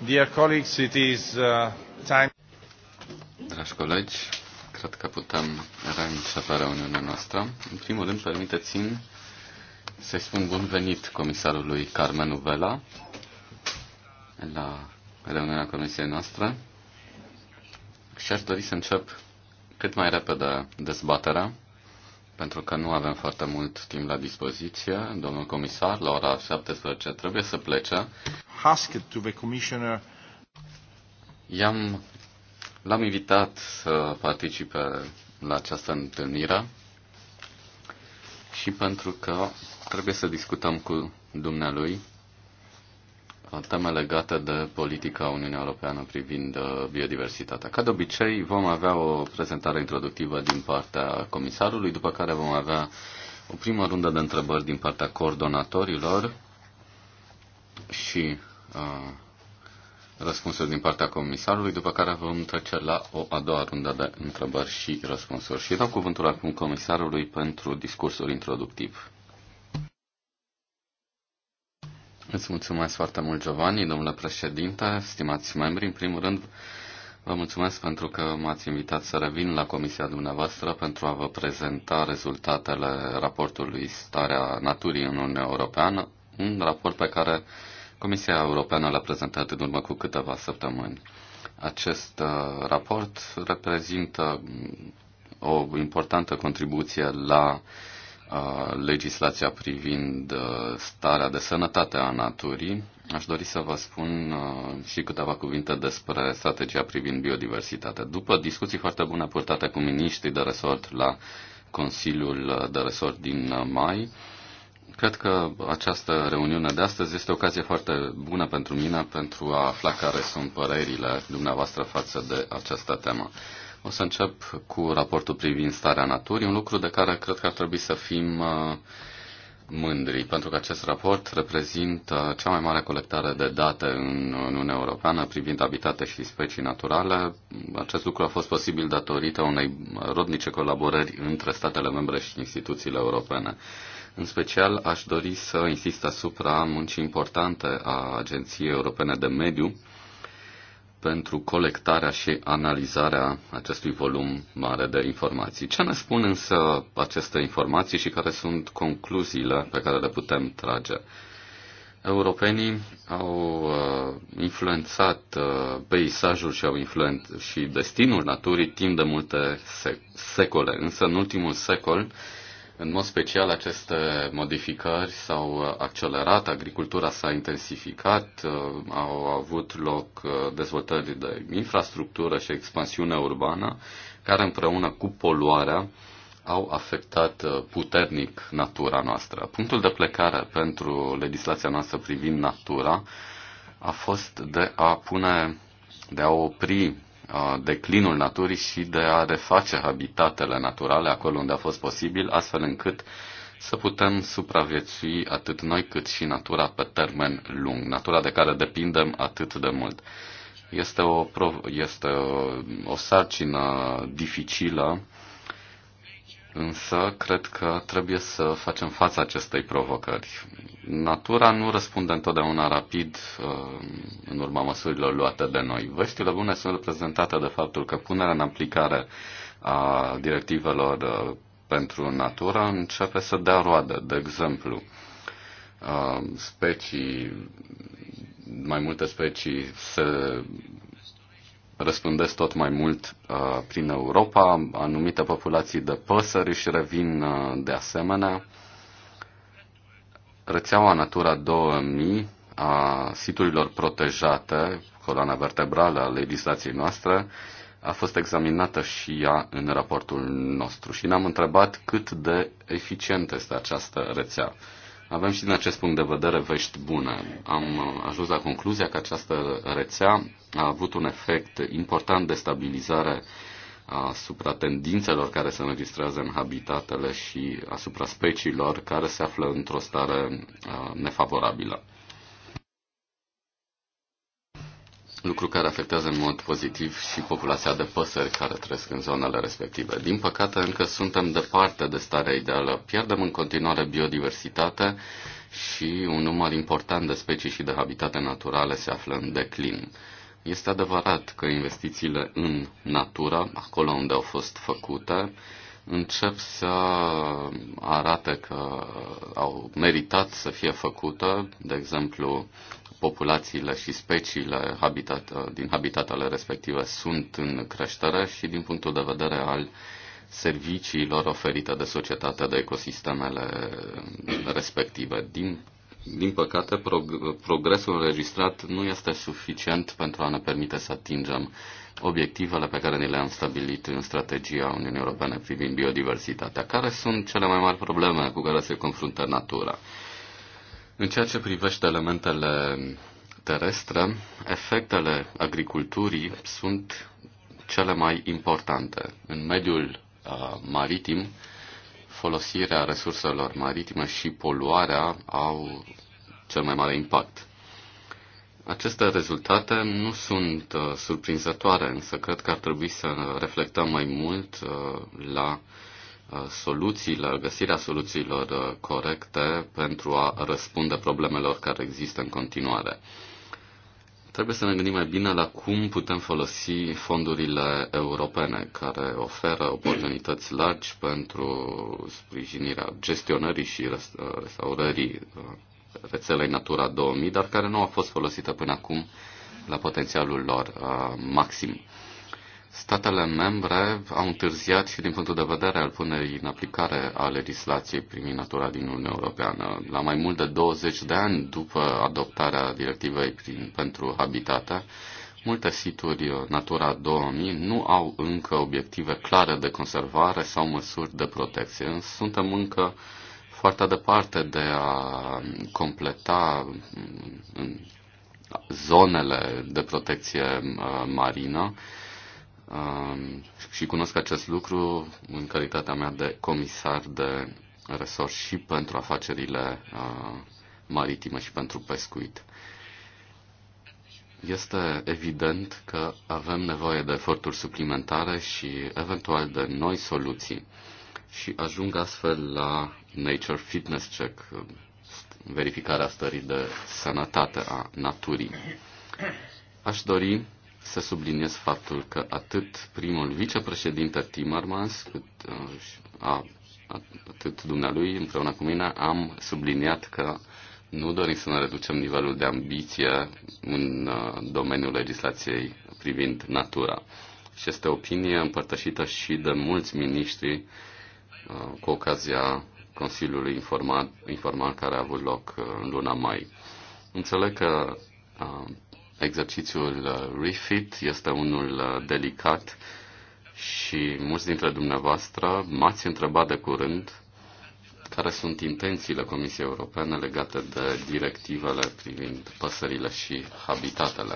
Dear colleagues, it is uh, time. Dragi colegi, cred că putem reîncepe reuniunea noastră. În primul rând, permiteți-mi să-i spun bun venit comisarului Carmen Uvela la reuniunea comisiei noastre și aș dori să încep cât mai repede dezbaterea pentru că nu avem foarte mult timp la dispoziție. Domnul comisar, la ora 17 trebuie să plece. I-am, l-am invitat să participe la această întâlnire și pentru că trebuie să discutăm cu dumnealui teme legate de politica Uniunii Europeană privind uh, biodiversitatea. Ca de obicei, vom avea o prezentare introductivă din partea comisarului, după care vom avea o primă rundă de întrebări din partea coordonatorilor și uh, răspunsuri din partea comisarului, după care vom trece la o a doua rundă de întrebări și răspunsuri. Și dau cuvântul acum comisarului pentru discursul introductiv. Îți mulțumesc foarte mult, Giovanni, domnule președinte, stimați membri. În primul rând, vă mulțumesc pentru că m-ați invitat să revin la comisia dumneavoastră pentru a vă prezenta rezultatele raportului Starea Naturii în Uniunea Europeană, un raport pe care Comisia Europeană l-a prezentat în urmă cu câteva săptămâni. Acest uh, raport reprezintă o importantă contribuție la legislația privind starea de sănătate a naturii, aș dori să vă spun și câteva cuvinte despre strategia privind biodiversitatea. După discuții foarte bune purtate cu miniștrii de resort la Consiliul de Resort din mai, cred că această reuniune de astăzi este o ocazie foarte bună pentru mine pentru a afla care sunt părerile dumneavoastră față de această temă. O să încep cu raportul privind starea naturii, un lucru de care cred că ar trebui să fim uh, mândri, pentru că acest raport reprezintă cea mai mare colectare de date în Uniunea Europeană privind habitate și specii naturale. Acest lucru a fost posibil datorită unei rodnice colaborări între statele membre și instituțiile europene. În special, aș dori să insist asupra muncii importante a Agenției Europene de Mediu, pentru colectarea și analizarea acestui volum mare de informații. Ce ne spun însă aceste informații și care sunt concluziile pe care le putem trage? Europenii au uh, influențat uh, peisajul și au influențat și destinul naturii timp de multe sec- secole, însă în ultimul secol uh, în mod special, aceste modificări s-au accelerat, agricultura s-a intensificat, uh, au avut loc uh, dezvoltări de infrastructură și expansiune urbană, care împreună cu poluarea au afectat uh, puternic natura noastră. Punctul de plecare pentru legislația noastră privind natura a fost de a pune, de a opri declinul naturii și de a reface habitatele naturale acolo unde a fost posibil, astfel încât să putem supraviețui atât noi cât și natura pe termen lung, natura de care depindem atât de mult. Este o, este o, o sarcină dificilă Însă, cred că trebuie să facem fața acestei provocări. Natura nu răspunde întotdeauna rapid uh, în urma măsurilor luate de noi. Veștile bune sunt reprezentate de faptul că punerea în aplicare a directivelor uh, pentru natură începe să dea roade. De exemplu, uh, specii, mai multe specii se răspândesc tot mai mult uh, prin Europa, anumite populații de păsări și revin uh, de asemenea. Rețeaua Natura 2000 a siturilor protejate, coloana vertebrală a legislației noastre, a fost examinată și ea în raportul nostru și ne-am întrebat cât de eficientă este această rețea. Avem și din acest punct de vedere vești bune. Am uh, ajuns la concluzia că această rețea a avut un efect important de stabilizare asupra tendințelor care se înregistrează în habitatele și asupra speciilor care se află într-o stare uh, nefavorabilă. lucru care afectează în mod pozitiv și populația de păsări care trăiesc în zonele respective. Din păcate, încă suntem departe de starea ideală. Pierdem în continuare biodiversitate și un număr important de specii și de habitate naturale se află în declin. Este adevărat că investițiile în natură, acolo unde au fost făcute, încep să arate că au meritat să fie făcute, de exemplu, populațiile și speciile habitat, din habitatele respective sunt în creștere și din punctul de vedere al serviciilor oferite de societatea de ecosistemele respective. Din, din păcate, prog- progresul înregistrat nu este suficient pentru a ne permite să atingem obiectivele pe care ni le-am stabilit în strategia Uniunii Europene privind biodiversitatea. Care sunt cele mai mari probleme cu care se confruntă natura? În ceea ce privește elementele terestre, efectele agriculturii sunt cele mai importante. În mediul uh, maritim, folosirea resurselor maritime și poluarea au cel mai mare impact. Aceste rezultate nu sunt uh, surprinzătoare, însă cred că ar trebui să reflectăm mai mult uh, la uh, soluțiile, găsirea soluțiilor uh, corecte pentru a răspunde problemelor care există în continuare. Trebuie să ne gândim mai bine la cum putem folosi fondurile europene, care oferă oportunități largi pentru sprijinirea gestionării și uh, restaurării uh, rețelei Natura 2000, dar care nu au fost folosite până acum la potențialul lor maxim statele membre au întârziat și din punctul de vedere al punerii în aplicare a legislației privind natura din Uniunea Europeană. La mai mult de 20 de ani după adoptarea directivei prin, pentru habitate, multe situri Natura 2000 nu au încă obiective clare de conservare sau măsuri de protecție. Suntem încă foarte departe de a completa mm, mm, zonele de protecție uh, marină și cunosc acest lucru în calitatea mea de comisar de resort și pentru afacerile maritime și pentru pescuit. Este evident că avem nevoie de eforturi suplimentare și eventual de noi soluții și ajung astfel la Nature Fitness Check, verificarea stării de sănătate a naturii. Aș dori să subliniez faptul că atât primul vicepreședinte Timmermans, cât uh, a, atât dumnealui împreună cu mine, am subliniat că nu dorim să ne reducem nivelul de ambiție în uh, domeniul legislației privind natura. Și este o opinie împărtășită și de mulți miniștri uh, cu ocazia Consiliului informal, informal care a avut loc în luna mai. Înțeleg că Exercițiul uh, refit este unul uh, delicat și mulți dintre dumneavoastră m-ați întrebat de curând care sunt intențiile Comisiei Europene legate de directivele privind păsările și habitatele.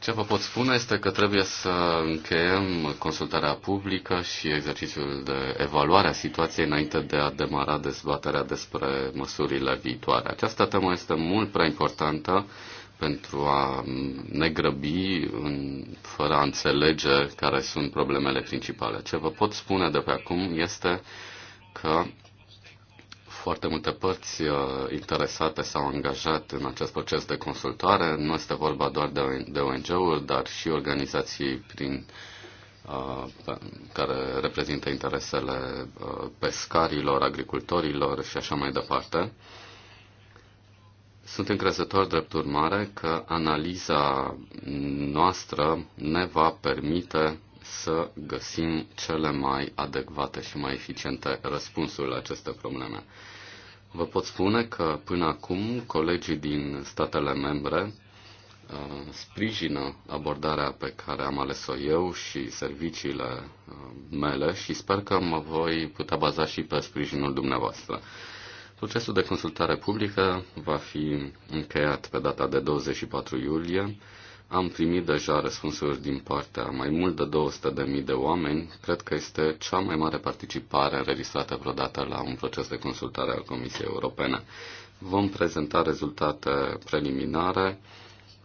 Ce vă pot spune este că trebuie să încheiem consultarea publică și exercițiul de evaluare a situației înainte de a demara dezbaterea despre măsurile viitoare. Această temă este mult prea importantă pentru a ne grăbi în, fără a înțelege care sunt problemele principale. Ce vă pot spune de pe acum este că foarte multe părți uh, interesate s-au angajat în acest proces de consultare. Nu este vorba doar de, ONG-uri, dar și organizații prin, uh, care reprezintă interesele uh, pescarilor, agricultorilor și așa mai departe. Sunt încrezător drept urmare că analiza noastră ne va permite să găsim cele mai adecvate și mai eficiente răspunsuri la aceste probleme. Vă pot spune că până acum colegii din statele membre uh, sprijină abordarea pe care am ales-o eu și serviciile uh, mele și sper că mă voi putea baza și pe sprijinul dumneavoastră. Procesul de consultare publică va fi încheiat pe data de 24 iulie. Am primit deja răspunsuri din partea mai mult de 200.000 de oameni. Cred că este cea mai mare participare înregistrată vreodată la un proces de consultare al Comisiei Europene. Vom prezenta rezultate preliminare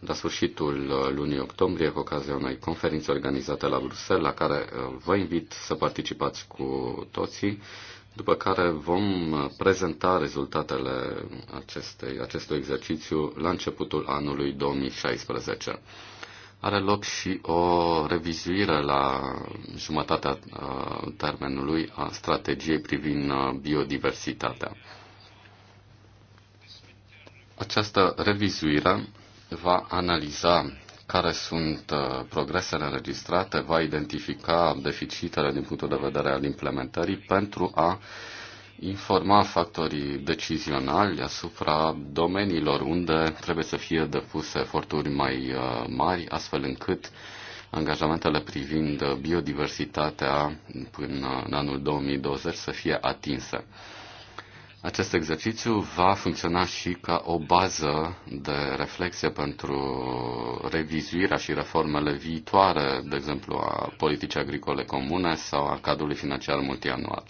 la sfârșitul lunii octombrie, cu ocazia unei conferințe organizate la Bruxelles, la care uh, vă invit să participați cu toții după care vom uh, prezenta rezultatele acestei, acestui exercițiu la începutul anului 2016. Are loc și o revizuire la jumătatea uh, termenului a strategiei privind uh, biodiversitatea. Această revizuire va analiza care sunt uh, progresele înregistrate, va identifica deficitele din punctul de vedere al implementării pentru a informa factorii decizionali asupra domeniilor unde trebuie să fie depuse eforturi mai uh, mari, astfel încât angajamentele privind biodiversitatea până în anul 2020 să fie atinse. Acest exercițiu va funcționa și ca o bază de reflexie pentru revizuirea și reformele viitoare, de exemplu, a politicii agricole comune sau a cadrului financiar multianual.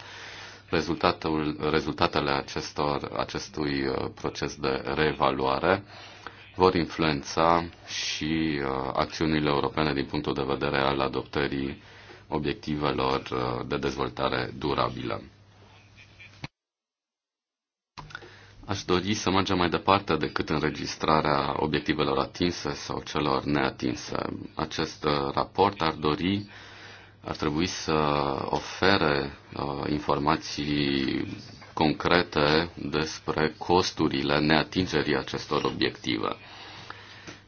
Rezultatul, rezultatele acestor, acestui uh, proces de reevaluare vor influența și uh, acțiunile europene din punctul de vedere al adoptării obiectivelor uh, de dezvoltare durabilă. Aș dori să mergem mai departe decât înregistrarea obiectivelor atinse sau celor neatinse. Acest uh, raport ar dori, ar trebui să ofere uh, informații concrete despre costurile neatingerii acestor obiective.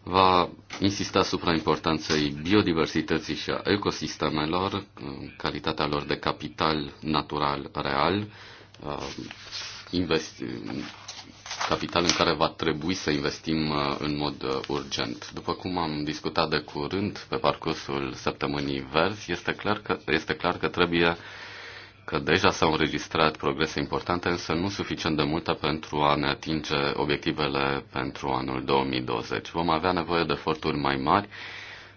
Va insista asupra importanței biodiversității și a ecosistemelor, uh, calitatea lor de capital natural real, uh, investi- capital în care va trebui să investim uh, în mod uh, urgent. După cum am discutat de curând pe parcursul săptămânii verzi, este clar că, este clar că trebuie că deja s-au înregistrat progrese importante, însă nu suficient de multe pentru a ne atinge obiectivele pentru anul 2020. Vom avea nevoie de eforturi mai mari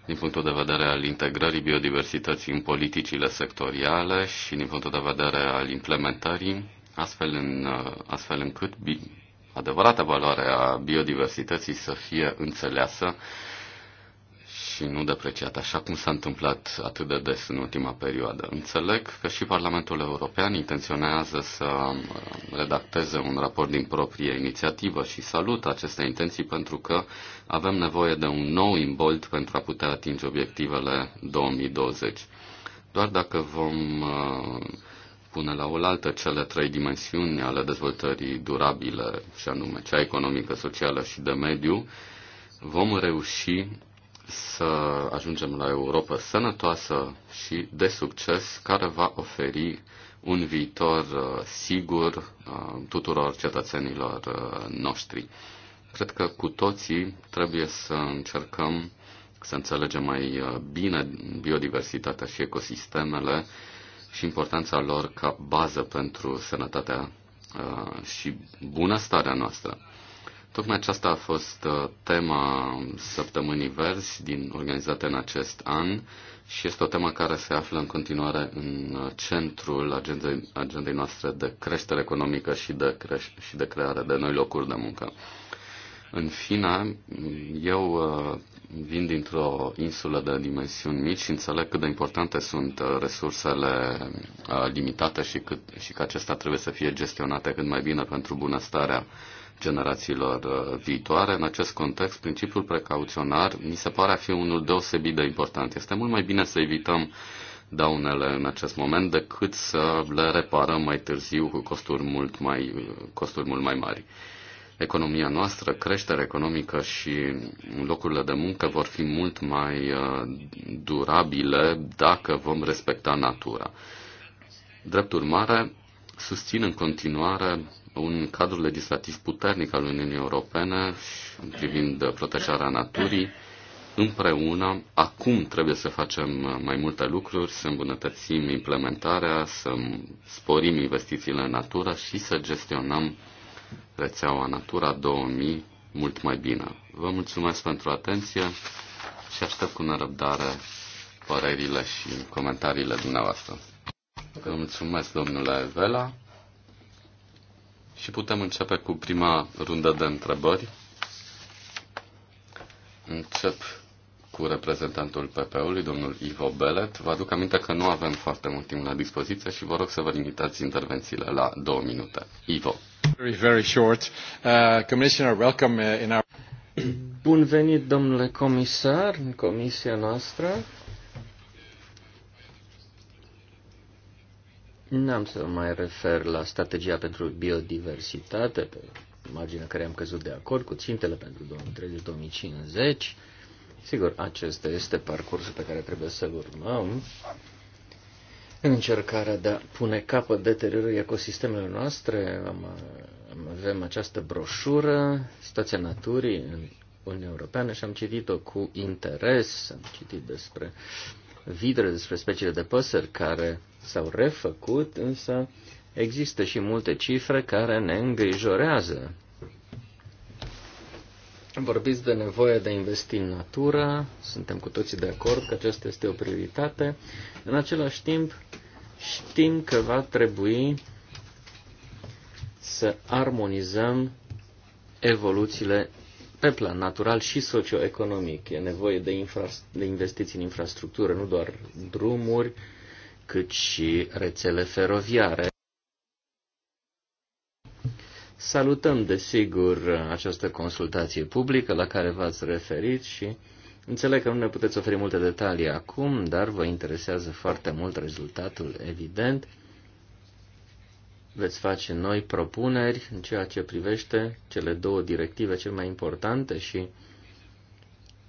din punctul de vedere al integrării biodiversității în politicile sectoriale și din punctul de vedere al implementării, astfel, în, uh, astfel încât adevărată valoare a biodiversității să fie înțeleasă și nu depreciată, așa cum s-a întâmplat atât de des în ultima perioadă. Înțeleg că și Parlamentul European intenționează să redacteze un raport din proprie inițiativă și salut aceste intenții pentru că avem nevoie de un nou imbold pentru a putea atinge obiectivele 2020. Doar dacă vom uh, pune la oaltă cele trei dimensiuni ale dezvoltării durabile, și anume cea economică, socială și de mediu, vom reuși să ajungem la Europa sănătoasă și de succes, care va oferi un viitor uh, sigur uh, tuturor cetățenilor uh, noștri. Cred că cu toții trebuie să încercăm să înțelegem mai bine biodiversitatea și ecosistemele și importanța lor ca bază pentru sănătatea uh, și bunăstarea noastră. Tocmai aceasta a fost uh, tema săptămânii verzi din organizate în acest an și este o temă care se află în continuare în uh, centrul agendei, agendei noastre de creștere economică și de, creș- și de creare de noi locuri de muncă. În fine, eu vin dintr-o insulă de dimensiuni mici și înțeleg cât de importante sunt uh, resursele uh, limitate și, cât, și că acestea trebuie să fie gestionate cât mai bine pentru bunăstarea generațiilor uh, viitoare. În acest context, principiul precauționar mi se pare a fi unul deosebit de important. Este mult mai bine să evităm daunele în acest moment decât să le reparăm mai târziu cu costuri mult mai, costuri mult mai mari economia noastră, creșterea economică și locurile de muncă vor fi mult mai uh, durabile dacă vom respecta natura. Drept urmare, susțin în continuare un cadru legislativ puternic al Uniunii Europene privind protejarea naturii. Împreună, acum trebuie să facem mai multe lucruri, să îmbunătățim implementarea, să sporim investițiile în natură și să gestionăm rețeaua Natura 2000 mult mai bine. Vă mulțumesc pentru atenție și aștept cu nerăbdare părerile și comentariile dumneavoastră. Vă mulțumesc, domnule Vela. Și putem începe cu prima rundă de întrebări. Încep cu reprezentantul PP-ului, domnul Ivo Belet. Vă aduc aminte că nu avem foarte mult timp la dispoziție și vă rog să vă limitați intervențiile la două minute. Ivo. Very, very short. Uh, Commissioner, welcome uh, in our... Bun venit, domnule comisar, în comisia noastră. N-am să mai refer la strategia pentru biodiversitate, pe marginea care am căzut de acord cu țintele pentru 2030-2050. Sigur, acesta este parcursul pe care trebuie să-l urmăm în încercarea de a pune capăt deteriorării ecosistemelor noastre. Am, avem această broșură, Situația Naturii în Uniunea Europeană și am citit-o cu interes. Am citit despre videre, despre speciile de păsări care s-au refăcut, însă există și multe cifre care ne îngrijorează Vorbiți de nevoie de a investi în natură, suntem cu toții de acord că aceasta este o prioritate. În același timp, știm că va trebui să armonizăm evoluțiile pe plan natural și socioeconomic. E nevoie de, infra- de investiții în infrastructură, nu doar drumuri, cât și rețele feroviare Salutăm, desigur, această consultație publică la care v-ați referit și înțeleg că nu ne puteți oferi multe detalii acum, dar vă interesează foarte mult rezultatul, evident. Veți face noi propuneri în ceea ce privește cele două directive cele mai importante și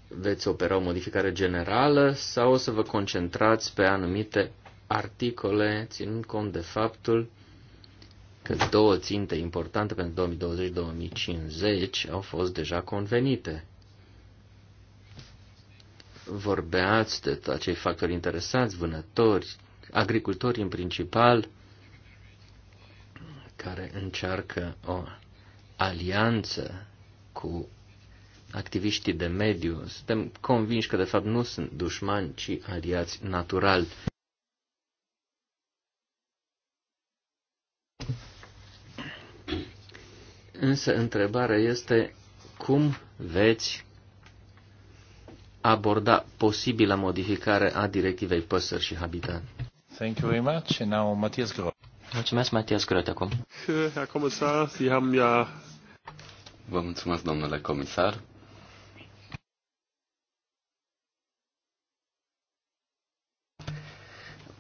veți opera o modificare generală sau o să vă concentrați pe anumite articole, ținând cont de faptul că două ținte importante pentru 2020-2050 au fost deja convenite. Vorbeați de acei factori interesați, vânători, agricultori în principal, care încearcă o alianță cu activiștii de mediu. Suntem convinși că, de fapt, nu sunt dușmani, ci aliați natural. Însă întrebarea este cum veți aborda posibilă modificare a directivei păsări și habitat. Thank you very much. And now Matthias Groth. Mulțumesc, Matthias Groth, acum. Herr Comisar, Sie haben ja... Vă mulțumesc, domnule comisar.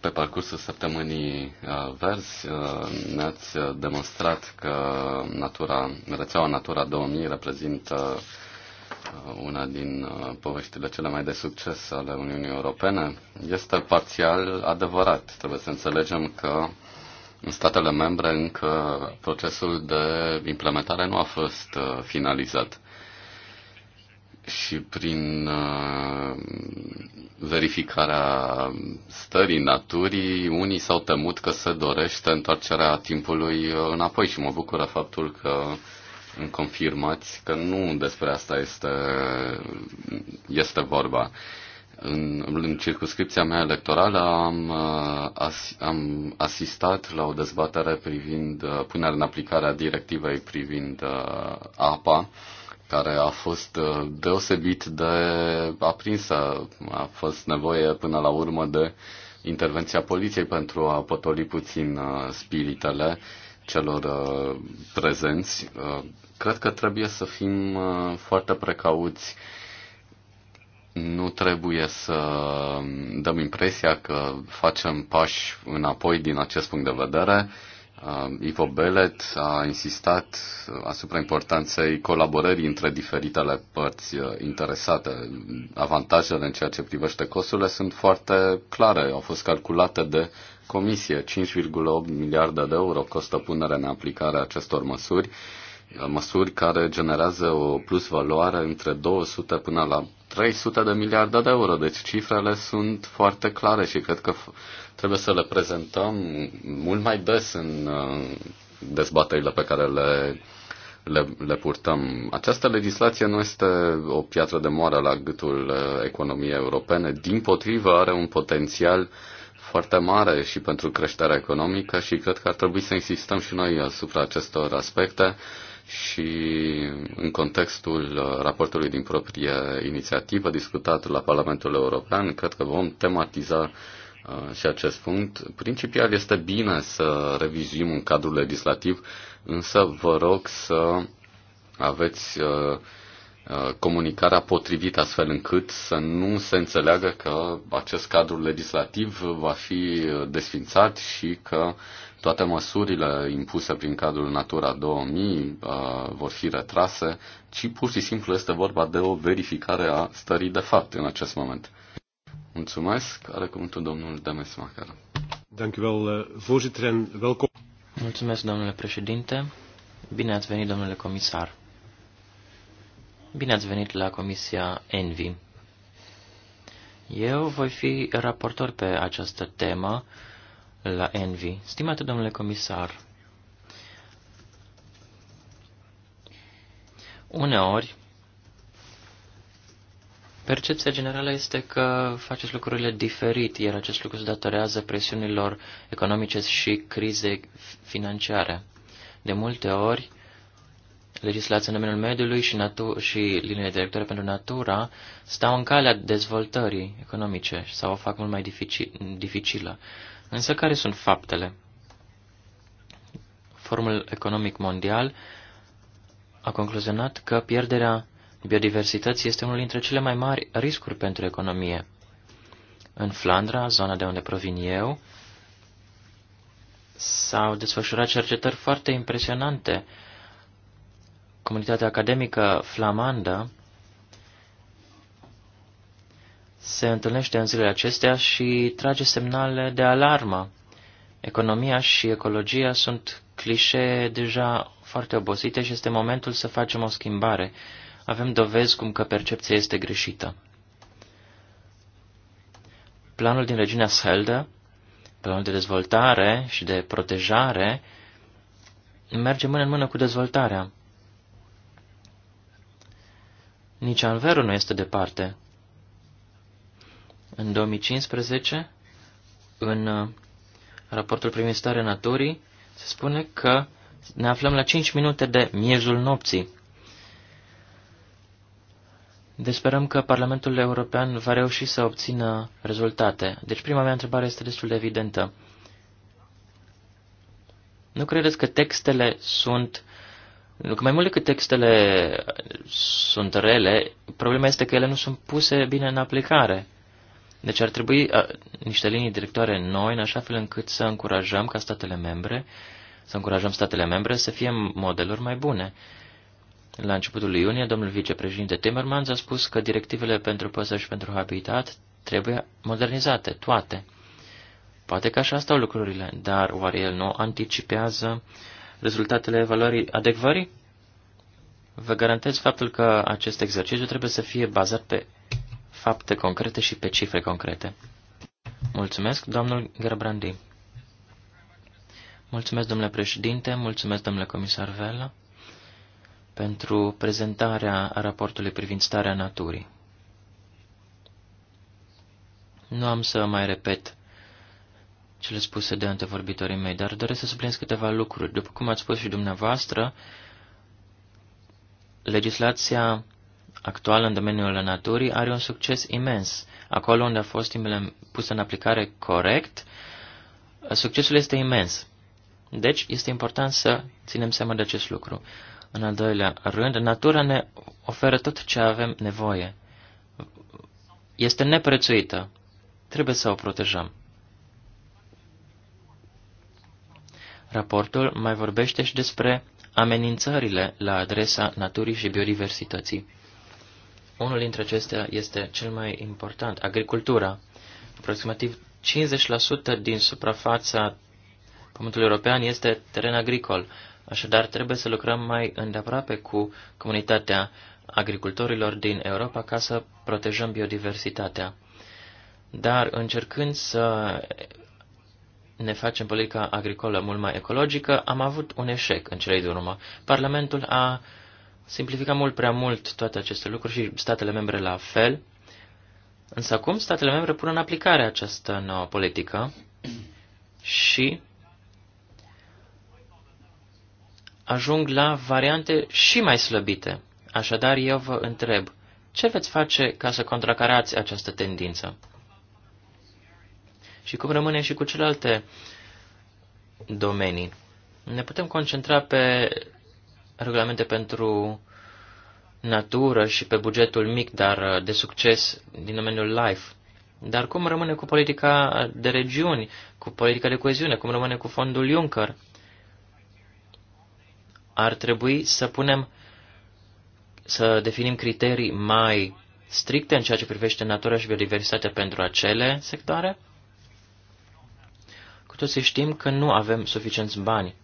Pe parcursul săptămânii uh, verzi uh, ne-ați uh, demonstrat că natura, rețeaua Natura 2000 reprezintă una din poveștile cele mai de succes ale Uniunii Europene. Este parțial adevărat. Trebuie să înțelegem că în statele membre încă procesul de implementare nu a fost finalizat și prin uh, verificarea stării naturii, unii s-au temut că se dorește întoarcerea timpului uh, înapoi și mă bucură faptul că îmi confirmați că nu despre asta este, este vorba. În, în circunscripția mea electorală am, uh, as, am asistat la o dezbatere privind punerea în aplicare a directivei privind apa care a fost uh, deosebit de aprinsă. A fost nevoie până la urmă de intervenția poliției pentru a potoli puțin uh, spiritele celor uh, prezenți. Cred că trebuie să fim foarte precauți. Nu trebuie să um, dăm impresia că facem pași înapoi din acest punct de vedere Um, Ivo Belet a insistat uh, asupra importanței colaborării între diferitele părți uh, interesate. Avantajele în ceea ce privește costurile sunt foarte clare, au fost calculate de comisie. 5,8 miliarde de euro costă punerea în aplicare a acestor măsuri, uh, măsuri care generează o plusvaloare între 200 până la 300 de miliarde de euro. Deci cifrele sunt foarte clare și cred că Trebuie să le prezentăm mult mai des în uh, dezbaterile pe care le, le, le purtăm. Această legislație nu este o piatră de moară la gâtul uh, economiei europene, din potrivă are un potențial foarte mare și pentru creșterea economică și cred că ar trebui să insistăm și noi asupra acestor aspecte și în contextul uh, raportului din proprie inițiativă discutat la Parlamentul European, cred că vom tematiza Uh, și acest punct. Principial este bine să revizuim un cadru legislativ, însă vă rog să aveți uh, uh, comunicarea potrivită astfel încât să nu se înțeleagă că acest cadru legislativ va fi desfințat și că toate măsurile impuse prin cadrul Natura 2000 vor fi retrase, ci pur și simplu este vorba de o verificare a stării de fapt în acest moment. Mulțumesc. Are cuvântul domnul Macar. Eh, Mulțumesc, domnule președinte. Bine ați venit, domnule comisar. Bine ați venit la Comisia Envi. Eu voi fi raportor pe această temă la Envi. Stimate domnule comisar, uneori Percepția generală este că faceți lucrurile diferit, iar acest lucru se datorează presiunilor economice și crize financiare. De multe ori, legislația în domeniul mediului și, natu- și liniile directoare pentru natura stau în calea dezvoltării economice sau o fac mult mai dificil, dificilă. Însă care sunt faptele? Formul economic mondial a concluzionat că pierderea biodiversității este unul dintre cele mai mari riscuri pentru economie. În Flandra, zona de unde provin eu, s-au desfășurat cercetări foarte impresionante. Comunitatea academică flamandă se întâlnește în zilele acestea și trage semnale de alarmă. Economia și ecologia sunt clișee deja foarte obosite și este momentul să facem o schimbare avem dovezi cum că percepția este greșită. Planul din regiunea Shelda, planul de dezvoltare și de protejare, merge mână în mână cu dezvoltarea. Nici Anverul nu este departe. În 2015, în uh, raportul primistare naturii, se spune că ne aflăm la 5 minute de miezul nopții. Deci sperăm că Parlamentul European va reuși să obțină rezultate. Deci prima mea întrebare este destul de evidentă. Nu credeți că textele sunt... Că mai mult decât textele sunt rele, problema este că ele nu sunt puse bine în aplicare. Deci ar trebui a, niște linii directoare noi, în așa fel încât să încurajăm ca statele membre, să încurajăm statele membre să fie modeluri mai bune. La începutul lui iunie, domnul vicepreședinte Timmermans a spus că directivele pentru păsări și pentru habitat trebuie modernizate, toate. Poate că așa stau lucrurile, dar oare el nu anticipează rezultatele evaluării adecvării? Vă garantez faptul că acest exercițiu trebuie să fie bazat pe fapte concrete și pe cifre concrete. Mulțumesc, domnul Gerbrandi. Mulțumesc, domnule președinte, mulțumesc, domnule comisar Vela pentru prezentarea raportului privind starea naturii. Nu am să mai repet cele spuse de antevorbitorii mei, dar doresc să subliniez câteva lucruri. După cum ați spus și dumneavoastră, legislația actuală în domeniul naturii are un succes imens. Acolo unde a fost pusă în aplicare corect, succesul este imens. Deci, este important să ținem seama de acest lucru. În al doilea rând, natura ne oferă tot ce avem nevoie. Este neprețuită. Trebuie să o protejăm. Raportul mai vorbește și despre amenințările la adresa naturii și biodiversității. Unul dintre acestea este cel mai important, agricultura. Aproximativ 50% din suprafața Pământului European este teren agricol. Așadar, trebuie să lucrăm mai îndeaproape cu comunitatea agricultorilor din Europa ca să protejăm biodiversitatea. Dar încercând să ne facem politica agricolă mult mai ecologică, am avut un eșec în cele din urmă. Parlamentul a simplificat mult prea mult toate aceste lucruri și statele membre la fel, însă acum statele membre pun în aplicare această nouă politică și ajung la variante și mai slăbite. Așadar, eu vă întreb, ce veți face ca să contracarați această tendință? Și cum rămâne și cu celelalte domenii? Ne putem concentra pe regulamente pentru natură și pe bugetul mic, dar uh, de succes din domeniul LIFE. Dar cum rămâne cu politica de regiuni, cu politica de coeziune, cum rămâne cu fondul Juncker? ar trebui să punem, să definim criterii mai stricte în ceea ce privește natura și biodiversitatea pentru acele sectoare? Cu toții știm că nu avem suficienți bani,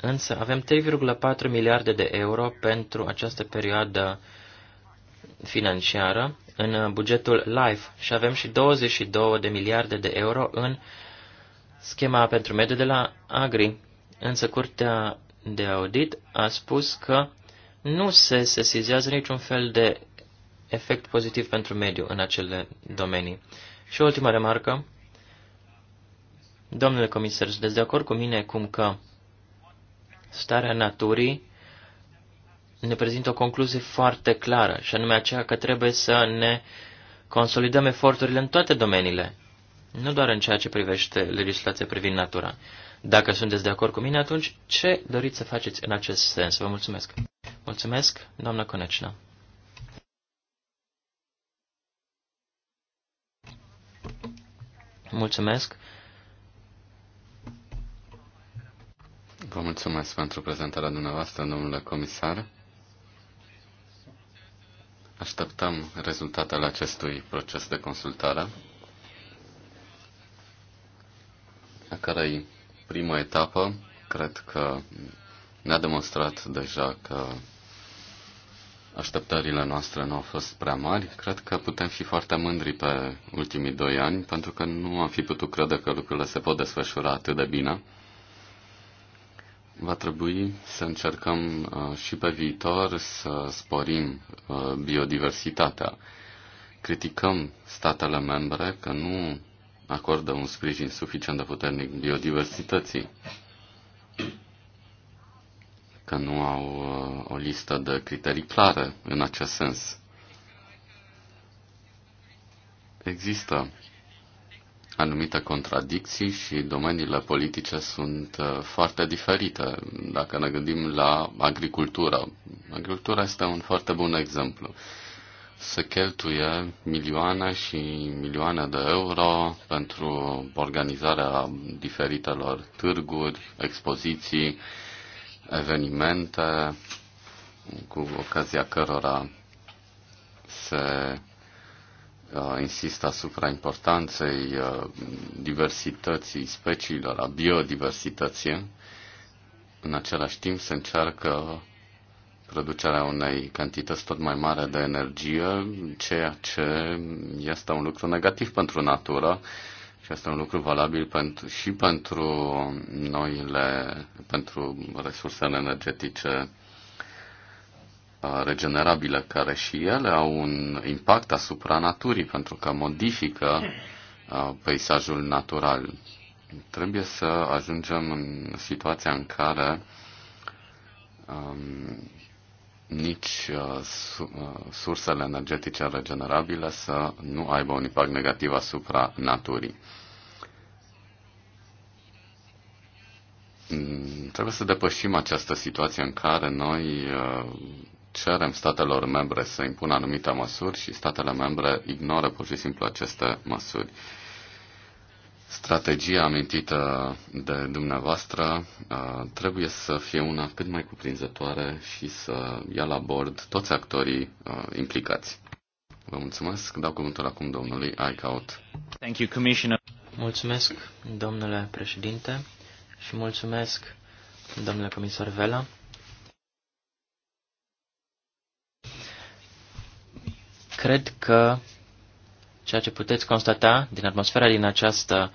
însă avem 3,4 miliarde de euro pentru această perioadă financiară în bugetul LIFE și avem și 22 de miliarde de euro în schema pentru mediul de la Agri. Însă Curtea de audit a spus că nu se sesizează niciun fel de efect pozitiv pentru mediu în acele domenii. Și o ultima remarcă. Domnule comisar, sunteți de acord cu mine cum că starea naturii ne prezintă o concluzie foarte clară, și anume aceea că trebuie să ne consolidăm eforturile în toate domeniile, nu doar în ceea ce privește legislația privind natura. Dacă sunteți de acord cu mine, atunci ce doriți să faceți în acest sens? Vă mulțumesc. Mulțumesc, doamna Conecina. Mulțumesc. Vă mulțumesc pentru prezentarea dumneavoastră, domnule comisar. Așteptăm rezultatele acestui proces de consultare, a cărei Prima etapă, cred că ne-a demonstrat deja că așteptările noastre nu au fost prea mari. Cred că putem fi foarte mândri pe ultimii doi ani, pentru că nu am fi putut crede că lucrurile se pot desfășura atât de bine. Va trebui să încercăm uh, și pe viitor să sporim uh, biodiversitatea. Criticăm statele membre că nu acordă un sprijin suficient de puternic biodiversității, că nu au uh, o listă de criterii clare în acest sens. Există anumite contradicții și domeniile politice sunt uh, foarte diferite. Dacă ne gândim la agricultură, agricultura este un foarte bun exemplu se cheltuie milioane și milioane de euro pentru organizarea diferitelor târguri, expoziții, evenimente, cu ocazia cărora se uh, insistă asupra importanței uh, diversității speciilor, a biodiversității. În același timp se încearcă producerea unei cantități tot mai mare de energie, ceea ce este un lucru negativ pentru natură și este un lucru valabil pentru, și pentru noile, pentru resursele energetice uh, regenerabile, care și ele au un impact asupra naturii, pentru că modifică uh, peisajul natural. Trebuie să ajungem în situația în care um, nici uh, uh, sursele energetice regenerabile să nu aibă un impact negativ asupra naturii. Mm, trebuie să depășim această situație în care noi uh, cerem statelor membre să impună anumite măsuri și statele membre ignoră pur și simplu aceste măsuri strategia amintită de dumneavoastră uh, trebuie să fie una cât mai cuprinzătoare și să ia la bord toți actorii uh, implicați. Vă mulțumesc. Dau cuvântul acum domnului Aicaut. Thank you, Commissioner. Mulțumesc, domnule președinte, și mulțumesc, domnule comisar Vela. Cred că Ceea ce puteți constata din atmosfera din această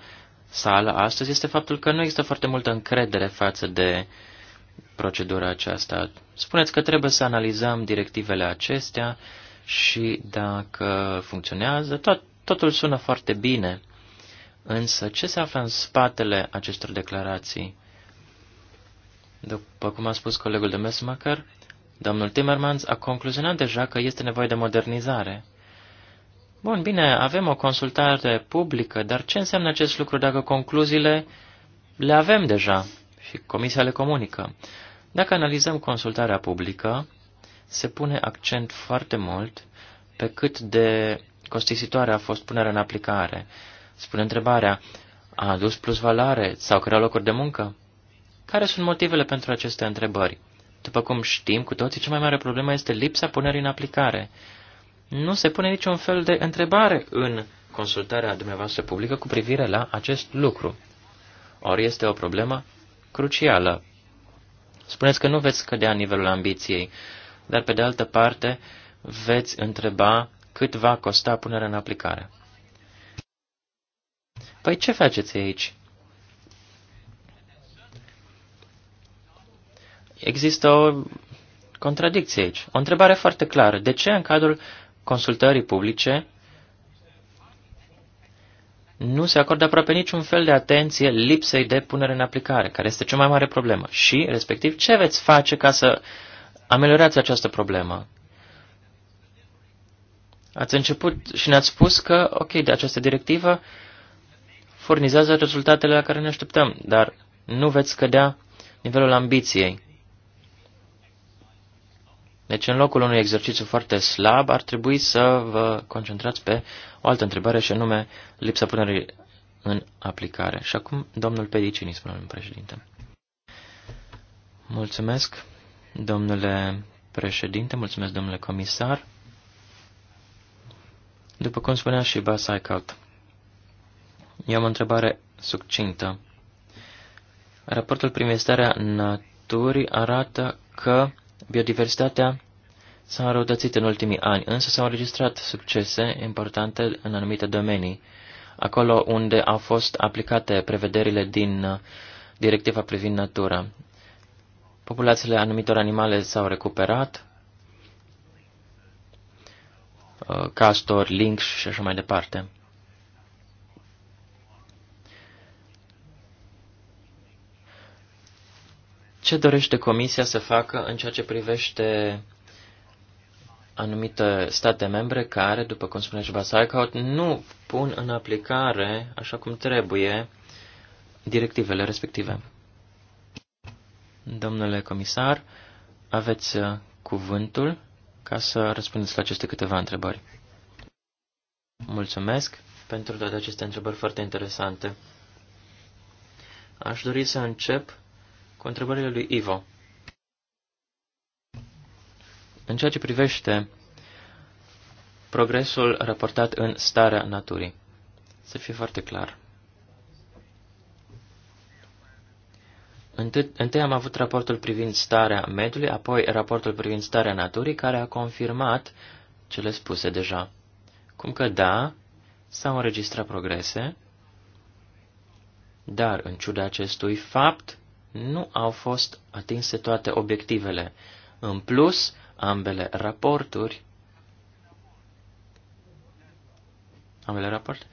sală astăzi este faptul că nu există foarte multă încredere față de procedura aceasta. Spuneți că trebuie să analizăm directivele acestea și dacă funcționează, tot, totul sună foarte bine. Însă, ce se află în spatele acestor declarații? După cum a spus colegul de Messmacher, domnul Timmermans a concluzionat deja că este nevoie de modernizare. Bun, bine, avem o consultare publică, dar ce înseamnă acest lucru dacă concluziile le avem deja și comisia le comunică? Dacă analizăm consultarea publică, se pune accent foarte mult pe cât de costisitoare a fost punerea în aplicare. Spune întrebarea, a adus plus valoare sau crea locuri de muncă? Care sunt motivele pentru aceste întrebări? După cum știm cu toții, cea mai mare problemă este lipsa punerii în aplicare nu se pune niciun fel de întrebare în consultarea dumneavoastră publică cu privire la acest lucru. Ori este o problemă crucială. Spuneți că nu veți scădea nivelul ambiției, dar pe de altă parte veți întreba cât va costa punerea în aplicare. Păi ce faceți aici? Există o contradicție aici, o întrebare foarte clară. De ce în cadrul consultării publice, nu se acordă aproape niciun fel de atenție lipsei de punere în aplicare, care este cea mai mare problemă. Și, respectiv, ce veți face ca să ameliorați această problemă? Ați început și ne-ați spus că, ok, de această directivă furnizează rezultatele la care ne așteptăm, dar nu veți scădea nivelul ambiției. Deci, în locul unui exercițiu foarte slab, ar trebui să vă concentrați pe o altă întrebare, și anume lipsa punerii în aplicare. Și acum, domnul Pedicini, spune domnul președinte. Mulțumesc, domnule președinte, mulțumesc, domnule comisar. După cum spunea și Bas Eichelt, eu am o întrebare succintă. Raportul prin vestarea naturii arată că Biodiversitatea s-a înrăutățit în ultimii ani, însă s-au înregistrat succese importante în anumite domenii. Acolo unde au fost aplicate prevederile din uh, directiva privind natura. Populațiile anumitor animale s-au recuperat, uh, castori, lynx și așa mai departe. Ce dorește Comisia să facă în ceea ce privește anumite state membre care, după cum spune și nu pun în aplicare, așa cum trebuie, directivele respective? Domnule comisar, aveți uh, cuvântul ca să răspundeți la aceste câteva întrebări. Mulțumesc pentru toate aceste întrebări foarte interesante. Aș dori să încep cu întrebările lui Ivo. În ceea ce privește progresul raportat în starea naturii, să fie foarte clar. Întâi am avut raportul privind starea mediului, apoi raportul privind starea naturii, care a confirmat cele spuse deja. Cum că da, s-au înregistrat progrese, dar în ciuda acestui fapt, nu au fost atinse toate obiectivele. În plus, ambele raporturi ambele raporturi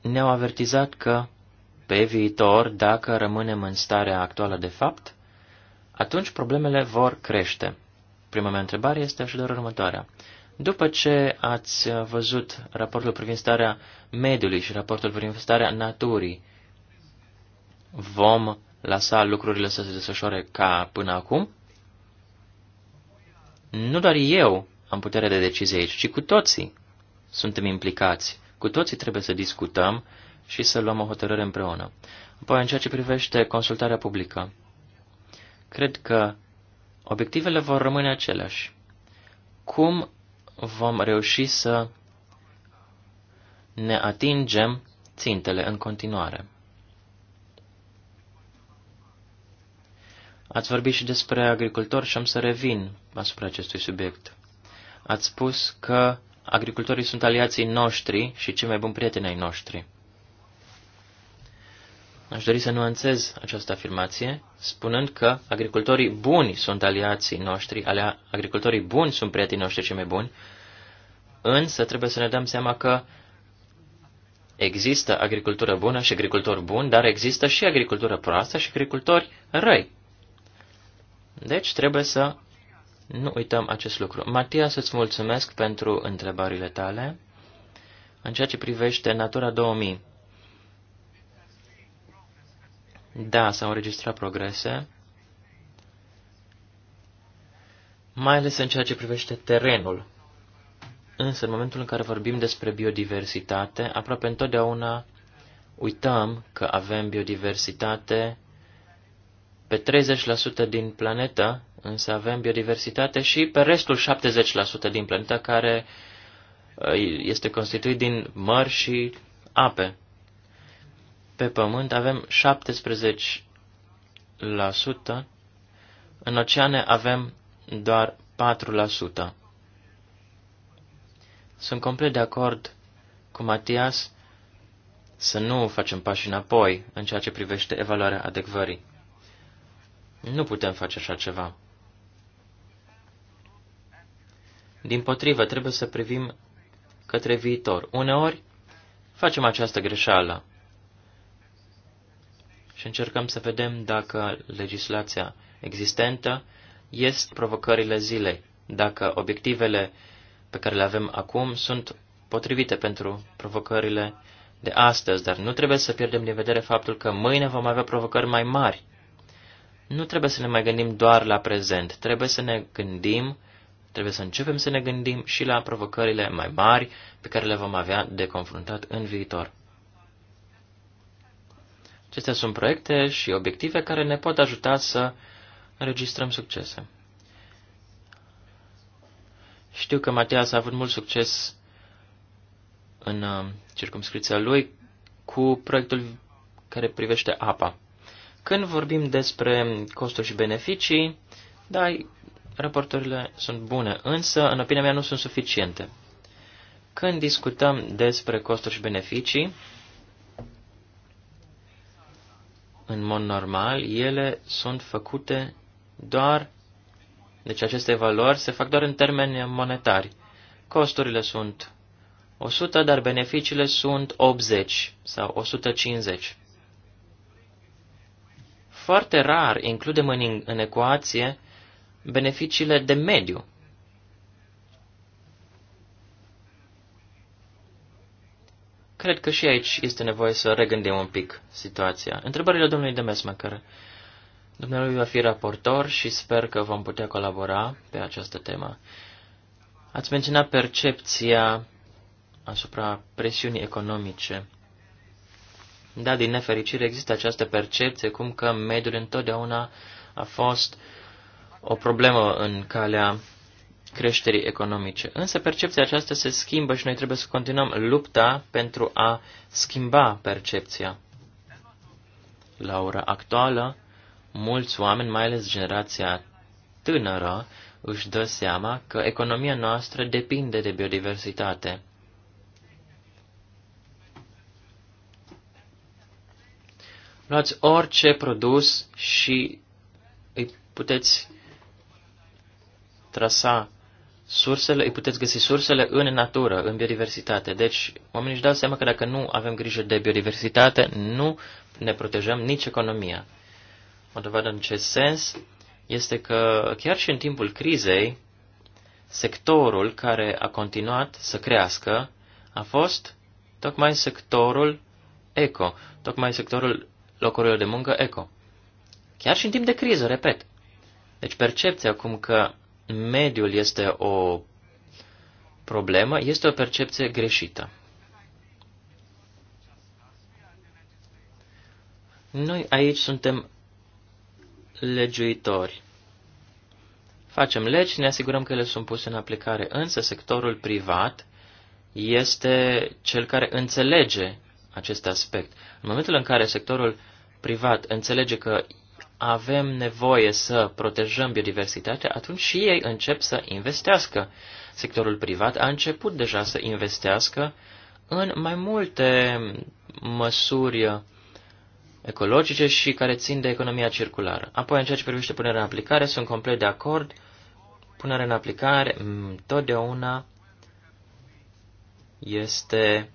ne-au avertizat că pe viitor, dacă rămânem în starea actuală de fapt, atunci problemele vor crește. Prima mea întrebare este doar următoarea. După ce ați văzut raportul privind starea mediului și raportul privind starea naturii, vom lăsa lucrurile să se desfășoare ca până acum, nu doar eu am putere de decizie aici, ci cu toții suntem implicați. Cu toții trebuie să discutăm și să luăm o hotărâre împreună. Apoi, în ceea ce privește consultarea publică, cred că obiectivele vor rămâne aceleași. Cum vom reuși să ne atingem țintele în continuare? Ați vorbit și despre agricultori și am să revin asupra acestui subiect. Ați spus că agricultorii sunt aliații noștri și cei mai buni prieteni ai noștri. Aș dori să nuanțez această afirmație, spunând că agricultorii buni sunt aliații noștri, alea, agricultorii buni sunt prietenii noștri cei mai buni, însă trebuie să ne dăm seama că există agricultură bună și agricultori buni, dar există și agricultură proastă și agricultori răi. Deci trebuie să nu uităm acest lucru. Matias, îți mulțumesc pentru întrebările tale. În ceea ce privește Natura 2000, da, s-au înregistrat progrese, mai ales în ceea ce privește terenul. Însă, în momentul în care vorbim despre biodiversitate, aproape întotdeauna uităm că avem biodiversitate pe 30% din planetă însă avem biodiversitate și pe restul 70% din planetă care uh, este constituit din mări și ape. Pe pământ avem 17%, în oceane avem doar 4%. Sunt complet de acord cu Matias să nu facem pași înapoi în ceea ce privește evaluarea adecvării. Nu putem face așa ceva. Din potrivă, trebuie să privim către viitor. Uneori facem această greșeală și încercăm să vedem dacă legislația existentă este provocările zilei, dacă obiectivele pe care le avem acum sunt potrivite pentru provocările de astăzi, dar nu trebuie să pierdem din vedere faptul că mâine vom avea provocări mai mari nu trebuie să ne mai gândim doar la prezent, trebuie să ne gândim, trebuie să începem să ne gândim și la provocările mai mari pe care le vom avea de confruntat în viitor. Acestea sunt proiecte și obiective care ne pot ajuta să înregistrăm succese. Știu că Matias a avut mult succes în uh, circumscripția lui cu proiectul care privește apa. Când vorbim despre costuri și beneficii, da, raporturile sunt bune, însă, în opinia mea, nu sunt suficiente. Când discutăm despre costuri și beneficii, în mod normal, ele sunt făcute doar, deci aceste valori se fac doar în termeni monetari. Costurile sunt 100, dar beneficiile sunt 80 sau 150 foarte rar includem în, în ecuație beneficiile de mediu. Cred că și aici este nevoie să regândim un pic situația. Întrebările domnului Demesmacher. Dumnealui va fi raportor și sper că vom putea colabora pe această temă. Ați menționat percepția asupra presiunii economice. Da, din nefericire există această percepție cum că mediul întotdeauna a fost o problemă în calea creșterii economice. Însă percepția aceasta se schimbă și noi trebuie să continuăm lupta pentru a schimba percepția. La ora actuală, mulți oameni, mai ales generația tânără, își dă seama că economia noastră depinde de biodiversitate. Luați orice produs și îi puteți trasa sursele, îi puteți găsi sursele în natură, în biodiversitate. Deci, oamenii își dau seama că dacă nu avem grijă de biodiversitate, nu ne protejăm nici economia. O dovadă în acest sens este că chiar și în timpul crizei, sectorul care a continuat să crească a fost tocmai sectorul eco, tocmai sectorul locurilor de muncă eco. Chiar și în timp de criză, repet. Deci percepția acum că mediul este o problemă este o percepție greșită. Noi aici suntem legiuitori. Facem legi și ne asigurăm că ele sunt puse în aplicare, însă sectorul privat este cel care înțelege acest aspect. În momentul în care sectorul privat înțelege că avem nevoie să protejăm biodiversitatea, atunci și ei încep să investească. Sectorul privat a început deja să investească în mai multe măsuri ecologice și care țin de economia circulară. Apoi, în ceea ce privește punerea în aplicare, sunt complet de acord. Punerea în aplicare mm, totdeauna este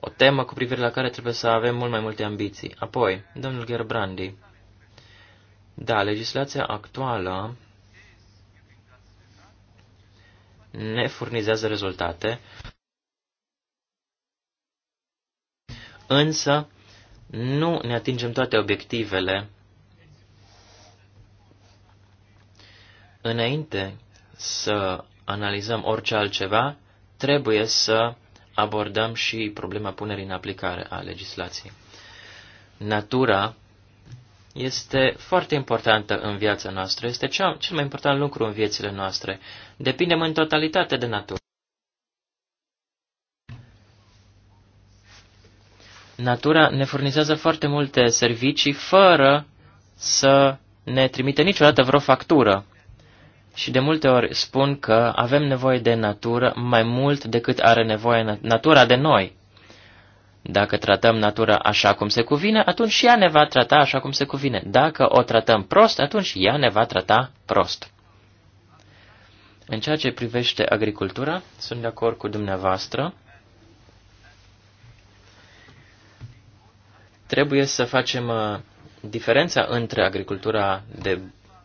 o temă cu privire la care trebuie să avem mult mai multe ambiții. Apoi, domnul Gerbrandi. Da, legislația actuală ne furnizează rezultate, însă nu ne atingem toate obiectivele înainte să analizăm orice altceva, trebuie să abordăm și problema punerii în aplicare a legislației. Natura este foarte importantă în viața noastră, este cea, cel mai important lucru în viețile noastre. Depindem în totalitate de natură. Natura ne furnizează foarte multe servicii fără să ne trimite niciodată vreo factură. Și de multe ori spun că avem nevoie de natură mai mult decât are nevoie natura de noi. Dacă tratăm natura așa cum se cuvine, atunci ea ne va trata așa cum se cuvine. Dacă o tratăm prost, atunci ea ne va trata prost. În ceea ce privește agricultura, sunt de acord cu dumneavoastră. Trebuie să facem uh, diferența între agricultura de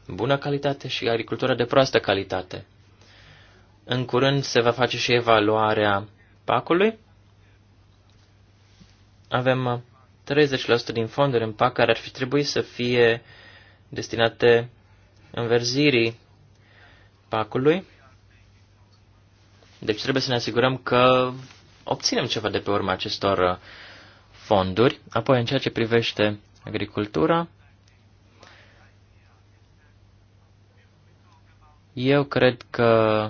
bună calitate și agricultura de proastă calitate. În curând se va face și evaluarea pacului. Avem 30% uh, din fonduri în PAC care ar fi trebuit să fie destinate înverzirii pacului. Deci trebuie să ne asigurăm că obținem ceva de pe urma acestor uh, fonduri. Apoi, în ceea ce privește agricultura, Eu cred că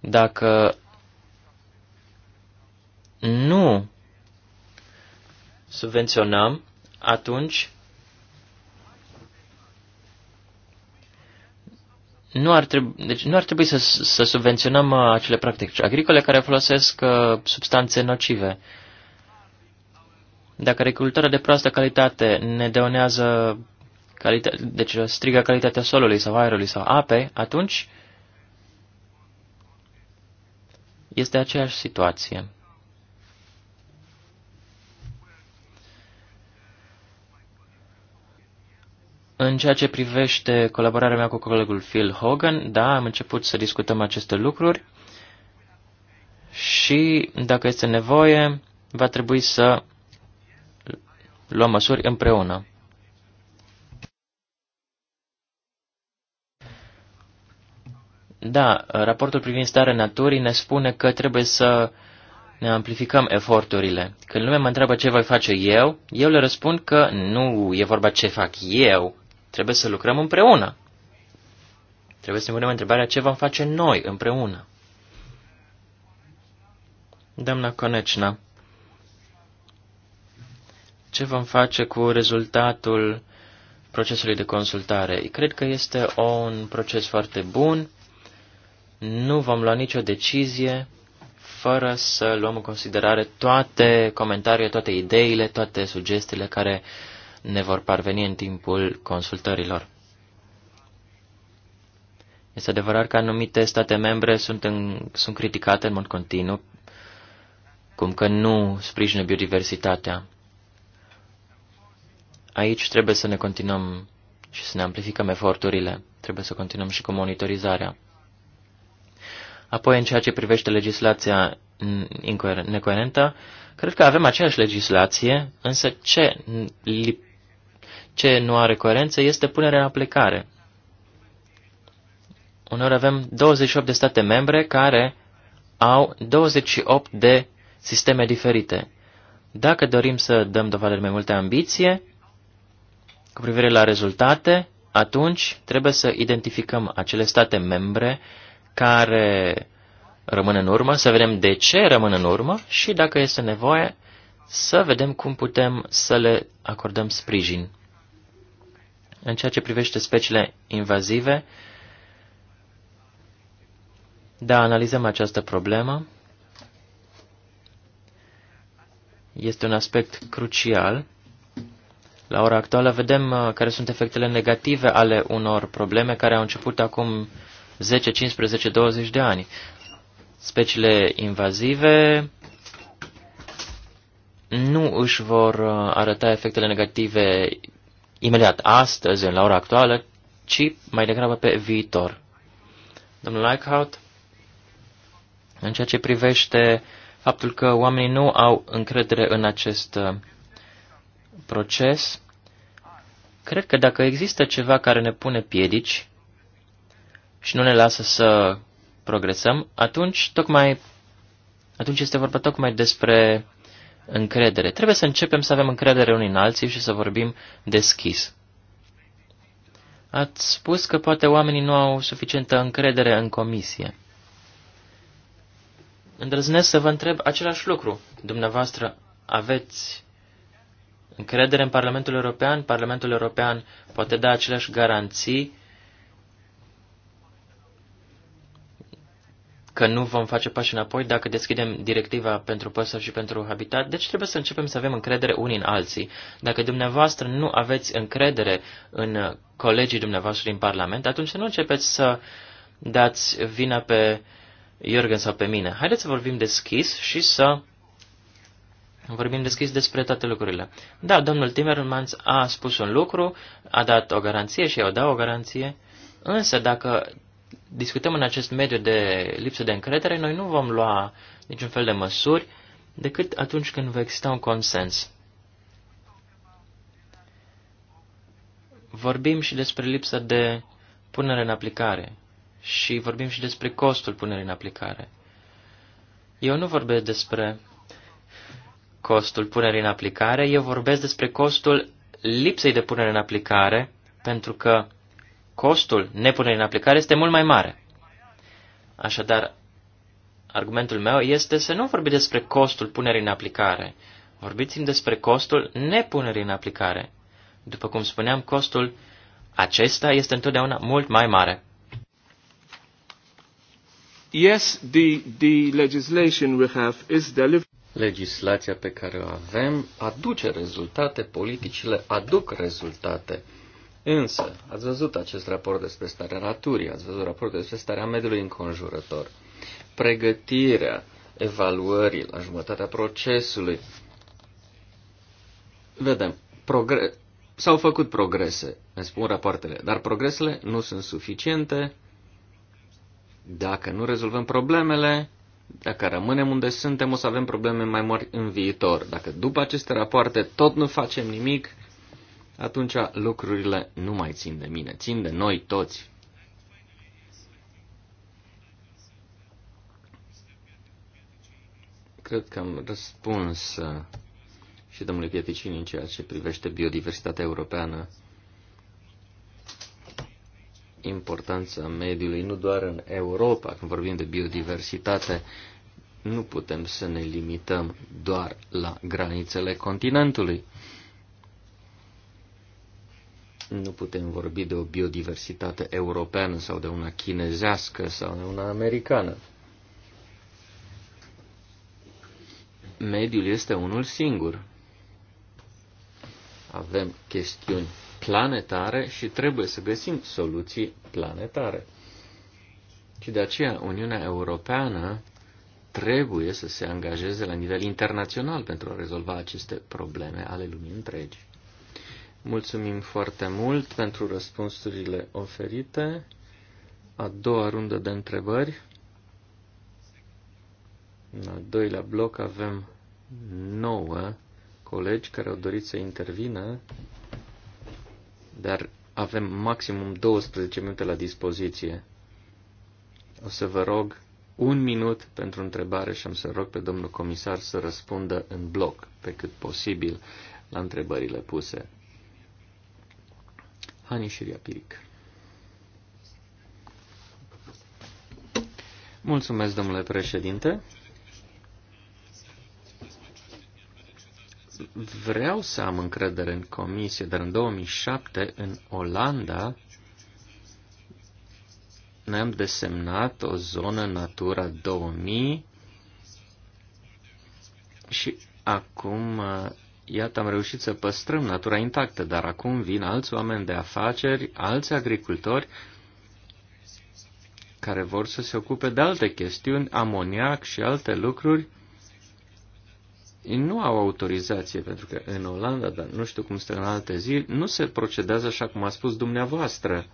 dacă nu subvenționăm, atunci nu ar, trebui, deci nu ar trebui să, să subvenționăm uh, acele practici agricole care folosesc uh, substanțe nocive. Dacă recoltarea de proastă calitate ne deonează calita- deci strigă calitatea solului sau aerului sau apei, atunci este aceeași situație. În ceea ce privește colaborarea mea cu colegul Phil Hogan, da, am început să discutăm aceste lucruri și, dacă este nevoie, va trebui să luăm măsuri împreună. Da, raportul privind starea naturii ne spune că trebuie să ne amplificăm eforturile. Când lumea mă întreabă ce voi face eu, eu le răspund că nu e vorba ce fac eu, trebuie să lucrăm împreună. Trebuie să ne punem întrebarea ce vom face noi împreună. Doamna Conecna, ce vom face cu rezultatul procesului de consultare? Cred că este un proces foarte bun nu vom lua nicio decizie fără să luăm în considerare toate comentariile, toate ideile, toate sugestiile care ne vor parveni în timpul consultărilor. Este adevărat că anumite state membre sunt, în, sunt criticate în mod continuu, cum că nu sprijină biodiversitatea. Aici trebuie să ne continuăm și să ne amplificăm eforturile. Trebuie să continuăm și cu monitorizarea. Apoi, în ceea ce privește legislația necoerentă, cred că avem aceeași legislație, însă ce, ce nu are coerență este punerea în aplicare. Uneori avem 28 de state membre care au 28 de sisteme diferite. Dacă dorim să dăm dovadă de mai multă ambiție cu privire la rezultate, atunci trebuie să identificăm acele state membre care rămân în urmă, să vedem de ce rămân în urmă și, dacă este nevoie, să vedem cum putem să le acordăm sprijin. În ceea ce privește speciile invazive, da, analizăm această problemă. Este un aspect crucial. La ora actuală vedem uh, care sunt efectele negative ale unor probleme care au început acum 10, 15, 20 de ani. Speciile invazive nu își vor uh, arăta efectele negative imediat astăzi, la ora actuală, ci mai degrabă pe viitor. Domnul Eichhout, în ceea ce privește faptul că oamenii nu au încredere în acest uh, proces, cred că dacă există ceva care ne pune piedici, și nu ne lasă să progresăm, atunci tocmai atunci este vorba tocmai despre încredere. Trebuie să începem să avem încredere unii în alții și să vorbim deschis. Ați spus că poate oamenii nu au suficientă încredere în comisie. Îndrăznesc să vă întreb același lucru. Dumneavoastră aveți încredere în Parlamentul European? Parlamentul European poate da aceleași garanții că nu vom face pași înapoi dacă deschidem directiva pentru păsări și pentru habitat, deci trebuie să începem să avem încredere unii în alții. Dacă dumneavoastră nu aveți încredere în colegii dumneavoastră din Parlament, atunci nu începeți să dați vina pe Iorgen sau pe mine. Haideți să vorbim deschis și să vorbim deschis despre toate lucrurile. Da, domnul Timmermans a spus un lucru, a dat o garanție și eu dau o garanție, însă dacă discutăm în acest mediu de lipsă de încredere, noi nu vom lua niciun fel de măsuri decât atunci când va exista un consens. Vorbim și despre lipsa de punere în aplicare și vorbim și despre costul punerii în aplicare. Eu nu vorbesc despre costul punerii în aplicare, eu vorbesc despre costul lipsei de punere în aplicare, pentru că costul nepunerii în aplicare este mult mai mare. Așadar, argumentul meu este să nu vorbim despre costul punerii în aplicare. vorbiți despre costul nepunerii în aplicare. După cum spuneam, costul acesta este întotdeauna mult mai mare. Yes, the, the legislation we have is delivered. Legislația pe care o avem aduce rezultate, politicile aduc rezultate. Însă, ați văzut acest raport despre starea naturii, ați văzut raportul despre starea mediului înconjurător, pregătirea evaluării la jumătatea procesului. Vedem, progre- s-au făcut progrese, ne spun rapoartele, dar progresele nu sunt suficiente dacă nu rezolvăm problemele, dacă rămânem unde suntem, o să avem probleme mai mari în viitor. Dacă după aceste rapoarte tot nu facem nimic, atunci lucrurile nu mai țin de mine, țin de noi toți. Cred că am răspuns uh, și domnului Pieticini în ceea ce privește biodiversitatea europeană, importanța mediului, nu doar în Europa, când vorbim de biodiversitate, nu putem să ne limităm doar la granițele continentului. Nu putem vorbi de o biodiversitate europeană sau de una chinezească sau de una americană. Mediul este unul singur. Avem chestiuni planetare și trebuie să găsim soluții planetare. Și de aceea Uniunea Europeană trebuie să se angajeze la nivel internațional pentru a rezolva aceste probleme ale lumii întregi. Mulțumim foarte mult pentru răspunsurile oferite. A doua rundă de întrebări. În al doilea bloc avem nouă colegi care au dorit să intervină, dar avem maximum 12 minute la dispoziție. O să vă rog un minut pentru întrebare și am să rog pe domnul comisar să răspundă în bloc, pe cât posibil, la întrebările puse. Hani Shiria Piric. Mulțumesc, domnule președinte. Vreau să am încredere în comisie, dar în 2007, în Olanda, noi am desemnat o zonă Natura 2000 și acum Iată, am reușit să păstrăm natura intactă, dar acum vin alți oameni de afaceri, alți agricultori care vor să se ocupe de alte chestiuni, amoniac și alte lucruri. Ei nu au autorizație, pentru că în Olanda, dar nu știu cum stă în alte zile, nu se procedează așa cum a spus dumneavoastră.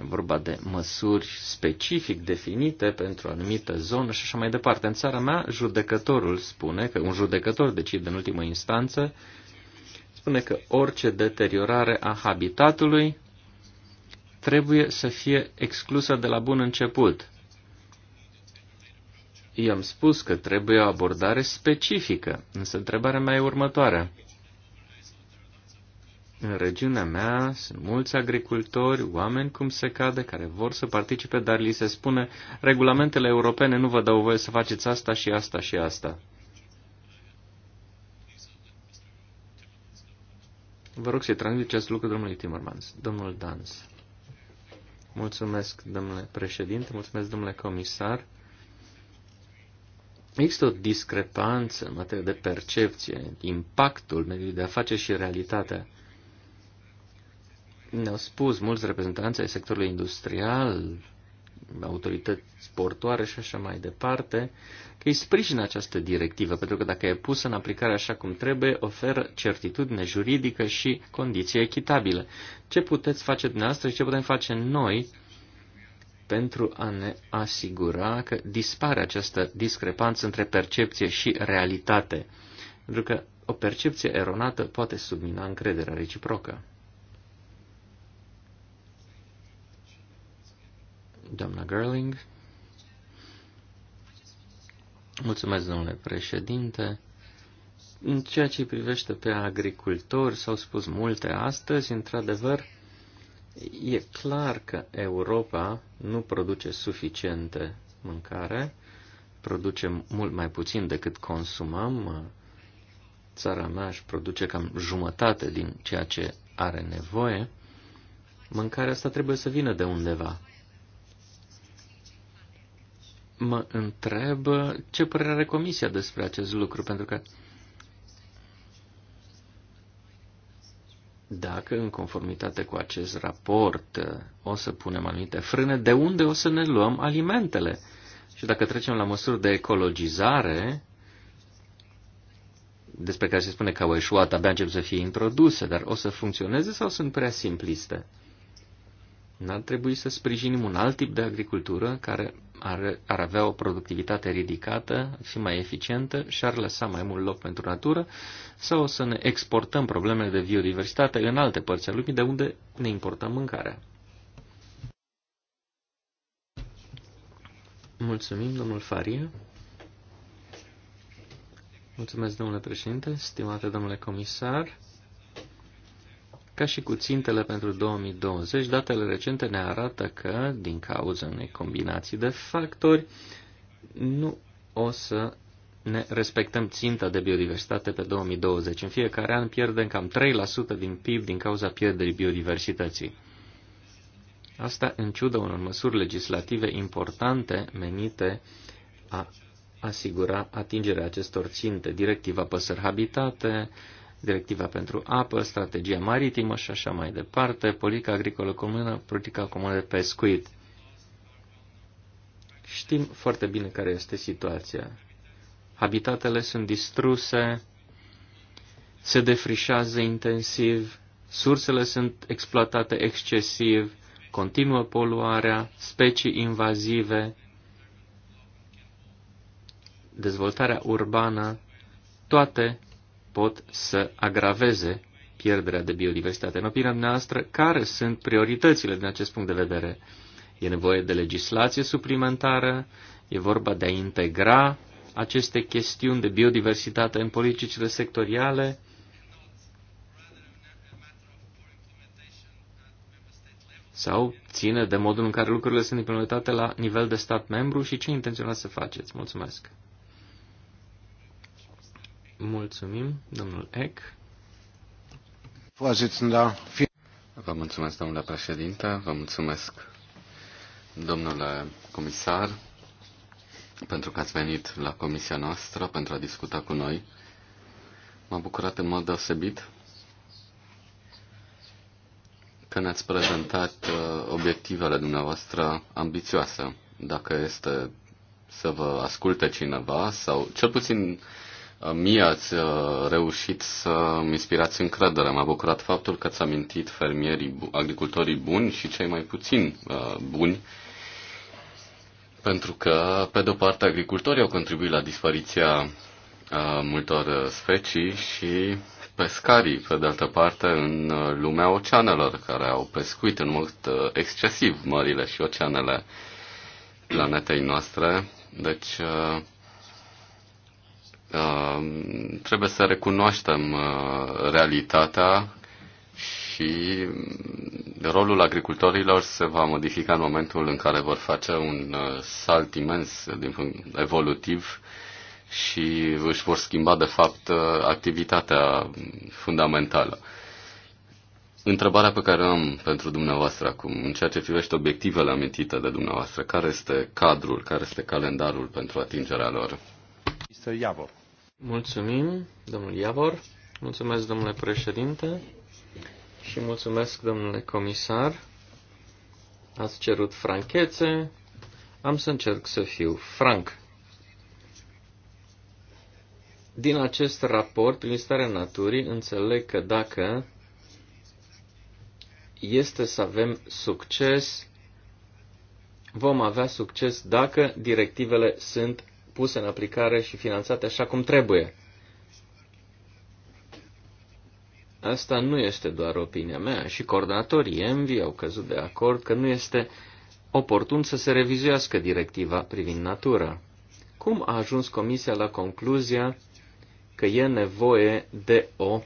E vorba de măsuri specific definite pentru o anumită zonă și așa mai departe. În țara mea, judecătorul spune că un judecător decide în ultimă instanță, spune că orice deteriorare a habitatului trebuie să fie exclusă de la bun început. I-am spus că trebuie o abordare specifică, însă întrebarea mea e următoarea. În regiunea mea sunt mulți agricultori, oameni cum se cade, care vor să participe, dar li se spune regulamentele europene nu vă dau voie să faceți asta și asta și asta. Vă rog să-i transmiteți lucru domnului Timmermans, domnul Dans. Mulțumesc, domnule președinte, mulțumesc, domnule comisar. Există o discrepanță în materie de percepție, impactul mediului de afaceri și realitatea. Ne-au spus mulți reprezentanți ai sectorului industrial, autorități portoare și așa mai departe, că îi sprijină această directivă, pentru că dacă e pusă în aplicare așa cum trebuie, oferă certitudine juridică și condiții echitabile. Ce puteți face dumneavoastră și ce putem face noi pentru a ne asigura că dispare această discrepanță între percepție și realitate? Pentru că o percepție eronată poate submina încrederea reciprocă. Doamna Gerling. Mulțumesc, domnule președinte. În ceea ce privește pe agricultori, s-au spus multe astăzi, într-adevăr, e clar că Europa nu produce suficiente mâncare, Produce mult mai puțin decât consumăm. Țara mea își produce cam jumătate din ceea ce are nevoie. Mâncarea asta trebuie să vină de undeva mă întreb ce părere are Comisia despre acest lucru, pentru că dacă în conformitate cu acest raport o să punem anumite frâne, de unde o să ne luăm alimentele? Și dacă trecem la măsuri de ecologizare, despre care se spune că au eșuat, abia încep să fie introduse, dar o să funcționeze sau sunt prea simpliste? N-ar trebui să sprijinim un alt tip de agricultură care ar, ar avea o productivitate ridicată, și fi mai eficientă și ar lăsa mai mult loc pentru natură, sau să ne exportăm problemele de biodiversitate în alte părți ale lumii de unde ne importăm mâncarea. Mulțumim, domnul Faria. Mulțumesc, domnule președinte, stimate domnule comisar. Ca și cu țintele pentru 2020, datele recente ne arată că, din cauza unei combinații de factori, nu o să ne respectăm ținta de biodiversitate pe 2020. În fiecare an pierdem cam 3% din PIB din cauza pierderii biodiversității. Asta în ciuda unor măsuri legislative importante menite a asigura atingerea acestor ținte. Directiva păsări habitate, directiva pentru apă, strategia maritimă și așa mai departe, politica agricolă comună, politica comună de pescuit. Știm foarte bine care este situația. Habitatele sunt distruse, se defrișează intensiv, sursele sunt exploatate excesiv, continuă poluarea, specii invazive, dezvoltarea urbană, toate pot să agraveze pierderea de biodiversitate. În opinia noastră, care sunt prioritățile din acest punct de vedere? E nevoie de legislație suplimentară, e vorba de a integra aceste chestiuni de biodiversitate în politicile sectoriale, sau ține de modul în care lucrurile sunt implementate la nivel de stat membru și ce intenționați să faceți. Mulțumesc! Mulțumim, domnul Eck. Da, vă mulțumesc, domnule președinte, vă mulțumesc, domnule comisar, pentru că ați venit la comisia noastră pentru a discuta cu noi. M-a bucurat în mod deosebit că ne-ați prezentat uh, obiectivele dumneavoastră ambițioase. Dacă este să vă asculte cineva sau cel puțin Uh, mie ați uh, reușit să mi inspirați încredere. M-a bucurat faptul că ați amintit fermierii, agricultorii buni și cei mai puțin uh, buni, pentru că, pe de-o parte, agricultorii au contribuit la dispariția multor specii și pescarii, pe de altă parte, în lumea oceanelor, care au pescuit în mod excesiv mările și oceanele planetei noastre. Deci, Um, trebuie să recunoaștem uh, realitatea și um, rolul agricultorilor se va modifica în momentul în care vor face un uh, salt imens din punct evolutiv și își vor schimba de fapt uh, activitatea fundamentală. Întrebarea pe care o am pentru dumneavoastră acum, în ceea ce privește obiectivele amintite de dumneavoastră, care este cadrul, care este calendarul pentru atingerea lor? Mr. Iavor. Mulțumim, domnul Iavor. Mulțumesc, domnule președinte. Și mulțumesc, domnule comisar. Ați cerut franchețe. Am să încerc să fiu franc. Din acest raport, prin starea naturii, înțeleg că dacă este să avem succes, vom avea succes dacă directivele sunt puse în aplicare și finanțate așa cum trebuie. Asta nu este doar opinia mea. Și coordonatorii ENVI au căzut de acord că nu este oportun să se revizuiască directiva privind natura. Cum a ajuns Comisia la concluzia că e nevoie de o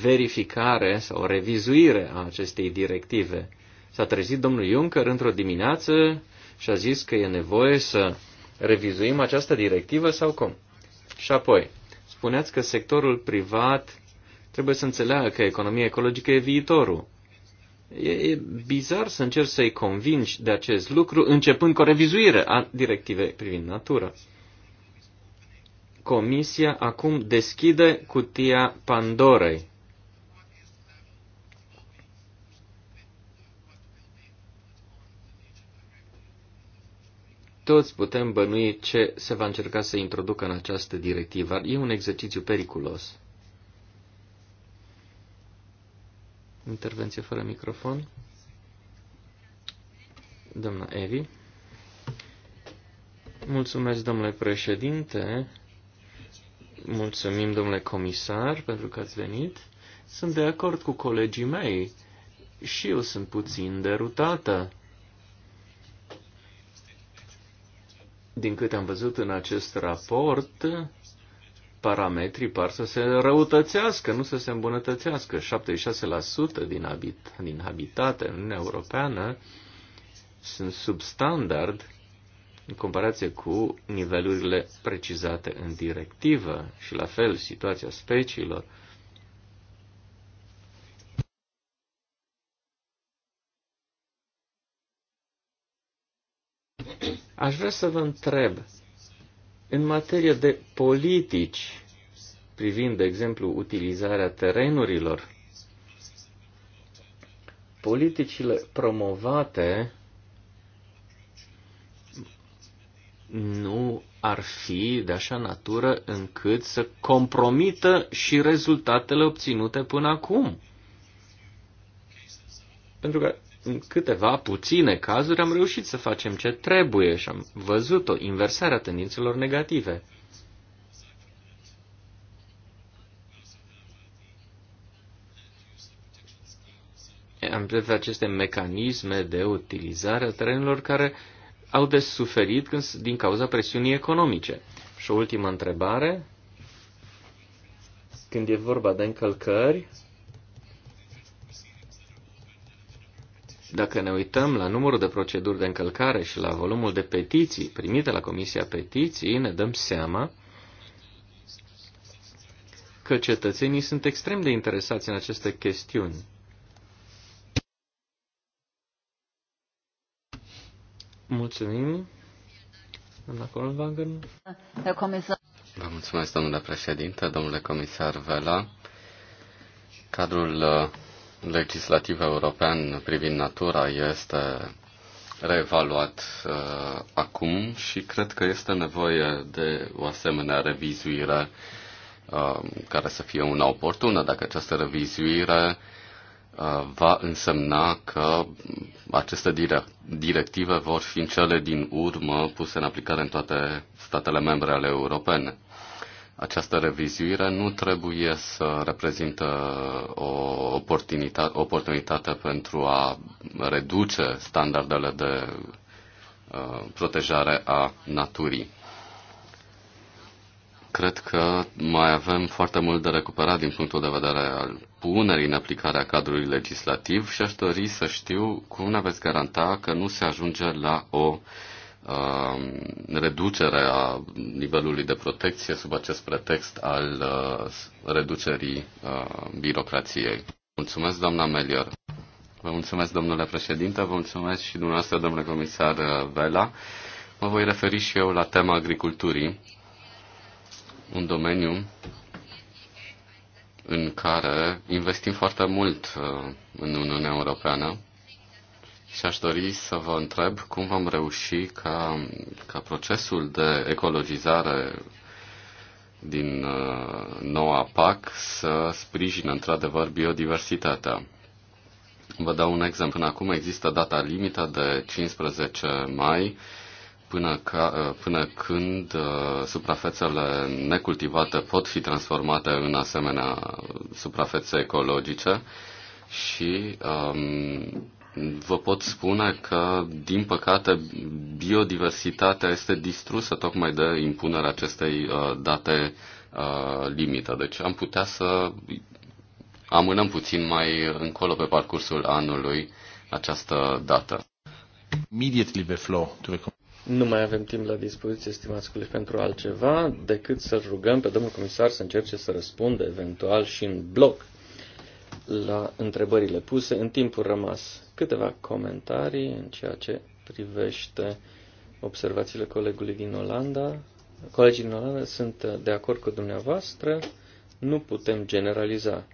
verificare sau o revizuire a acestei directive? S-a trezit domnul Juncker într-o dimineață și a zis că e nevoie să revizuim această directivă sau cum? Și apoi, spuneați că sectorul privat trebuie să înțeleagă că economia ecologică e viitorul. E, e bizar să încerci să-i convingi de acest lucru, începând cu o revizuire a directivei privind natura. Comisia acum deschide cutia Pandorei. toți putem bănui ce se va încerca să introducă în această directivă. E un exercițiu periculos. Intervenție fără microfon. Doamna Evi. Mulțumesc, domnule președinte. Mulțumim, domnule comisar, pentru că ați venit. Sunt de acord cu colegii mei. Și eu sunt puțin derutată Din câte am văzut în acest raport, parametrii par să se răutățească, nu să se îmbunătățească. 76% din, habit, din habitate în Uniunea Europeană sunt substandard în comparație cu nivelurile precizate în directivă și la fel situația speciilor Aș vrea să vă întreb, în materie de politici, privind, de exemplu, utilizarea terenurilor, politicile promovate nu ar fi de așa natură încât să compromită și rezultatele obținute până acum. Pentru că în câteva puține cazuri am reușit să facem ce trebuie și am văzut o inversare a tendințelor negative. Am pe aceste mecanisme de utilizare a terenilor care au de suferit din cauza presiunii economice. Și o ultimă întrebare. Când e vorba de încălcări, dacă ne uităm la numărul de proceduri de încălcare și la volumul de petiții primite la Comisia Petiții, ne dăm seama că cetățenii sunt extrem de interesați în aceste chestiuni. Mulțumim. Doamna Colvagen. Vă mulțumesc, domnule președinte, domnule comisar Vela. Cadrul legislativ european privind natura este reevaluat uh, acum și cred că este nevoie de o asemenea revizuire uh, care să fie una oportună, dacă această revizuire uh, va însemna că aceste directive vor fi în cele din urmă puse în aplicare în toate statele membre ale europene. Această revizuire nu trebuie să reprezintă o oportunitate, oportunitate pentru a reduce standardele de uh, protejare a naturii. Cred că mai avem foarte mult de recuperat din punctul de vedere al punerii în aplicare a cadrului legislativ și aș dori să știu cum ne veți garanta că nu se ajunge la o uh, Um, reducerea nivelului de protecție sub acest pretext al uh, reducerii uh, birocrației. Mulțumesc, doamna Melior. Vă mulțumesc, domnule președinte, vă mulțumesc și dumneavoastră, domnule comisar uh, Vela. Mă voi referi și eu la tema agriculturii, un domeniu în care investim foarte mult în Uniunea Europeană și aș dori să vă întreb cum vom reuși ca, ca procesul de ecologizare din uh, noua PAC să sprijină într-adevăr biodiversitatea. Vă dau un exemplu. Până acum există data limită de 15 mai până, ca, uh, până când uh, suprafețele necultivate pot fi transformate în asemenea suprafețe ecologice și um, vă pot spune că, din păcate, biodiversitatea este distrusă tocmai de impunerea acestei uh, date uh, limită. Deci am putea să amânăm puțin mai încolo pe parcursul anului această dată. Immediately the flow Nu mai avem timp la dispoziție, stimați colegi, pentru altceva decât să rugăm pe domnul comisar să încerce să răspundă eventual și în bloc la întrebările puse în timpul rămas câteva comentarii în ceea ce privește observațiile colegului din Olanda. Colegii din Olanda sunt de acord cu dumneavoastră, nu putem generaliza.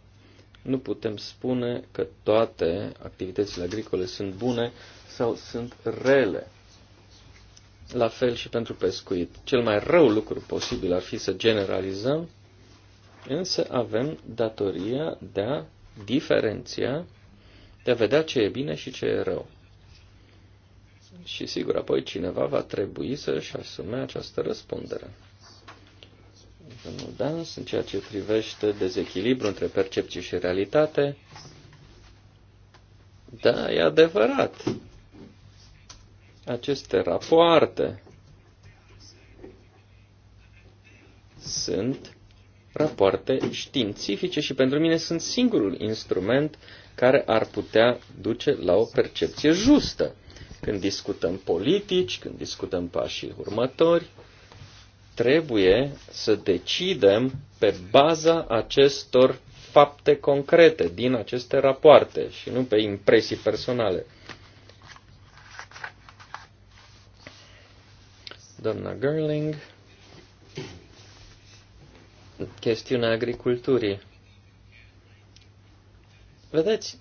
Nu putem spune că toate activitățile agricole sunt bune sau sunt rele. La fel și pentru pescuit. Cel mai rău lucru posibil ar fi să generalizăm, însă avem datoria de a diferenția de a vedea ce e bine și ce e rău. Și sigur, apoi cineva va trebui să-și asume această răspundere. Domnul Dans, în ceea ce privește dezechilibru între percepție și realitate, da, e adevărat. Aceste rapoarte sunt rapoarte științifice și pentru mine sunt singurul instrument care ar putea duce la o percepție justă. Când discutăm politici, când discutăm pașii următori, trebuie să decidem pe baza acestor fapte concrete din aceste rapoarte și nu pe impresii personale. Doamna Gerling, chestiunea agriculturii. Vedeți,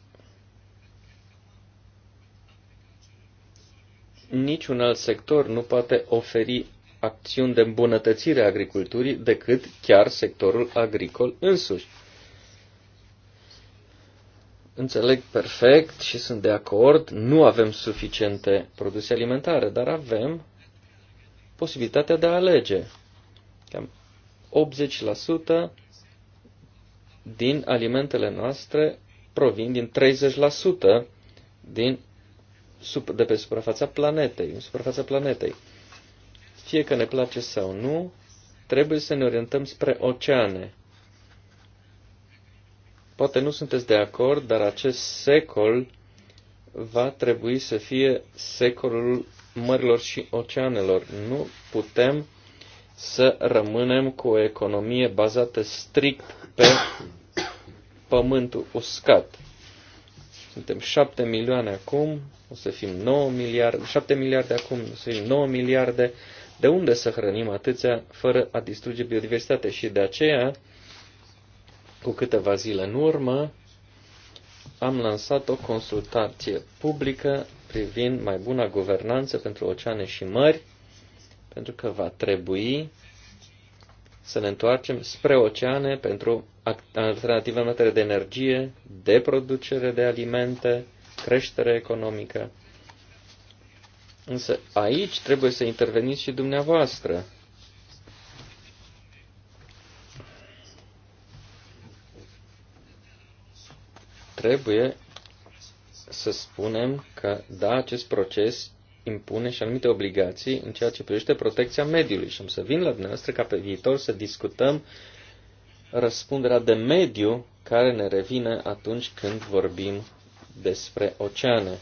niciun alt sector nu poate oferi acțiuni de îmbunătățire a agriculturii decât chiar sectorul agricol însuși. Înțeleg perfect și sunt de acord, nu avem suficiente produse alimentare, dar avem posibilitatea de a alege. Cam 80% din alimentele noastre provin din 30% din, de pe suprafața planetei, în suprafața planetei. Fie că ne place sau nu, trebuie să ne orientăm spre oceane. Poate nu sunteți de acord, dar acest secol va trebui să fie secolul mărilor și oceanelor. Nu putem să rămânem cu o economie bazată strict pe pământul uscat. Suntem 7 milioane acum, o să fim 9 miliarde, 7 miliarde acum, o să fim 9 miliarde. De unde să hrănim atâția fără a distruge biodiversitatea? Și de aceea, cu câteva zile în urmă, am lansat o consultație publică privind mai buna guvernanță pentru oceane și mări, pentru că va trebui să ne întoarcem spre oceane pentru alternative în de energie, de producere de alimente, creștere economică. Însă aici trebuie să interveniți și dumneavoastră. Trebuie să spunem că, da, acest proces impune și anumite obligații în ceea ce privește protecția mediului. Și am să vin la dumneavoastră ca pe viitor să discutăm răspunderea de mediu care ne revine atunci când vorbim despre oceane.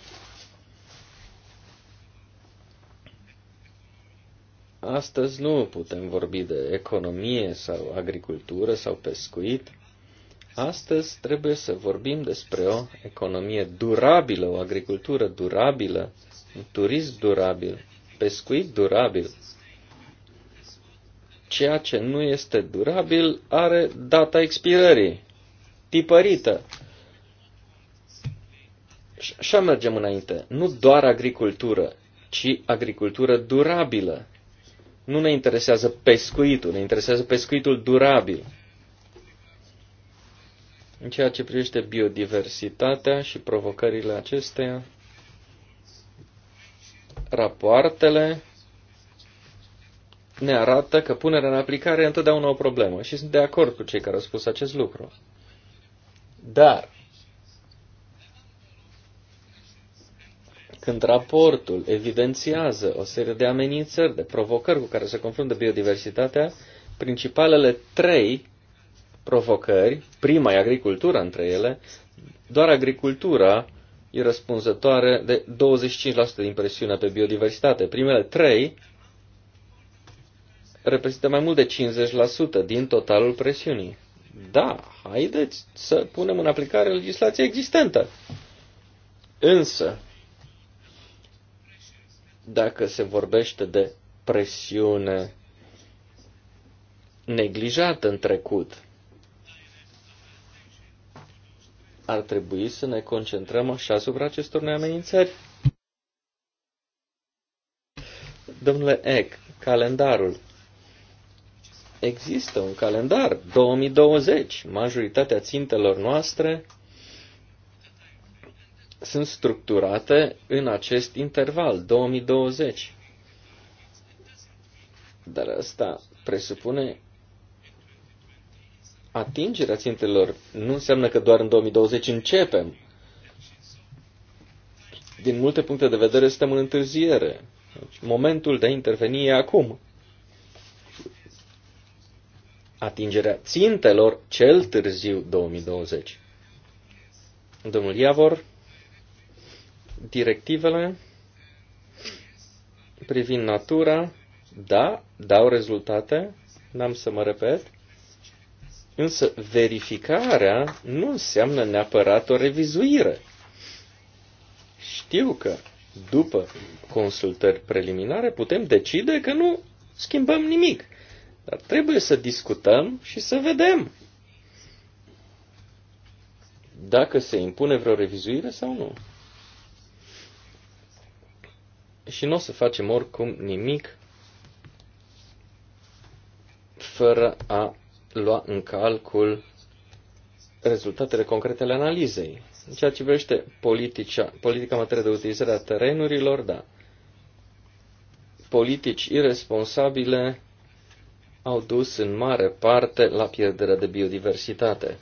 Astăzi nu putem vorbi de economie sau agricultură sau pescuit. Astăzi trebuie să vorbim despre o economie durabilă, o agricultură durabilă, turism durabil, pescuit durabil. Ceea ce nu este durabil are data expirării, tipărită. Și așa mergem înainte. Nu doar agricultură, ci agricultură durabilă. Nu ne interesează pescuitul, ne interesează pescuitul durabil. În ceea ce privește biodiversitatea și provocările acesteia, rapoartele ne arată că punerea în aplicare e întotdeauna o problemă și sunt de acord cu cei care au spus acest lucru. Dar, când raportul evidențiază o serie de amenințări, de provocări cu care se confruntă biodiversitatea, principalele trei provocări, prima e agricultura între ele, doar agricultura e răspunzătoare de 25% din presiunea pe biodiversitate. Primele trei reprezintă mai mult de 50% din totalul presiunii. Da, haideți să punem în aplicare legislația existentă. Însă, dacă se vorbește de presiune neglijată în trecut, ar trebui să ne concentrăm și asupra acestor noi amenințări. Domnule Eck, calendarul. Există un calendar 2020. Majoritatea țintelor noastre sunt structurate în acest interval 2020. Dar asta presupune atingerea țintelor nu înseamnă că doar în 2020 începem. Din multe puncte de vedere, suntem în întârziere. Deci, momentul de a interveni e acum. Atingerea țintelor cel târziu 2020. Domnul Iavor, directivele privind natura, da, dau rezultate, n-am să mă repet, Însă verificarea nu înseamnă neapărat o revizuire. Știu că după consultări preliminare putem decide că nu schimbăm nimic. Dar trebuie să discutăm și să vedem dacă se impune vreo revizuire sau nu. Și nu o să facem oricum nimic fără a lua în calcul rezultatele concrete ale analizei. În ceea ce privește politica, politica în materie de utilizare a terenurilor, da, politici irresponsabile au dus în mare parte la pierderea de biodiversitate.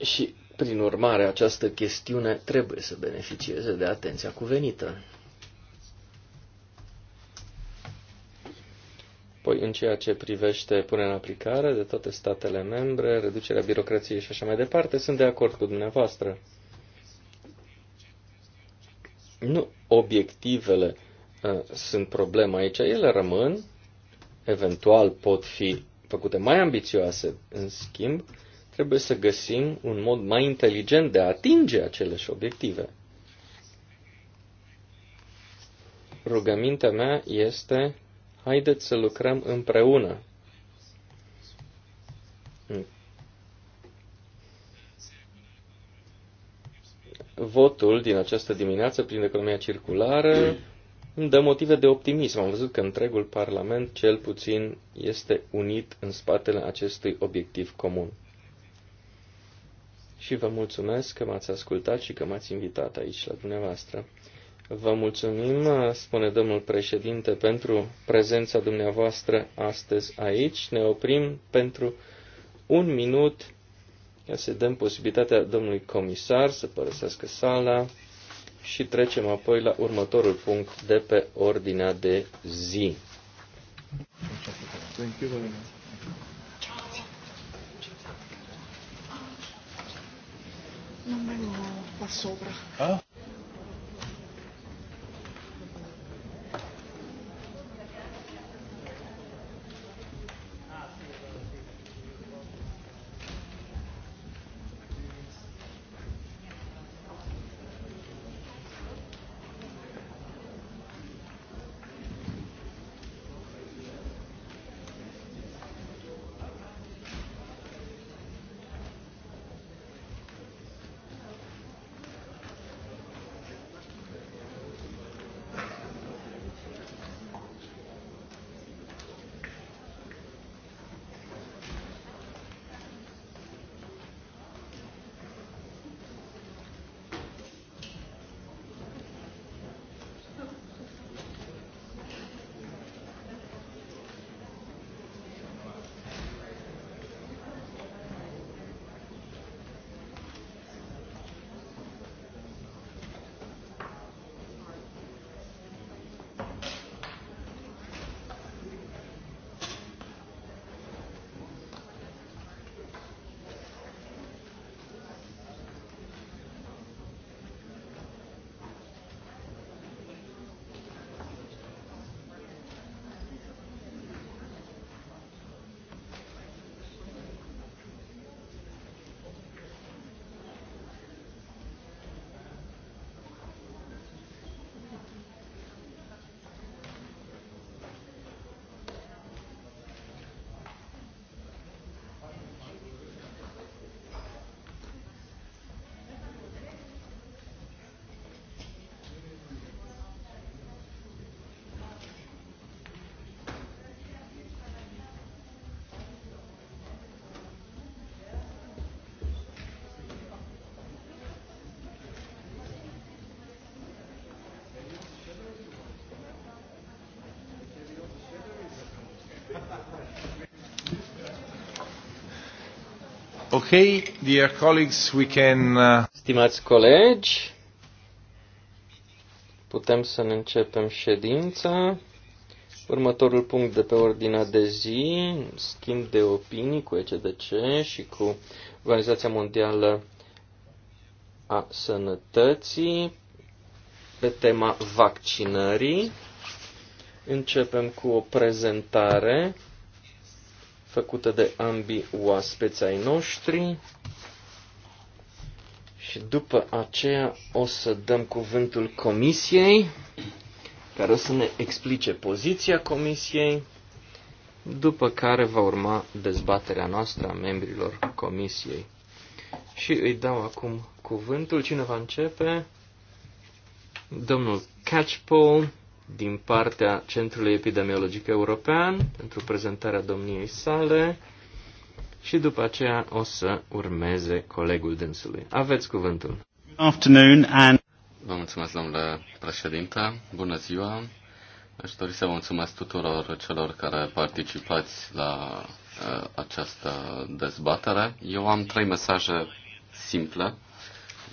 Și, prin urmare, această chestiune trebuie să beneficieze de atenția cuvenită. Apoi, în ceea ce privește punerea în aplicare de toate statele membre, reducerea birocrației și așa mai departe, sunt de acord cu dumneavoastră. Nu obiectivele uh, sunt problema aici, ele rămân, eventual pot fi făcute mai ambițioase, în schimb, trebuie să găsim un mod mai inteligent de a atinge aceleși obiective. Rugămintea mea este Haideți să lucrăm împreună. Hmm. Votul din această dimineață prin economia circulară îmi dă motive de optimism. Am văzut că întregul Parlament, cel puțin, este unit în spatele acestui obiectiv comun. Și vă mulțumesc că m-ați ascultat și că m-ați invitat aici la dumneavoastră. Vă mulțumim, spune domnul președinte, pentru prezența dumneavoastră astăzi aici. Ne oprim pentru un minut ca să dăm posibilitatea domnului comisar să părăsească sala și trecem apoi la următorul punct de pe ordinea de zi. Thank you very much. Non vengo sopra. Ah? Ok, dear colleagues, we can... Uh, Stimați colegi, putem să ne începem ședința. Următorul punct de pe ordinea de zi, schimb de opinii cu ECDC și cu Organizația Mondială a Sănătății pe tema vaccinării. Începem cu o prezentare făcută de ambii oaspeți ai noștri. Și după aceea o să dăm cuvântul comisiei, care o să ne explice poziția comisiei, după care va urma dezbaterea noastră a membrilor comisiei. Și îi dau acum cuvântul. Cine va începe? Domnul Catchpole din partea Centrului Epidemiologic European pentru prezentarea domniei sale și după aceea o să urmeze colegul dânsului. Aveți cuvântul. Afternoon and... Vă mulțumesc, domnule președinte. Bună ziua. Aș dori să vă mulțumesc tuturor celor care participați la uh, această dezbatere. Eu am trei mesaje simple.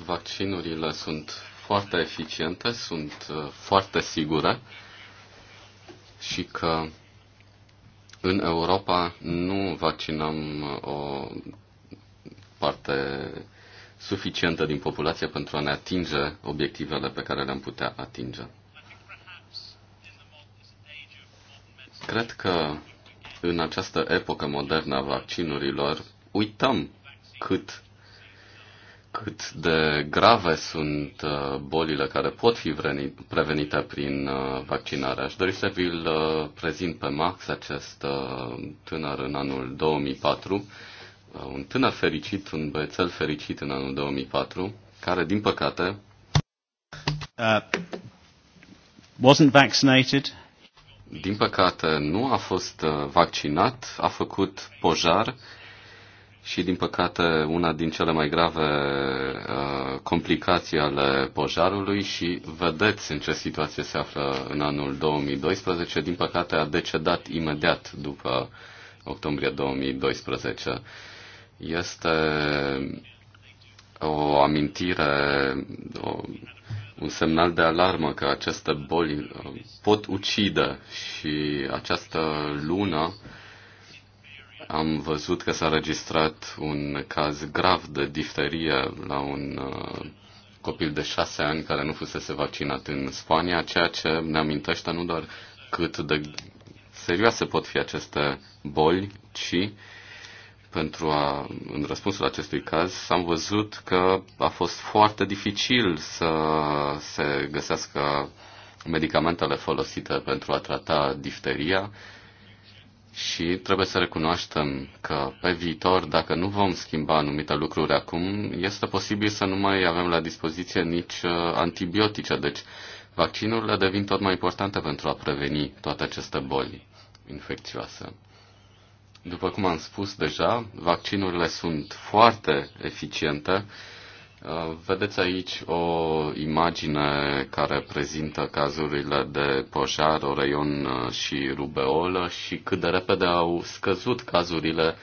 Vaccinurile sunt foarte eficiente, sunt uh, foarte sigure și că în Europa nu vaccinăm uh, o parte suficientă din populație pentru a ne atinge obiectivele pe care le-am putea atinge. Cred că în această epocă modernă a vaccinurilor uităm cât cât de grave sunt uh, bolile care pot fi prevenite prin uh, vaccinare. Aș dori să vi-l uh, prezint pe Max, acest tânăr în anul 2004, un tânăr fericit, un băiețel fericit în anul 2004, care, din păcate, uh, wasn't vaccinated. Din păcate, nu a fost vaccinat, a făcut pojar și, din păcate, una din cele mai grave uh, complicații ale pojarului și vedeți în ce situație se află în anul 2012. Din păcate, a decedat imediat după octombrie 2012. Este o amintire, o, un semnal de alarmă că aceste boli uh, pot ucide și această lună am văzut că s-a registrat un caz grav de difterie la un uh, copil de șase ani care nu fusese vaccinat în Spania, ceea ce ne amintește nu doar cât de serioase pot fi aceste boli, ci pentru a, în răspunsul acestui caz, am văzut că a fost foarte dificil să se găsească medicamentele folosite pentru a trata difteria și trebuie să recunoaștem că pe viitor, dacă nu vom schimba anumite lucruri acum, este posibil să nu mai avem la dispoziție nici uh, antibiotice. Deci, vaccinurile devin tot mai importante pentru a preveni toate aceste boli infecțioase. După cum am spus deja, vaccinurile sunt foarte eficiente Uh, vedeți aici o imagine care prezintă cazurile de pojar, oreion uh, și rubeolă și cât de repede au scăzut cazurile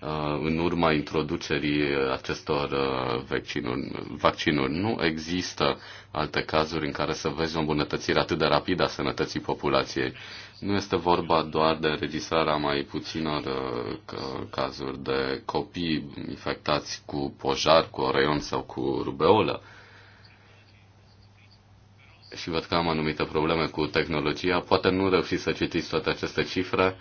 uh, în urma introducerii acestor vaccinuri. vaccinuri. Nu există alte cazuri în care să vezi o îmbunătățire atât de rapidă a sănătății populației. Nu este vorba doar de înregistrarea mai puținor uh, cazuri de copii infectați cu pojar, cu oreion sau cu rubeolă. Și văd că am anumite probleme cu tehnologia. Poate nu reușiți să citiți toate aceste cifre,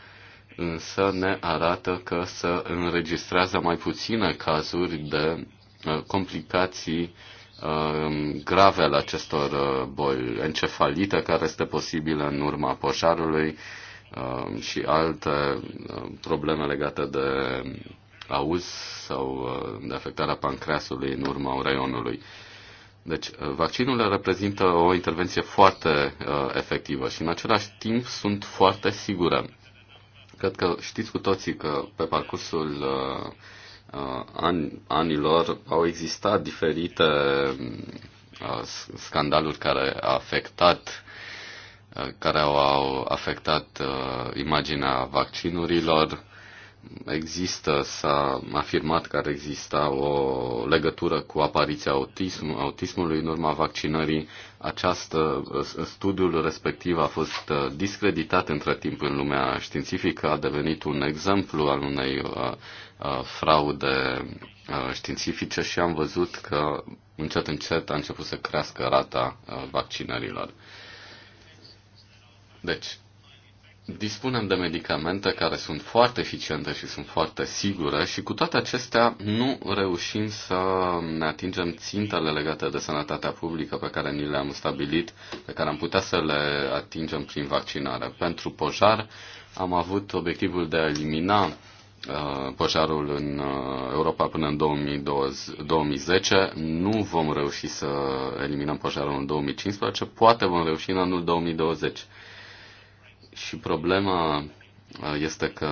însă ne arată că se înregistrează mai puține cazuri de uh, complicații Um, grave ale acestor uh, boli, encefalită care este posibilă în urma poșarului um, și alte um, probleme legate de auz sau uh, de afectarea pancreasului în urma ureionului. Deci, uh, vaccinul reprezintă o intervenție foarte uh, efectivă și, în același timp, sunt foarte sigure. Cred că știți cu toții că pe parcursul uh, an, anilor au existat diferite scandaluri care au afectat care au afectat imaginea vaccinurilor, există, s-a afirmat că ar exista o legătură cu apariția autism, autismului în urma vaccinării. Această, ă, studiul respectiv a fost ă, discreditat între timp în lumea științifică, a devenit un exemplu al unei ă, fraude științifice și am văzut că încet încet a început să crească rata vaccinărilor. Deci, Dispunem de medicamente care sunt foarte eficiente și sunt foarte sigure și cu toate acestea nu reușim să ne atingem țintele legate de sănătatea publică pe care ni le-am stabilit, pe care am putea să le atingem prin vaccinare. Pentru pojar am avut obiectivul de a elimina uh, pojarul în uh, Europa până în 2010. Nu vom reuși să eliminăm pojarul în 2015, poate vom reuși în anul 2020. Și problema uh, este că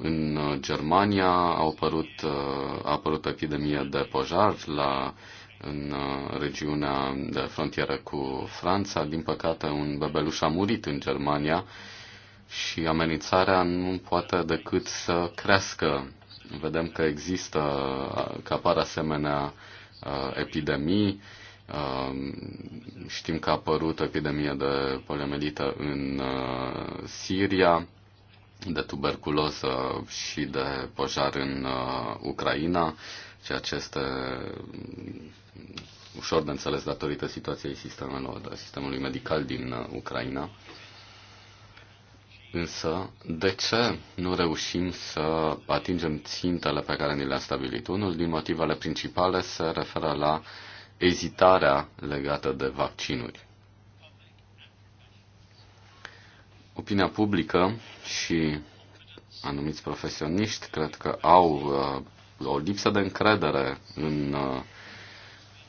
în Germania au apărut, uh, a apărut epidemie de pojar la, în uh, regiunea de frontieră cu Franța. Din păcate, un bebeluș a murit în Germania și amenințarea nu poate decât să crească. Vedem că există, că apar asemenea epidemii Știm că a apărut o epidemie de poliomielită în uh, Siria, de tuberculoză și de pojar în uh, Ucraina, ceea ce este mm, ușor de înțeles datorită situației sistemelor, sistemului medical din uh, Ucraina. Însă, de ce nu reușim să atingem țintele pe care ni le a stabilit? Unul din motivele principale se referă la ezitarea legată de vaccinuri. Opinia publică și anumiți profesioniști cred că au uh, o lipsă de încredere în, uh,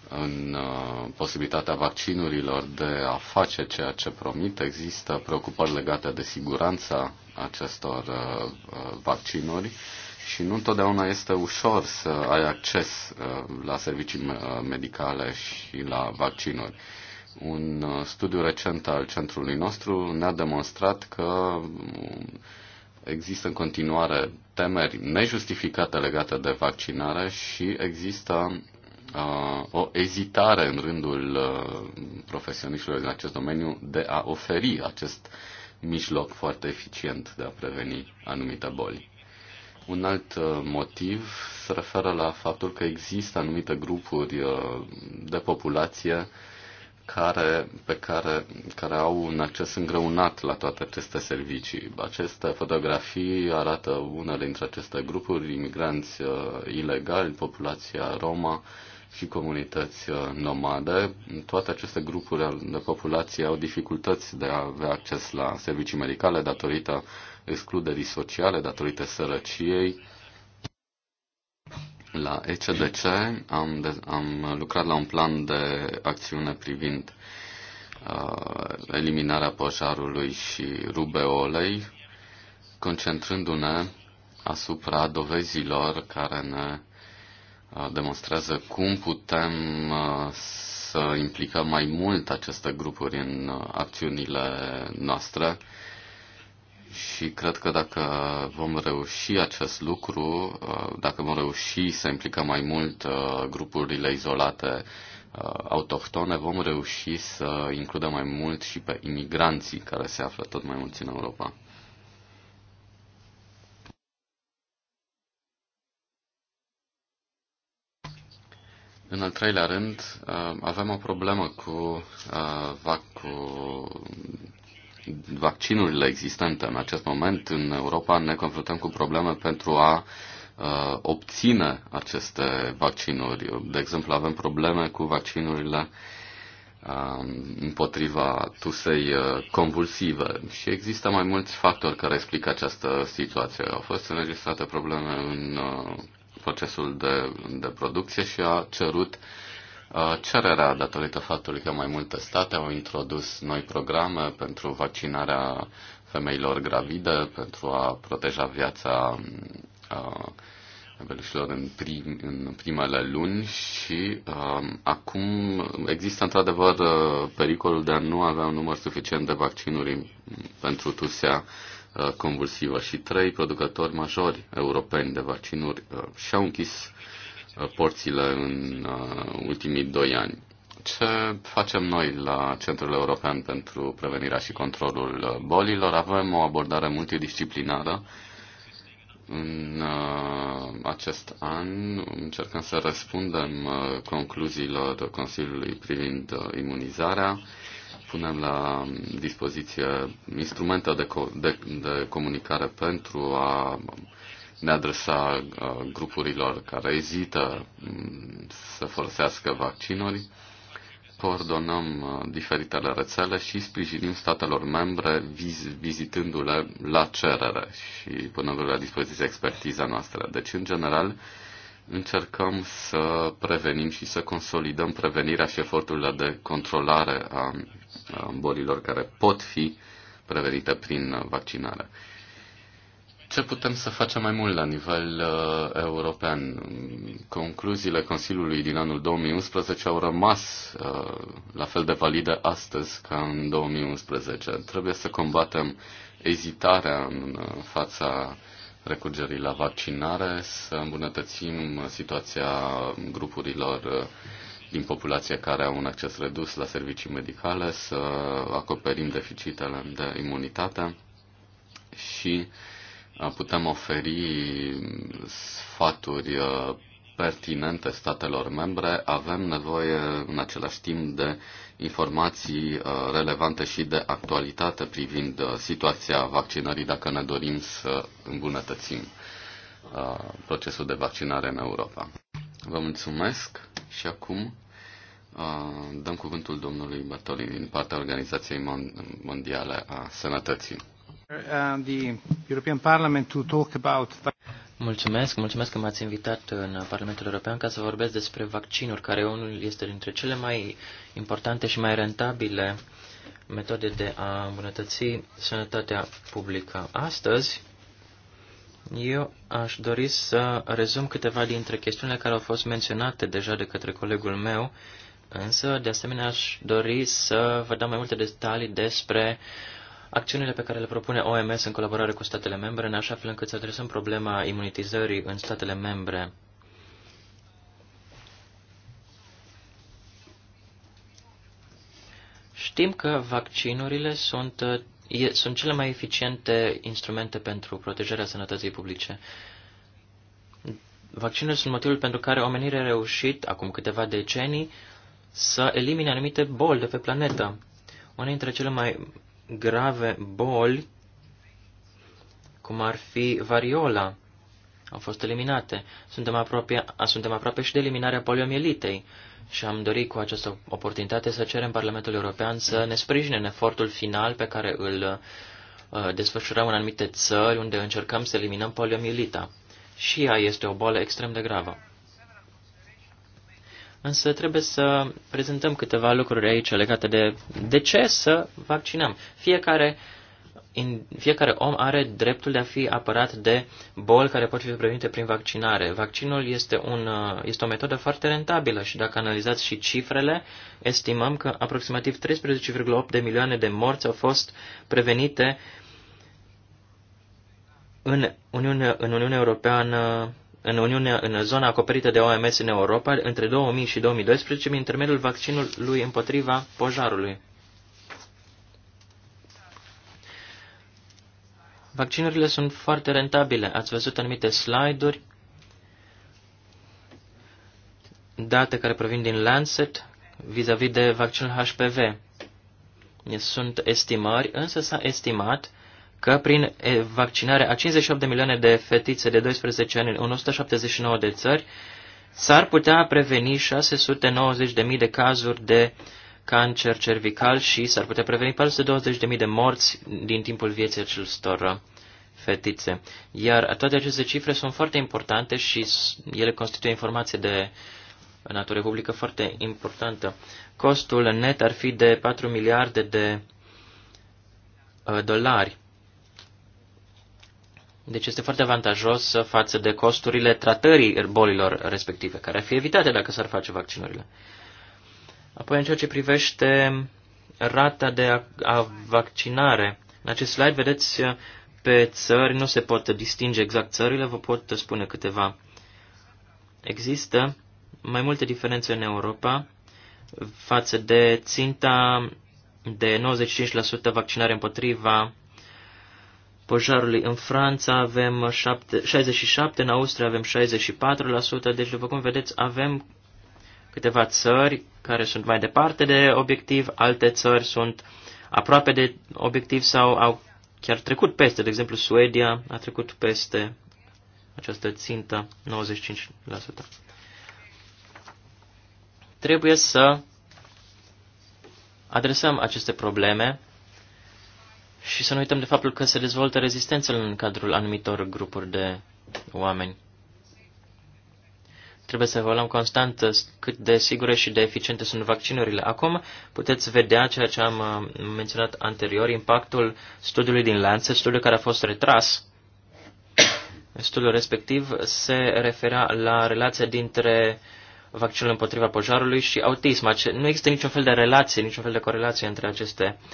în uh, posibilitatea vaccinurilor de a face ceea ce promit. Există preocupări legate de siguranța acestor uh, uh vaccinuri. Uh, și nu întotdeauna este ușor să ai acces uh, la servicii uh, medicale și la vaccinuri. Un uh, studiu recent al centrului nostru ne-a demonstrat că um, există în continuare temeri nejustificate legate de vaccinare și există uh, o ezitare în rândul uh, profesioniștilor din acest domeniu de a oferi acest mijloc foarte eficient de a preveni anumite boli. Un alt uh, motiv se referă la faptul că există anumite grupuri uh, de populație care, pe care, care au un acces îngreunat la toate aceste servicii. Aceste fotografii arată unele dintre aceste grupuri, imigranți uh, ilegali, populația Roma și comunități uh, nomade. Toate aceste grupuri de populație au dificultăți de a avea acces la servicii medicale datorită excluderii sociale datorită sărăciei. La ECDC am, de, am lucrat la un plan de acțiune privind uh, eliminarea pojarului și rubeolei, concentrându-ne asupra dovezilor care ne uh, demonstrează cum putem uh, să implicăm mai mult aceste grupuri în uh, acțiunile noastre și cred că dacă vom reuși acest lucru, uh, dacă vom reuși să implicăm mai mult uh, grupurile izolate uh, autohtone, vom reuși să includem mai mult și pe imigranții care se află tot mai mulți în Europa. În al treilea rând, avem o problemă cu, cu vaccinurile existente în acest moment în Europa ne confruntăm cu probleme pentru a uh, obține aceste vaccinuri. De exemplu, avem probleme cu vaccinurile uh, împotriva tusei uh, convulsive și există mai mulți factori care explică această situație. Au fost înregistrate probleme în uh, procesul de, de producție și a cerut uh, Uh, cererea datorită faptului că mai multe state au introdus noi programe pentru vaccinarea femeilor gravide, pentru a proteja viața bebelușilor uh, în, prim, în primele luni și uh, acum există într-adevăr uh, pericolul de a nu avea un număr suficient de vaccinuri pentru tusea uh, convulsivă și trei producători majori europeni de vaccinuri uh, și-au închis Uh, porțile în uh, ultimii doi ani. Ce facem noi la Centrul European pentru Prevenirea și Controlul uh, Bolilor? Avem o abordare multidisciplinară în uh, acest an încercăm să răspundem uh, concluziilor Consiliului privind uh, imunizarea. Punem la dispoziție instrumente de, co- de, de comunicare pentru a ne adresa uh, grupurilor care ezită mm, să folosească vaccinuri, coordonăm uh, diferitele rețele și sprijinim statelor membre viz- vizitându-le la cerere și punându-le la dispoziție expertiza noastră. Deci, în general, încercăm să prevenim și să consolidăm prevenirea și eforturile de controlare a bolilor care pot fi prevenite prin vaccinare. Ce putem să facem mai mult la nivel uh, european? Concluziile Consiliului din anul 2011 au rămas uh, la fel de valide astăzi ca în 2011. Trebuie să combatem ezitarea în uh, fața recurgerii la vaccinare, să îmbunătățim uh, situația grupurilor uh, din populație care au un acces redus la servicii medicale, să acoperim deficitele de imunitate și uh, putem oferi sfaturi uh, pertinente statelor membre, avem nevoie în același timp de informații uh, relevante și de actualitate privind uh, situația vaccinării dacă ne dorim să îmbunătățim procesul de vaccinare în Europa. Vă mulțumesc și acum dăm cuvântul domnului Bartolini, din partea Organizației Mondiale a Sănătății. Uh, mulțumesc, mulțumesc că m-ați invitat în Parlamentul European ca să vorbesc despre vaccinuri, care unul este dintre cele mai importante și mai rentabile metode de a îmbunătăți sănătatea publică. Astăzi, eu aș dori să rezum câteva dintre chestiunile care au fost menționate deja de către colegul meu, însă, de asemenea, aș dori să vă dau mai multe detalii despre acțiunile pe care le propune OMS în colaborare cu statele membre, în așa fel încât să adresăm problema imunitizării în statele membre. Știm că vaccinurile sunt, sunt cele mai eficiente instrumente pentru protejarea sănătății publice. Vaccinurile sunt motivul pentru care omenirea a reușit, acum câteva decenii, să elimine anumite boli de pe planetă. Una dintre cele mai grave boli, cum ar fi variola, au fost eliminate. Suntem aproape, suntem aproape și de eliminarea poliomielitei și am dorit cu această oportunitate să cerem Parlamentul European să ne sprijine în efortul final pe care îl uh, desfășurăm în anumite țări unde încercăm să eliminăm poliomielita. Și ea este o boală extrem de gravă. Însă trebuie să prezentăm câteva lucruri aici legate de de ce să vaccinăm. Fiecare, in, fiecare om are dreptul de a fi apărat de boli care pot fi prevenite prin vaccinare. Vaccinul este, un, este o metodă foarte rentabilă și dacă analizați și cifrele, estimăm că aproximativ 13,8 de milioane de morți au fost prevenite în Uniunea, în Uniunea Europeană în, Uniune, în zona acoperită de OMS în Europa între 2000 și 2012 prin intermediul vaccinului împotriva pojarului. Vaccinurile sunt foarte rentabile. Ați văzut anumite slide-uri, date care provin din Lancet vis-a-vis -vis de vaccinul HPV. Sunt estimări, însă s-a estimat că prin vaccinarea a 58 de milioane de fetițe de 12 ani în 179 de țări, s-ar putea preveni 690.000 de cazuri de cancer cervical și s-ar putea preveni 420.000 de morți din timpul vieții acestor fetițe. Iar toate aceste cifre sunt foarte importante și ele constituie informație de natură publică foarte importantă. Costul net ar fi de 4 miliarde de uh, dolari. Deci este foarte avantajos față de costurile tratării bolilor respective, care ar fi evitate dacă s-ar face vaccinurile. Apoi, în ceea ce privește rata de a, a vaccinare, în acest slide vedeți pe țări, nu se pot distinge exact țările, vă pot spune câteva. Există mai multe diferențe în Europa față de ținta de 95% vaccinare împotriva pojarului. În Franța avem 7, 67, în Austria avem 64%, deci după cum vedeți avem câteva țări care sunt mai departe de obiectiv, alte țări sunt aproape de obiectiv sau au chiar trecut peste. De exemplu, Suedia a trecut peste această țintă 95%. Trebuie să adresăm aceste probleme și să nu uităm de faptul că se dezvoltă rezistență în cadrul anumitor grupuri de oameni. Trebuie să evaluăm constant cât de sigure și de eficiente sunt vaccinurile. Acum puteți vedea ceea ce am uh, menționat anterior, impactul studiului din Lancet, studiul care a fost retras. Studiul respectiv se referea la relația dintre vaccinul împotriva pojarului și autism. Nu există niciun fel de relație, niciun fel de corelație între aceste uh,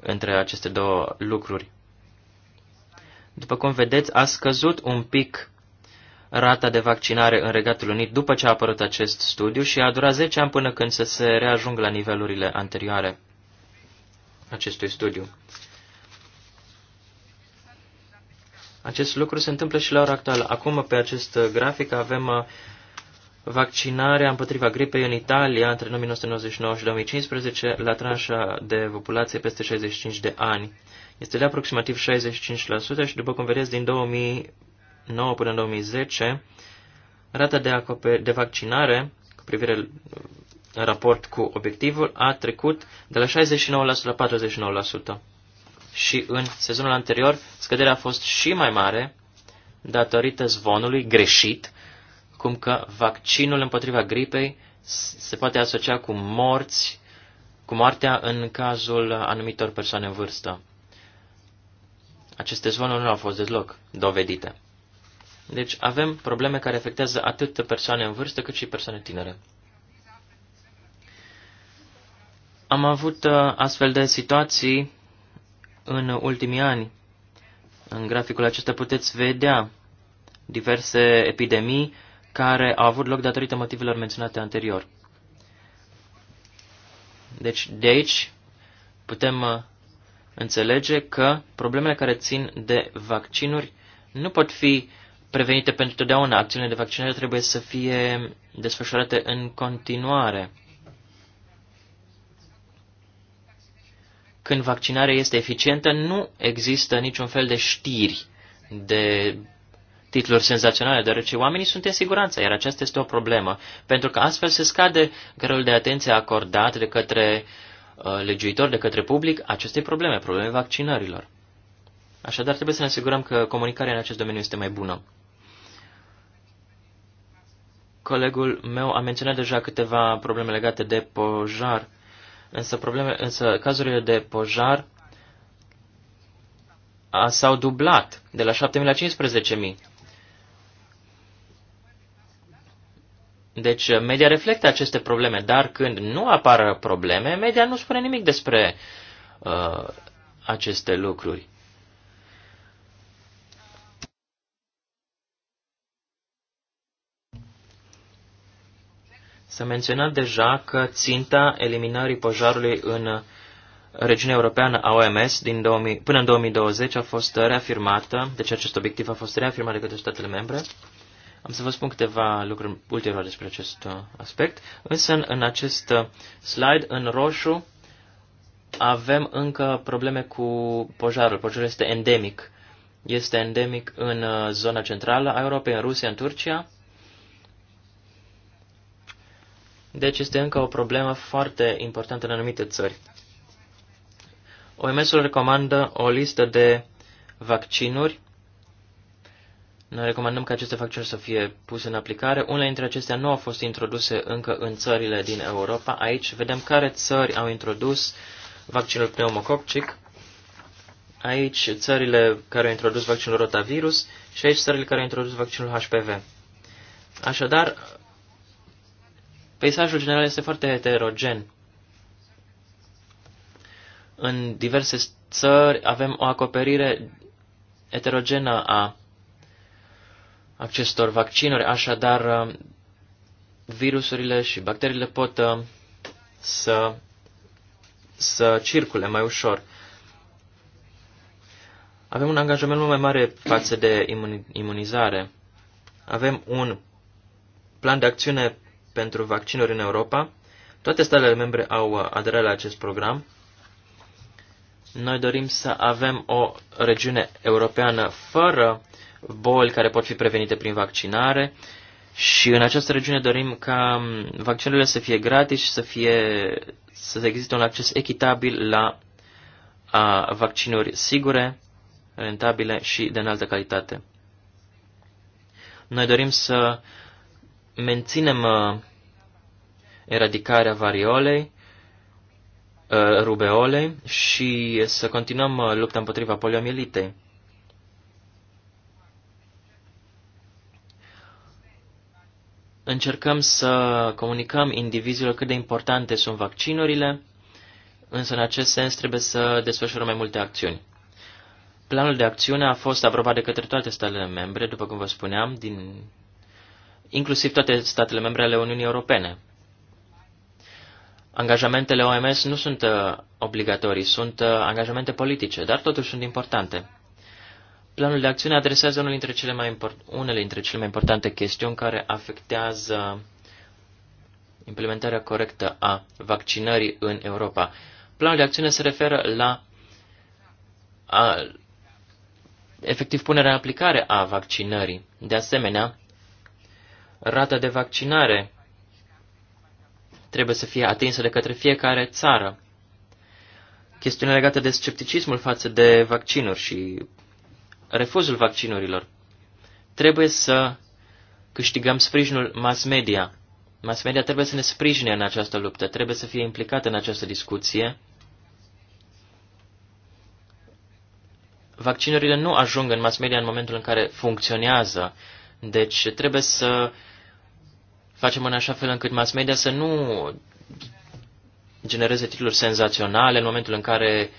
între aceste două lucruri. După cum vedeți, a scăzut un pic rata de vaccinare în Regatul Unit după ce a apărut acest studiu și a durat 10 ani până când să se reajungă la nivelurile anterioare acestui studiu. Acest lucru se întâmplă și la ora actuală. Acum pe acest grafic avem uh, vaccinarea împotriva gripei în Italia între 1999 și 2015 la tranșa de populație peste 65 de ani. Este de aproximativ 65% și, după cum vedeți, din 2009 până în 2010, rata de, de vaccinare cu privire în raport cu obiectivul a trecut de la 69% la 49%. Și în sezonul anterior, scăderea a fost și mai mare datorită zvonului greșit cum că vaccinul împotriva gripei se poate asocia cu morți, cu moartea în cazul anumitor persoane în vârstă. Aceste zvonuri nu au fost deloc dovedite. Deci avem probleme care afectează atât persoane în vârstă cât și persoane tinere. Am avut uh, astfel de situații în ultimii ani. În graficul acesta puteți vedea diverse epidemii care au avut loc datorită motivelor menționate anterior. Deci, de aici putem uh, înțelege că problemele care țin de vaccinuri nu pot fi prevenite pentru totdeauna. Acțiunile de vaccinare trebuie să fie desfășurate în continuare. Când vaccinarea este eficientă, nu există niciun fel de știri de titluri senzaționale, deoarece oamenii sunt în siguranță, iar aceasta este o problemă, pentru că astfel se scade gradul de atenție acordat de către uh, de către public, acestei probleme, probleme vaccinărilor. Așadar, trebuie să ne asigurăm că comunicarea în acest domeniu este mai bună. Colegul meu a menționat deja câteva probleme legate de pojar, însă, probleme, însă cazurile de pojar s-au dublat de la 7.000 la Deci uh, media reflectă aceste probleme, dar când nu apar probleme, media nu spune nimic despre uh, aceste lucruri. S-a menționat deja că ținta eliminării pojarului în regiunea europeană a OMS din 2000, până în 2020 a fost reafirmată, deci acest obiectiv a fost reafirmat de către statele membre. Am să vă spun câteva lucruri ulterior despre acest uh, aspect, însă în acest uh, slide, în roșu, avem încă probleme cu pojarul. Pojarul este endemic. Este endemic în uh, zona centrală a Europei, în Rusia, în Turcia. Deci este încă o problemă foarte importantă în anumite țări. OMS-ul recomandă o listă de vaccinuri noi recomandăm ca aceste factori să fie puse în aplicare. Unele dintre acestea nu au fost introduse încă în țările din Europa. Aici vedem care țări au introdus vaccinul pneumococcic. Aici țările care au introdus vaccinul rotavirus și aici țările care au introdus vaccinul HPV. Așadar, peisajul general este foarte heterogen. În diverse țări avem o acoperire heterogenă a acestor vaccinuri. Așadar, um, virusurile și bacteriile pot um, să, să circule mai ușor. Avem un angajament mai mare față de imunizare. Avem un plan de acțiune pentru vaccinuri în Europa. Toate statele membre au uh, aderat la acest program. Noi dorim să avem o regiune europeană fără boli care pot fi prevenite prin vaccinare și în această regiune dorim ca vaccinurile să fie gratis și să, fie, să existe un acces echitabil la a, vaccinuri sigure, rentabile și de înaltă calitate. Noi dorim să menținem eradicarea variolei, rubeolei și să continuăm lupta împotriva poliomielitei. Încercăm să comunicăm indivizilor cât de importante sunt vaccinurile, însă în acest sens trebuie să desfășurăm mai multe acțiuni. Planul de acțiune a fost aprobat de către toate statele membre, după cum vă spuneam, din, inclusiv toate statele membre ale Uniunii Europene. Angajamentele OMS nu sunt uh, obligatorii, sunt uh, angajamente politice, dar totuși sunt importante. Planul de acțiune adresează unele dintre cele mai, import- unele dintre cele mai importante chestiuni care afectează implementarea corectă a vaccinării în Europa. Planul de acțiune se referă la a, efectiv punerea în aplicare a vaccinării. De asemenea, rata de vaccinare trebuie să fie atinsă de către fiecare țară. Chestiunea legată de scepticismul față de vaccinuri și refuzul vaccinurilor. Trebuie să câștigăm sprijinul mass media. Mass media trebuie să ne sprijine în această luptă, trebuie să fie implicată în această discuție. Vaccinurile nu ajung în mass media în momentul în care funcționează, deci trebuie să facem în așa fel încât mass media să nu genereze titluri senzaționale în momentul în care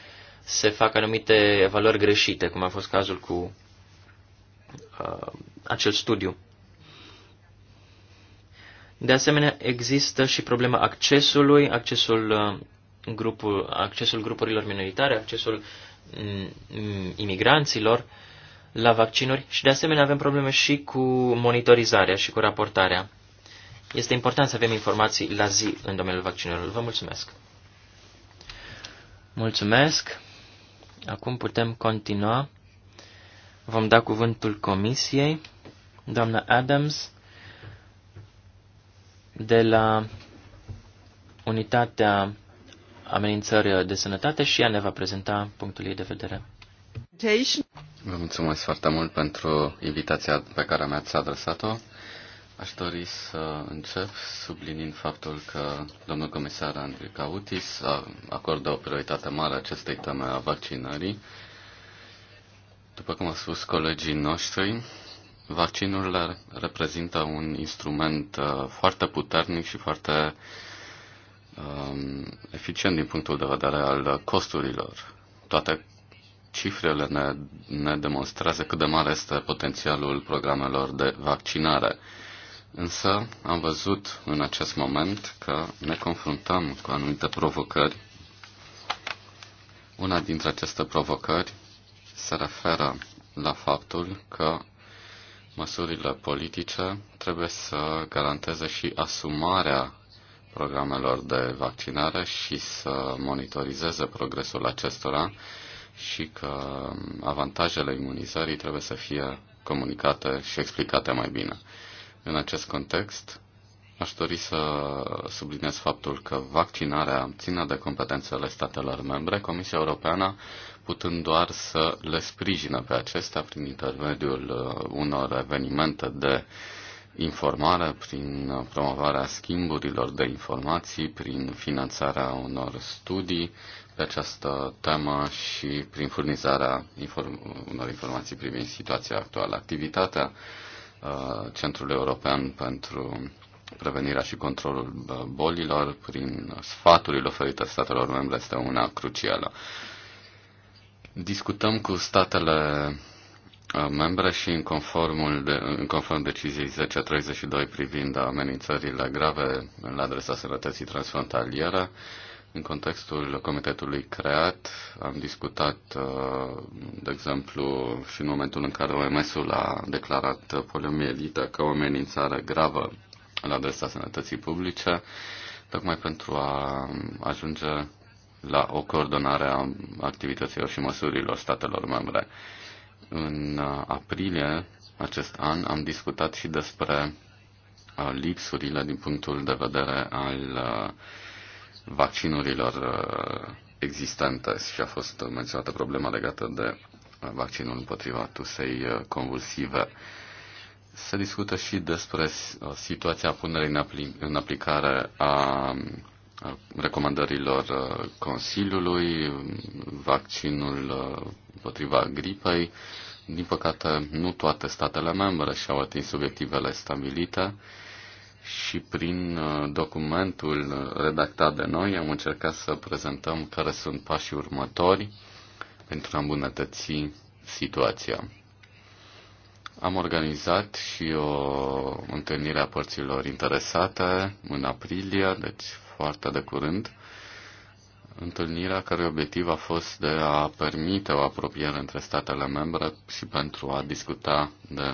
se fac anumite evaluări greșite, cum a fost cazul cu uh, acel studiu. De asemenea, există și problema accesului, accesul, uh, grupul, accesul grupurilor minoritare, accesul um, imigranților la vaccinuri și, de asemenea, avem probleme și cu monitorizarea și cu raportarea. Este important să avem informații la zi în domeniul vaccinurilor. Vă mulțumesc! Mulțumesc! Acum putem continua. Vom da cuvântul comisiei. Doamna Adams, de la Unitatea Amenințării de Sănătate și ea ne va prezenta punctul ei de vedere. Vă mulțumesc foarte mult pentru invitația pe care mi-ați adresat-o. Aș dori să încep sublinind faptul că domnul comisar Andrei Cautis acordă o prioritate mare acestei teme a vaccinării. După cum au spus colegii noștri, vaccinurile reprezintă un instrument uh, foarte puternic și foarte um, eficient din punctul de vedere al costurilor. Toate cifrele ne, ne demonstrează cât de mare este potențialul programelor de vaccinare. Însă am văzut în acest moment că ne confruntăm cu anumite provocări. Una dintre aceste provocări se referă la faptul că măsurile politice trebuie să garanteze și asumarea programelor de vaccinare și să monitorizeze progresul acestora și că avantajele imunizării trebuie să fie comunicate și explicate mai bine. În acest context, aș dori să subliniez faptul că vaccinarea ține de competențele statelor membre, Comisia Europeană putând doar să le sprijină pe acestea prin intermediul uh, unor evenimente de informare, prin promovarea schimburilor de informații, prin finanțarea unor studii pe această temă și prin furnizarea inform- unor informații privind situația actuală. Activitatea Uh, Centrul European pentru prevenirea și controlul uh, bolilor prin sfaturile oferite statelor membre este una crucială. Discutăm cu statele uh, membre și în, conformul de, în conform deciziei 1032 privind amenințările grave la adresa sănătății transfrontaliere, în contextul comitetului creat am discutat, uh, de exemplu, și în momentul în care OMS-ul a declarat poliomielită ca o amenințare gravă la adresa sănătății publice, tocmai pentru a ajunge la o coordonare a activităților și măsurilor statelor membre. În uh, aprilie acest an am discutat și despre uh, lipsurile din punctul de vedere al vaccinurilor uh, existente și a fost menționată problema legată de uh, vaccinul împotriva tusei uh, convulsive. Se discută și despre situația punerii în aplicare a recomandărilor Consiliului, vaccinul împotriva gripei. Din păcate, nu toate statele membre și-au atins obiectivele stabilite și prin uh, documentul redactat de noi am încercat să prezentăm care sunt pașii următori pentru a îmbunătăți situația. Am organizat și o întâlnire a părților interesate în aprilie, deci foarte de curând. Întâlnirea care obiectiv a fost de a permite o apropiere între statele membre și pentru a discuta de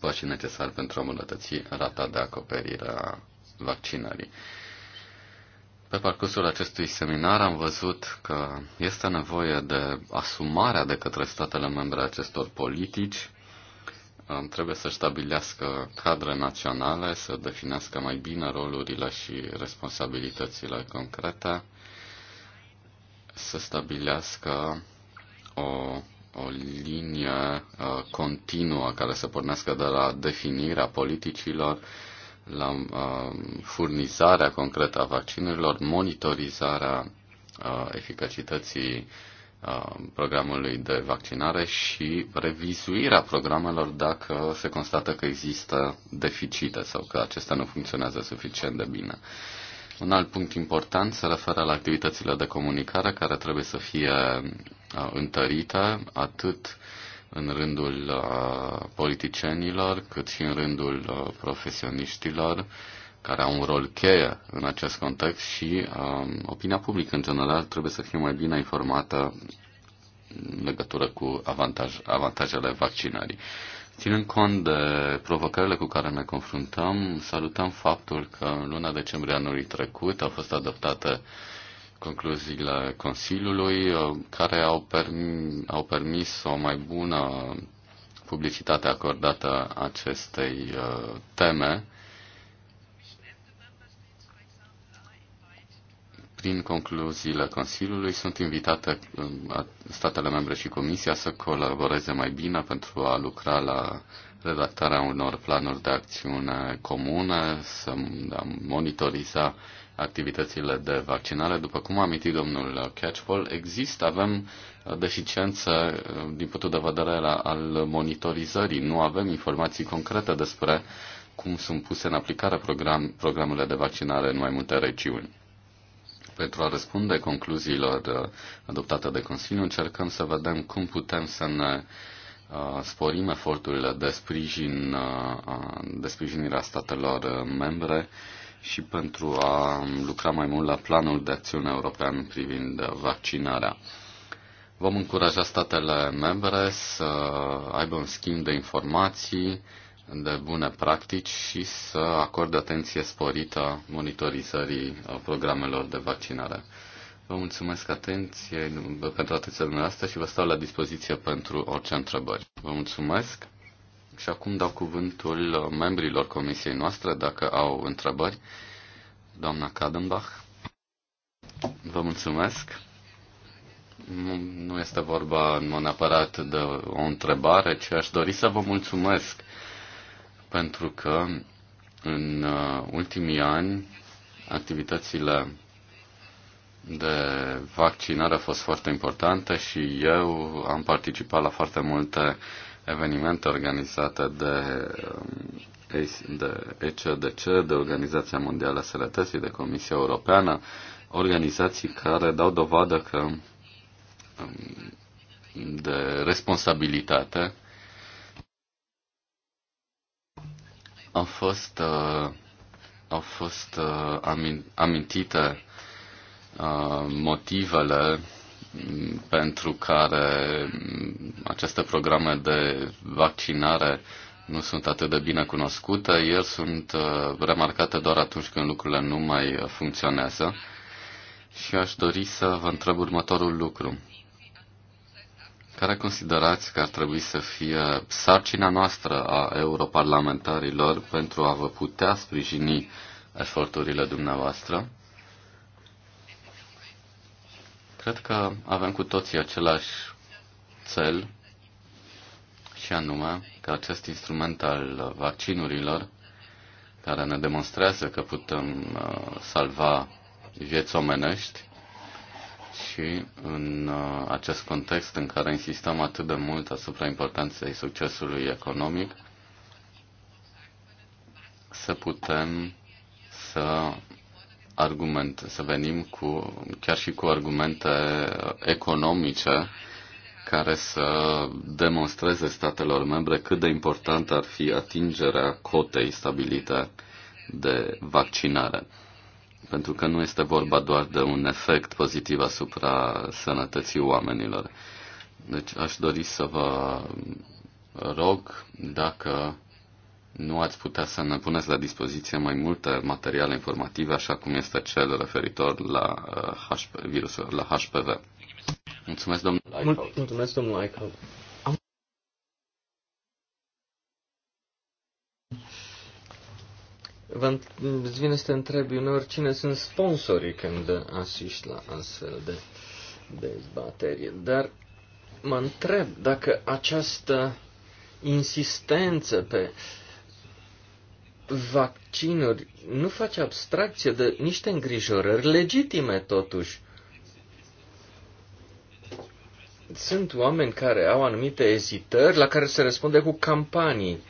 pașii necesari pentru a îmbunătăți rata de acoperire a vaccinării. Pe parcursul acestui seminar am văzut că este nevoie de asumarea de către statele membre acestor politici. Trebuie să stabilească cadre naționale, să definească mai bine rolurile și responsabilitățile concrete, să stabilească o o linie uh, continuă care să pornească de la definirea politicilor la uh, furnizarea concretă a vaccinurilor, monitorizarea uh, eficacității programului de vaccinare și revizuirea programelor dacă se constată că există deficite sau că acestea nu funcționează suficient de bine. Un alt punct important se referă la activitățile de comunicare care trebuie să fie uh, întărite atât în rândul uh, politicienilor, cât și în rândul uh, profesioniștilor care au un rol cheie în acest context și um, opinia publică în general trebuie să fie mai bine informată în legătură cu avantaj, avantajele vaccinării. Ținând cont de provocările cu care ne confruntăm, salutăm faptul că în luna decembrie anului trecut au fost adoptate concluziile Consiliului, uh, care au, permi, au permis o mai bună publicitate acordată acestei uh, teme Prin concluziile Consiliului sunt invitate um, statele membre și Comisia să colaboreze mai bine pentru a lucra la redactarea unor planuri de acțiune comune, să da, monitoriza activitățile de vaccinare. După cum a amintit domnul Catchpole, există, avem uh, deficiențe uh, din punctul de vedere al monitorizării. Nu avem informații concrete despre cum sunt puse în aplicare program, programele de vaccinare în mai multe regiuni pentru a răspunde concluziilor uh, adoptate de Consiliu, încercăm să vedem cum putem să ne uh, sporim eforturile de, sprijin, uh, de sprijinirea statelor membre și pentru a um, lucra mai mult la planul de acțiune european privind vaccinarea. Vom încuraja statele membre să aibă un schimb de informații de bune practici și să acorde atenție sporită monitorizării uh, programelor de vaccinare. Vă mulțumesc atenție, pentru atenția dumneavoastră și vă stau la dispoziție pentru orice întrebări. Vă mulțumesc și acum dau cuvântul uh, membrilor comisiei noastre dacă au întrebări. Doamna Kadenbach, vă mulțumesc. Nu este vorba în mod neapărat de o întrebare, ci aș dori să vă mulțumesc pentru că în uh, ultimii ani activitățile de vaccinare a fost foarte importantă și eu am participat la foarte multe evenimente organizate de, um, de ECDC, de Organizația Mondială a Sănătății, de Comisia Europeană, organizații care dau dovadă că um, de responsabilitate Au fost, uh, au fost uh, amin, amintite uh, motivele mm, pentru care mm, aceste programe de vaccinare nu sunt atât de bine cunoscute, ele sunt uh, remarcate doar atunci când lucrurile nu mai funcționează. Și aș dori să vă întreb următorul lucru. Care considerați că ar trebui să fie sarcina noastră a europarlamentarilor pentru a vă putea sprijini eforturile dumneavoastră? Cred că avem cu toții același cel și anume că acest instrument al vaccinurilor care ne demonstrează că putem uh, salva vieți omenești și în uh, acest context în care insistăm atât de mult asupra importanței succesului economic, să putem să argument, să venim cu, chiar și cu argumente economice care să demonstreze statelor membre cât de important ar fi atingerea cotei stabilite de vaccinare pentru că nu este vorba doar de un efect pozitiv asupra sănătății oamenilor. Deci aș dori să vă rog dacă nu ați putea să ne puneți la dispoziție mai multe materiale informative, așa cum este cel referitor la HP, uh, virusul, la HPV. Mulțumesc, domnul Eichhoff. Mulțumesc, domnul Eichhoff. Vă vine să te întrebi uneori cine sunt sponsorii când asiști la astfel de dezbateri, dar mă întreb dacă această insistență pe vaccinuri nu face abstracție de niște îngrijorări legitime totuși. Sunt oameni care au anumite ezitări la care se răspunde cu campanii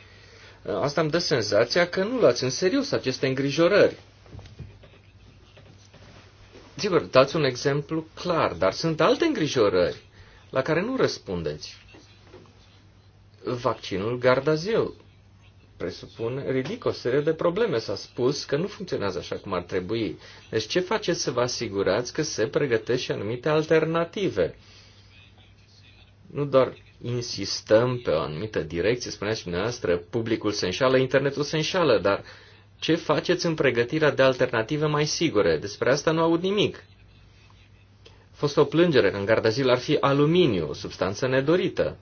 Asta îmi dă senzația că nu luați în serios aceste îngrijorări. Sigur, dați un exemplu clar, dar sunt alte îngrijorări la care nu răspundeți. Vaccinul Gardaziu presupune ridică o serie de probleme. S-a spus că nu funcționează așa cum ar trebui. Deci ce faceți să vă asigurați că se pregătesc și anumite alternative? Nu doar insistăm pe o anumită direcție, spuneați și dumneavoastră, publicul se înșală, internetul se înșală, dar ce faceți în pregătirea de alternative mai sigure? Despre asta nu aud nimic. A fost o plângere că în gardazil ar fi aluminiu, o substanță nedorită.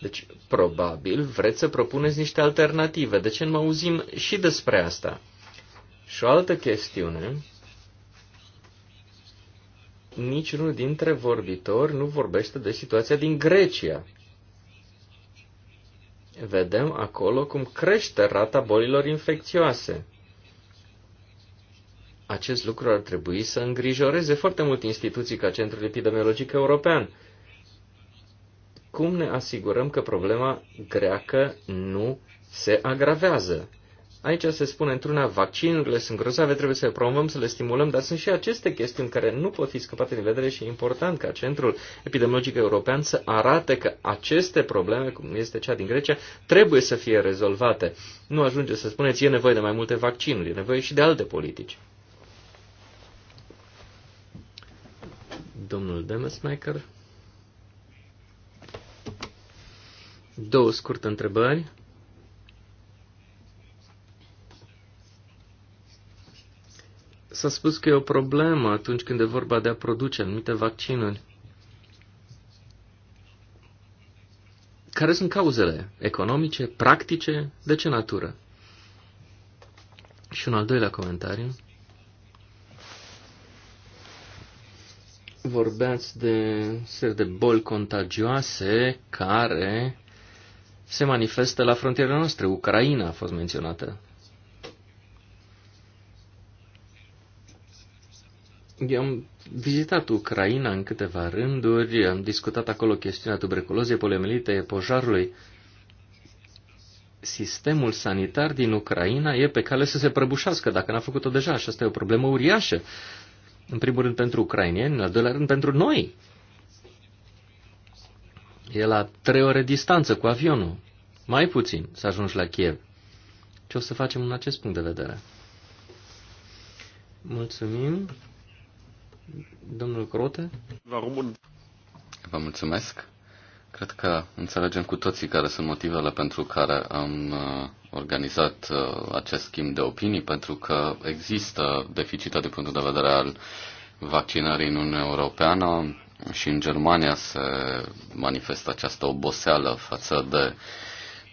Deci, probabil, vreți să propuneți niște alternative. De ce nu auzim și despre asta? Și o altă chestiune, niciunul dintre vorbitori nu vorbește de situația din Grecia vedem acolo cum crește rata bolilor infecțioase. Acest lucru ar trebui să îngrijoreze foarte mult instituții ca Centrul Epidemiologic European. Cum ne asigurăm că problema greacă nu se agravează? Aici se spune într-una, vaccinurile sunt grozave, trebuie să le promovăm, să le stimulăm, dar sunt și aceste chestiuni care nu pot fi scăpate din vedere și e important ca Centrul Epidemiologic European să arate că aceste probleme, cum este cea din Grecia, trebuie să fie rezolvate. Nu ajunge să spuneți, e nevoie de mai multe vaccinuri, e nevoie și de alte politici. Domnul Demesmaker. Două scurte întrebări. S-a spus că e o problemă atunci când e vorba de a produce anumite vaccinuri. Care sunt cauzele? Economice? Practice? De ce natură? Și un al doilea comentariu. Vorbeați de ser de boli contagioase care se manifestă la frontierele noastre. Ucraina a fost menționată. Eu am vizitat Ucraina în câteva rânduri, am discutat acolo chestiunea tuberculozei, poliomielitei, pojarului. Sistemul sanitar din Ucraina e pe cale să se prăbușească, dacă n-a făcut-o deja, și asta e o problemă uriașă. În primul rând pentru ucrainieni, în al doilea rând pentru noi. E la trei ore distanță cu avionul. Mai puțin să ajungi la Kiev. Ce o să facem în acest punct de vedere? Mulțumim. Domnul Crote? Vă mulțumesc. Cred că înțelegem cu toții care sunt motivele pentru care am uh, organizat uh, acest schimb de opinii, pentru că există deficită de punctul de vedere al vaccinării în Uniunea Europeană și în Germania se manifestă această oboseală față de uh,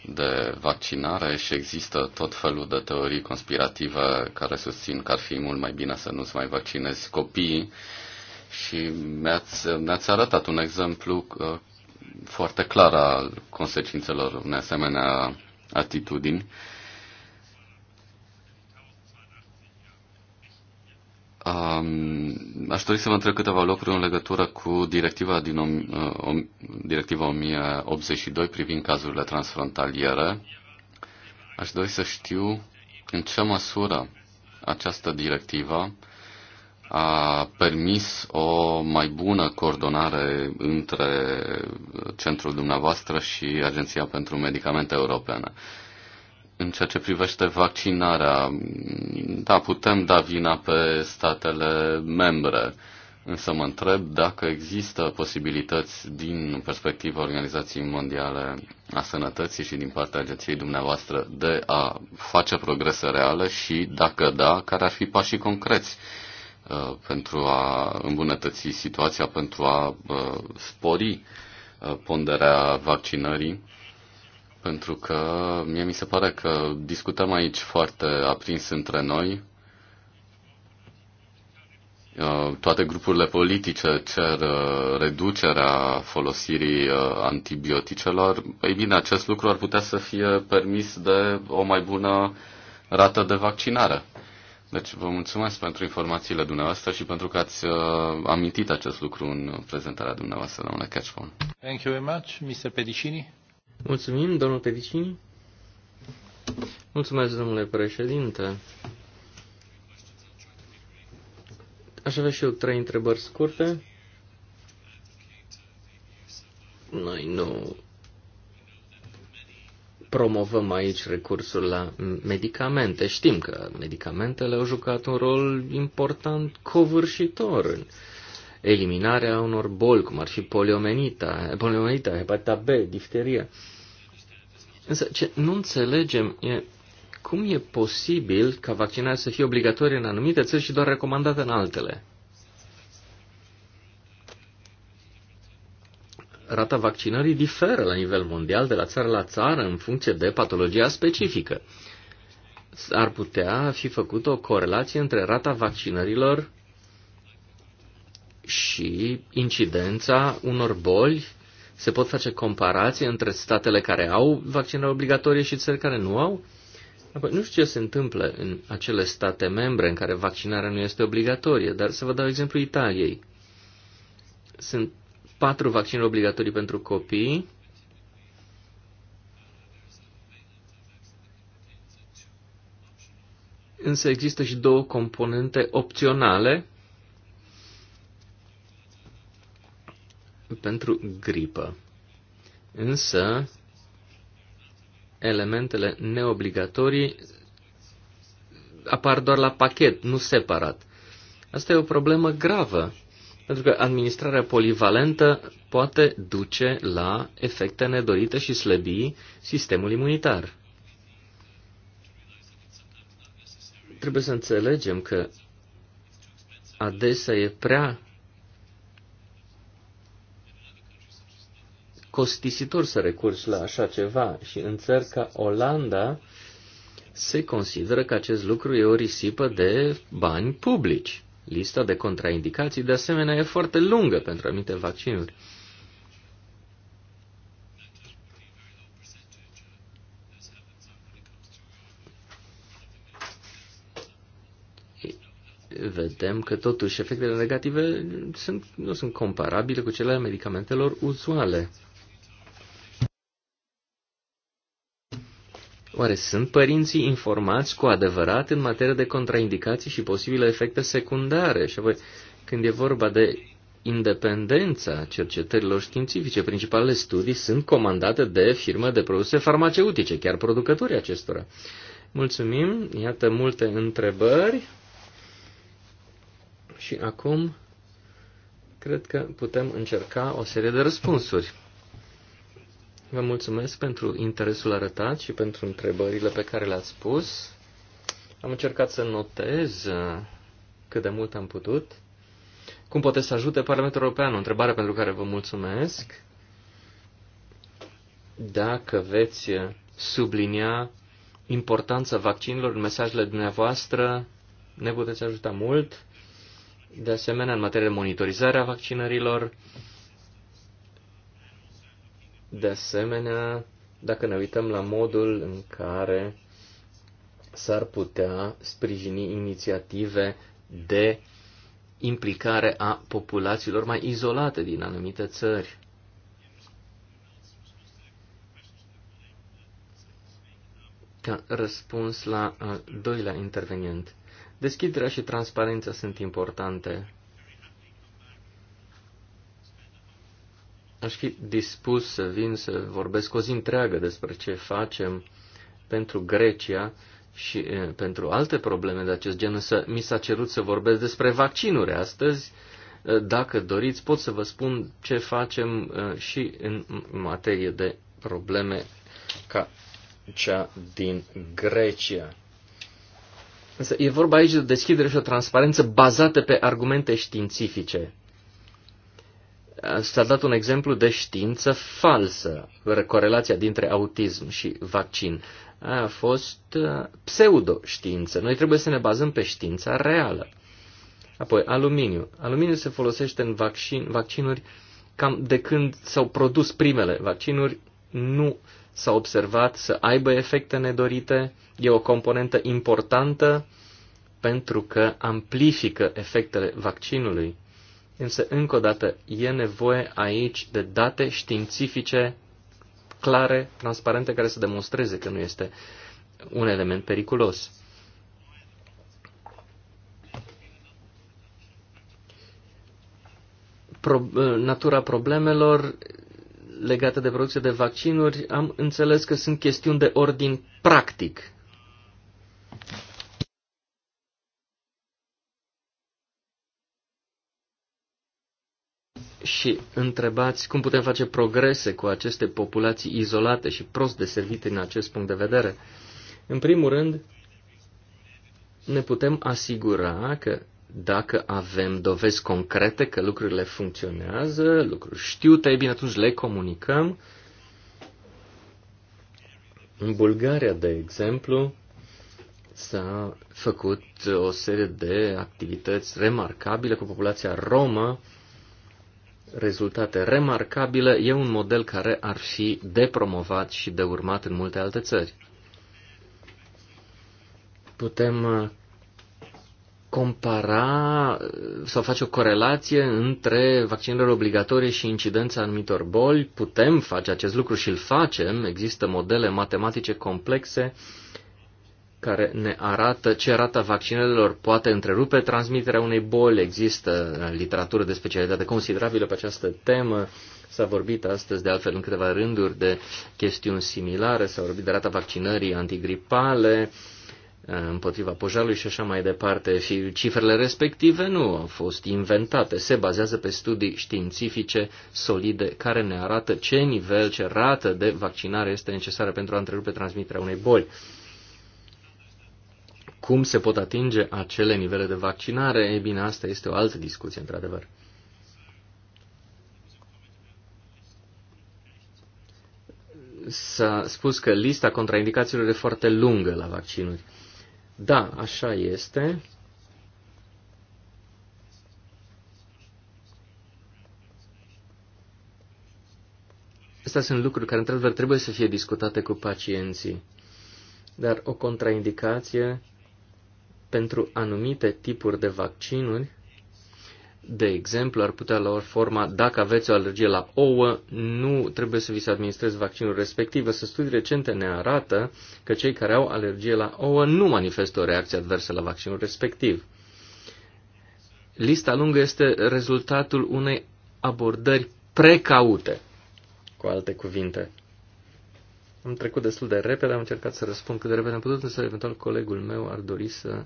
de vaccinare și există tot felul de teorii conspirative care susțin că ar fi mult mai bine să nu-ți mai vaccinezi copiii și mi-ați, mi-ați arătat un exemplu uh, foarte clar al consecințelor unei asemenea atitudini. Um, aș dori să vă întreb câteva lucruri în legătură cu directiva, din, om, directiva 1082 privind cazurile transfrontaliere. Aș dori să știu în ce măsură această directivă a permis o mai bună coordonare între centrul dumneavoastră și Agenția pentru Medicamente Europene. În ceea ce privește vaccinarea, da, putem da vina pe statele membre, însă mă întreb dacă există posibilități din perspectiva Organizației Mondiale a Sănătății și din partea agenției dumneavoastră de a face progrese reale și, dacă da, care ar fi pașii concreți uh, pentru a îmbunătăți situația, pentru a uh, spori uh, ponderea vaccinării pentru că mie mi se pare că discutăm aici foarte aprins între noi. Uh, toate grupurile politice cer uh, reducerea folosirii uh, antibioticelor. Ei bine, acest lucru ar putea să fie permis de o mai bună rată de vaccinare. Deci vă mulțumesc pentru informațiile dumneavoastră și pentru că ați uh, amintit acest lucru în prezentarea dumneavoastră, domnule catchphone. Thank you very much, Mr. Pedicini. Mulțumim, domnul Pedicini. Mulțumesc, domnule președinte. Aș avea și eu trei întrebări scurte. Noi nu promovăm aici recursul la medicamente. Știm că medicamentele au jucat un rol important covârșitor în eliminarea unor boli, cum ar fi poliomenita, poliomenita hepatita B, difterie. Însă ce nu înțelegem e cum e posibil ca vaccinarea să fie obligatorie în anumite țări și doar recomandată în altele. Rata vaccinării diferă la nivel mondial de la țară la țară în funcție de patologia specifică. Ar putea fi făcută o corelație între rata vaccinărilor și incidența unor boli. Se pot face comparații între statele care au vaccinare obligatorie și țări care nu au? Apoi, nu știu ce se întâmplă în acele state membre în care vaccinarea nu este obligatorie, dar să vă dau exemplu Italiei. Sunt patru vaccinuri obligatorii pentru copii, însă există și două componente opționale pentru gripă. Însă, elementele neobligatorii apar doar la pachet, nu separat. Asta e o problemă gravă, pentru că administrarea polivalentă poate duce la efecte nedorite și slăbi sistemul imunitar. Trebuie să înțelegem că adesea e prea costisitor să recurs la așa ceva și în țări ca Olanda se consideră că acest lucru e o risipă de bani publici. Lista de contraindicații, de asemenea, e foarte lungă pentru anumite vaccinuri. vedem că totuși efectele negative sunt, nu sunt comparabile cu cele ale medicamentelor uzuale. Oare sunt părinții informați cu adevărat în materie de contraindicații și posibile efecte secundare? Și apoi, când e vorba de independența cercetărilor științifice, principalele studii sunt comandate de firme de produse farmaceutice, chiar producătorii acestora. Mulțumim, iată multe întrebări. Și acum cred că putem încerca o serie de răspunsuri. Vă mulțumesc pentru interesul arătat și pentru întrebările pe care le-ați pus. Am încercat să notez uh, cât de mult am putut. Cum poate să ajute Parlamentul European? O întrebare pentru care vă mulțumesc. Dacă veți uh, sublinia importanța vaccinilor în mesajele dumneavoastră, ne puteți ajuta mult. De asemenea, în materie de monitorizare a vaccinărilor, de asemenea, dacă ne uităm la modul în care s-ar putea sprijini inițiative de implicare a populațiilor mai izolate din anumite țări. Ca răspuns la al doilea intervenient, deschiderea și transparența sunt importante aș fi dispus să vin să vorbesc o zi întreagă despre ce facem pentru Grecia și pentru alte probleme de acest gen, însă mi s-a cerut să vorbesc despre vaccinuri astăzi. Dacă doriți, pot să vă spun ce facem și în materie de probleme ca cea din Grecia. Însă e vorba aici de deschidere și o transparență bazată pe argumente științifice s-a dat un exemplu de știință falsă, corelația dintre autism și vaccin. Aia a fost uh, pseudo-știință. Noi trebuie să ne bazăm pe știința reală. Apoi, aluminiu. Aluminiu se folosește în vaccin, vaccinuri cam de când s-au produs primele vaccinuri, nu s-a observat să aibă efecte nedorite. E o componentă importantă pentru că amplifică efectele vaccinului Însă, încă o dată, e nevoie aici de date științifice clare, transparente, care să demonstreze că nu este un element periculos. Pro, natura problemelor legate de producție de vaccinuri, am înțeles că sunt chestiuni de ordin practic și întrebați cum putem face progrese cu aceste populații izolate și prost deservite în acest punct de vedere. În primul rând, ne putem asigura că dacă avem dovezi concrete că lucrurile funcționează, lucruri știute, bine, atunci le comunicăm. În Bulgaria, de exemplu, s-a făcut o serie de activități remarcabile cu populația romă, rezultate remarcabile, e un model care ar fi de promovat și de urmat în multe alte țări. Putem uh, compara uh, sau face o corelație între vaccinurile obligatorii și incidența anumitor boli. Putem face acest lucru și îl facem. Există modele matematice complexe care ne arată ce rata vaccinelor poate întrerupe transmiterea unei boli. Există literatură de specialitate considerabilă pe această temă. S-a vorbit astăzi, de altfel, în câteva rânduri de chestiuni similare. S-a vorbit de rata vaccinării antigripale eh, împotriva pojalului și așa mai departe. Și cifrele respective nu au fost inventate. Se bazează pe studii științifice solide care ne arată ce nivel, ce rată de vaccinare este necesară pentru a întrerupe transmiterea unei boli. Cum se pot atinge acele nivele de vaccinare? Ei bine, asta este o altă discuție, într-adevăr. S-a spus că lista contraindicațiilor e foarte lungă la vaccinuri. Da, așa este. Astea sunt lucruri care, într-adevăr, trebuie să fie discutate cu pacienții. Dar o contraindicație pentru anumite tipuri de vaccinuri, de exemplu, ar putea lua forma, dacă aveți o alergie la ouă, nu trebuie să vi se administreze vaccinul respectiv. Să studii recente ne arată că cei care au alergie la ouă nu manifestă o reacție adversă la vaccinul respectiv. Lista lungă este rezultatul unei abordări precaute, cu alte cuvinte. Am trecut destul de repede, am încercat să răspund cât de repede am putut, însă eventual colegul meu ar dori să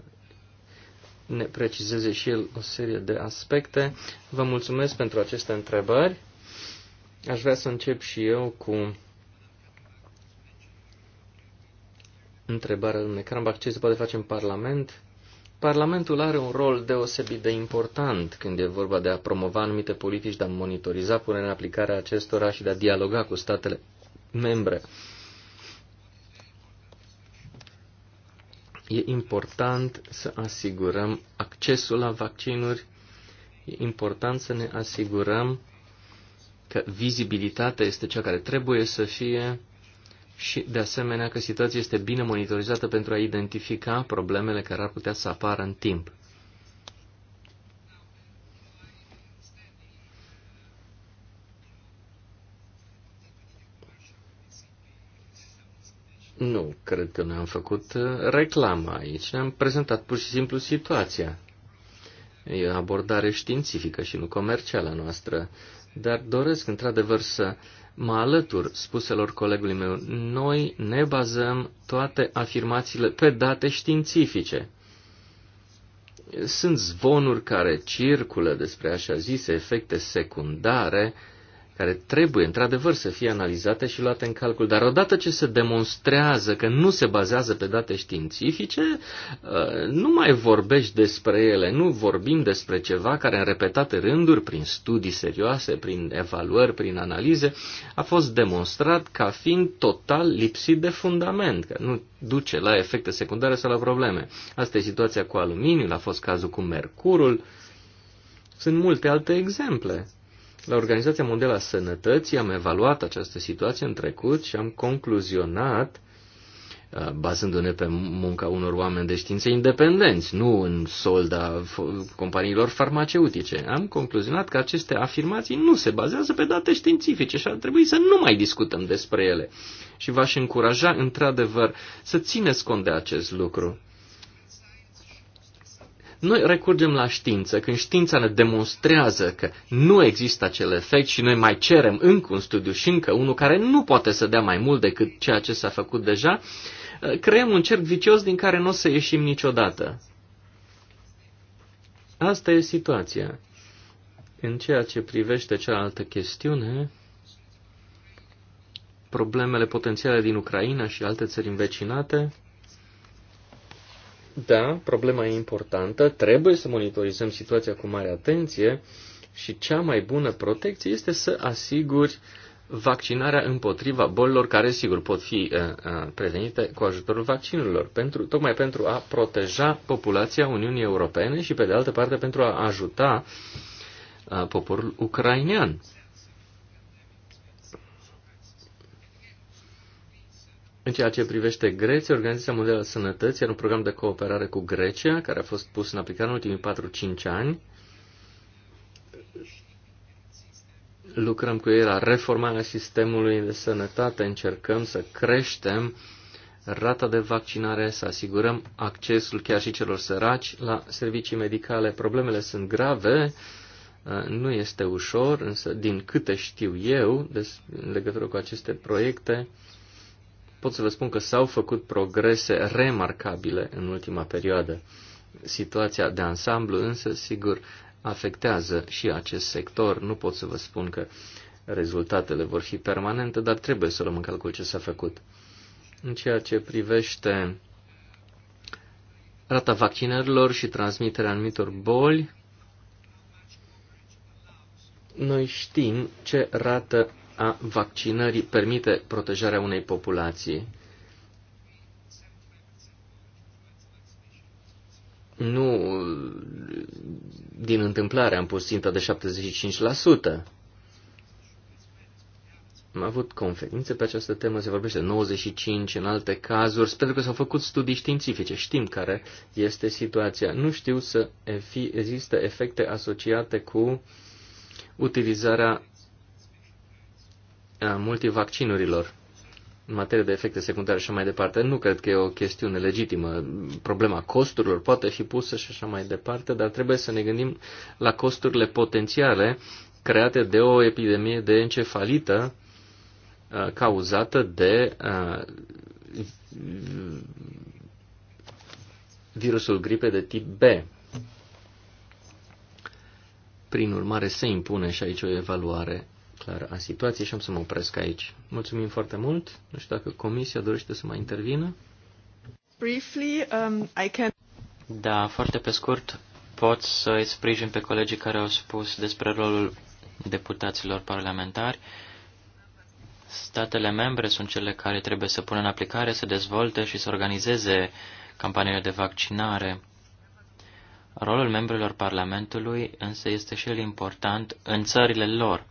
ne precizeze și el o serie de aspecte. Vă mulțumesc pentru aceste întrebări. Aș vrea să încep și eu cu întrebarea domnului Carambach, ce se poate face în Parlament? Parlamentul are un rol deosebit de important când e vorba de a promova anumite politici, de a monitoriza punerea în aplicare a acestora și de a dialoga cu statele membre. E important să asigurăm accesul la vaccinuri, e important să ne asigurăm că vizibilitatea este cea care trebuie să fie și, de asemenea, că situația este bine monitorizată pentru a identifica problemele care ar putea să apară în timp. Nu, cred că noi am făcut uh, reclamă aici. Ne-am prezentat pur și simplu situația. E o abordare științifică și nu comercială a noastră. Dar doresc, într-adevăr, să mă alătur spuselor colegului meu. Noi ne bazăm toate afirmațiile pe date științifice. Sunt zvonuri care circulă despre așa zise efecte secundare, uh, care trebuie într-adevăr să fie analizate și luate în calcul. Dar odată ce se demonstrează că nu se bazează pe date științifice, uh, nu mai vorbești despre ele, nu vorbim despre ceva care în repetate rânduri, prin studii serioase, prin evaluări, prin analize, a fost demonstrat ca fiind total lipsit de fundament, că nu duce la efecte secundare sau la probleme. Asta e situația cu aluminiul, a fost cazul cu mercurul, sunt multe alte exemple. La Organizația Mondială a Sănătății am evaluat această situație în trecut și am concluzionat, uh, bazându-ne pe munca unor oameni de știință independenți, nu în solda companiilor farmaceutice, am concluzionat că aceste afirmații nu se bazează pe date științifice și ar trebui să nu mai discutăm despre ele. Și v-aș încuraja, într-adevăr, să țineți cont de acest lucru. Noi recurgem la știință când știința ne demonstrează că nu există acel efect și noi mai cerem încă un studiu și încă unul care nu poate să dea mai mult decât ceea ce s-a făcut deja, eh, creăm un cerc vicios din care nu o să ieșim niciodată. Asta e situația. În ceea ce privește cealaltă chestiune, problemele potențiale din Ucraina și alte țări învecinate, da, problema e importantă, trebuie să monitorizăm situația cu mare atenție și cea mai bună protecție este să asiguri vaccinarea împotriva bolilor care, sigur, pot fi uh, uh, prevenite cu ajutorul vaccinurilor, pentru, tocmai pentru a proteja populația Uniunii Europene și, pe de altă parte, pentru a ajuta uh, poporul ucrainean În ceea ce privește Grecia, Organizația Mondială a Sănătății are un program de cooperare cu Grecia, care a fost pus în aplicare în ultimii 4-5 ani. Lucrăm cu ei la reformarea sistemului de sănătate, încercăm să creștem rata de vaccinare, să asigurăm accesul chiar și celor săraci la servicii medicale. Problemele sunt grave, nu este ușor, însă din câte știu eu, în legătură cu aceste proiecte, pot să vă spun că s-au făcut progrese remarcabile în ultima perioadă. Situația de ansamblu însă, sigur, afectează și acest sector. Nu pot să vă spun că rezultatele vor fi permanente, dar trebuie să luăm în calcul ce s-a făcut. În ceea ce privește rata vaccinărilor și transmiterea anumitor boli, noi știm ce rată a vaccinării permite protejarea unei populații. Nu din întâmplare am pus ținta de 75%. Am avut conferințe pe această temă, se vorbește 95 în alte cazuri, pentru că s-au făcut studii științifice, știm care este situația. Nu știu să fi, există efecte asociate cu utilizarea multivaccinurilor în materie de efecte secundare și mai departe. Nu cred că e o chestiune legitimă. Problema costurilor poate fi pusă și așa mai departe, dar trebuie să ne gândim la costurile potențiale create de o epidemie de encefalită cauzată de virusul gripe de tip B. Prin urmare, se impune și aici o evaluare clară a situației și am să mă opresc aici. Mulțumim foarte mult. Nu știu dacă comisia dorește să mai intervină. Briefly, um, I can... Da, foarte pe scurt, pot să îi sprijin pe colegii care au spus despre rolul deputaților parlamentari. Statele membre sunt cele care trebuie să pună în aplicare, să dezvolte și să organizeze campaniile de vaccinare. Rolul membrilor Parlamentului însă este și el important în țările lor.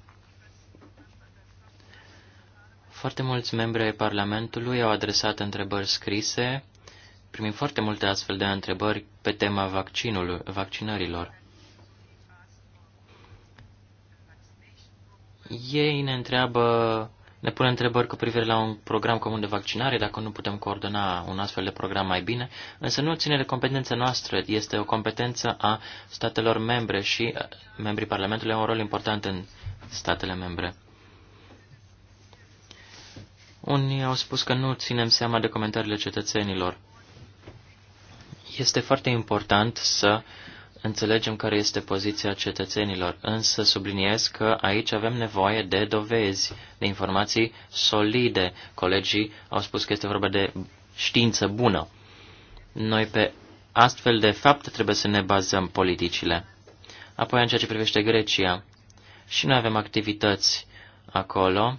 Foarte mulți membri ai Parlamentului au adresat întrebări scrise, primim foarte multe astfel de întrebări pe tema vaccinului, vaccinărilor. Ei ne întreabă, ne pun întrebări cu privire la un program comun de vaccinare, dacă nu putem coordona un astfel de program mai bine, însă nu ține de competența noastră, este o competență a statelor membre și membrii Parlamentului au un rol important în statele membre. Unii au spus că nu ținem seama de comentariile cetățenilor. Este foarte important să înțelegem care este poziția cetățenilor, însă subliniez că aici avem nevoie de dovezi, de informații solide. Colegii au spus că este vorba de știință bună. Noi pe astfel de fapte trebuie să ne bazăm politicile. Apoi, în ceea ce privește Grecia, și noi avem activități acolo,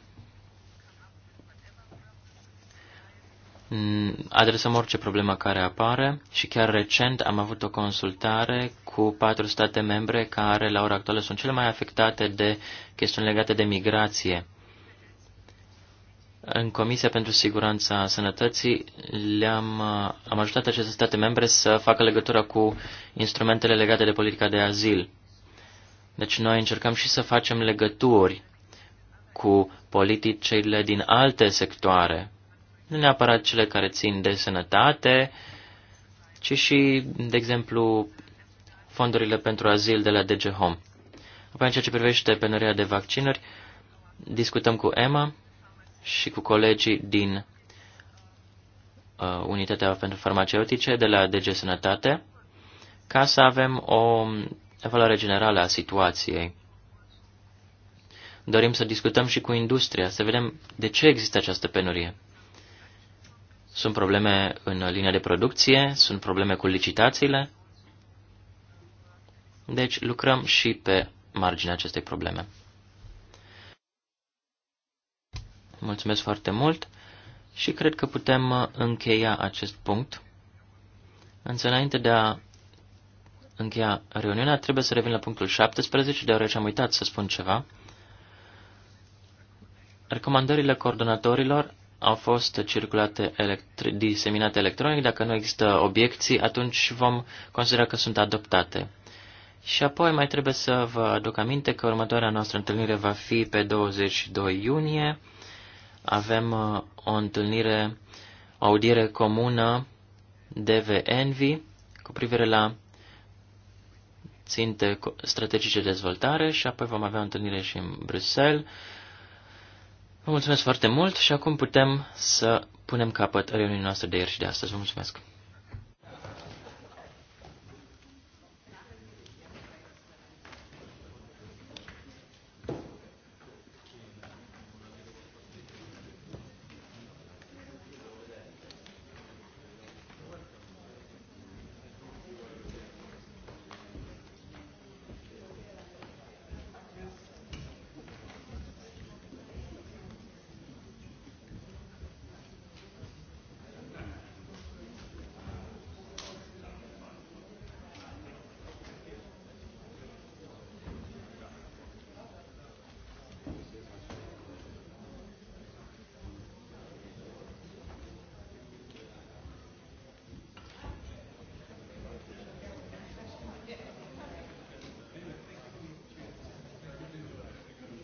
Mm, adresăm orice problemă care apare și chiar recent am avut o consultare cu patru state membre care la ora actuală sunt cele mai afectate de chestiuni legate de migrație. În Comisia pentru Siguranța Sănătății le-am uh, am ajutat aceste state membre să facă legătura cu instrumentele legate de politica de azil. Deci noi încercăm și să facem legături cu politicile din alte sectoare nu neapărat cele care țin de sănătate, ci și, de exemplu, fondurile pentru azil de la DG Home. Apoi, în ceea ce privește penuria de vaccinuri, discutăm cu Emma și cu colegii din uh, Unitatea pentru Farmaceutice de la DG Sănătate ca să avem o evaluare generală a situației. Dorim să discutăm și cu industria, să vedem de ce există această penurie. Sunt probleme în linia de producție, sunt probleme cu licitațiile. Deci lucrăm și pe marginea acestei probleme. Mulțumesc foarte mult și cred că putem încheia acest punct. Însă înainte de a încheia reuniunea, trebuie să revin la punctul 17, deoarece am uitat să spun ceva. Recomandările coordonatorilor au fost circulate electri- diseminate electronic. Dacă nu există obiecții, atunci vom considera că sunt adoptate. Și apoi mai trebuie să vă aduc aminte că următoarea noastră întâlnire va fi pe 22 iunie. Avem uh, o întâlnire, o audiere comună DVNV cu privire la ținte strategice de dezvoltare și apoi vom avea o întâlnire și în Bruxelles Vă mulțumesc foarte mult și acum putem să punem capăt reuniunii noastre de ieri și de astăzi. Vă mulțumesc!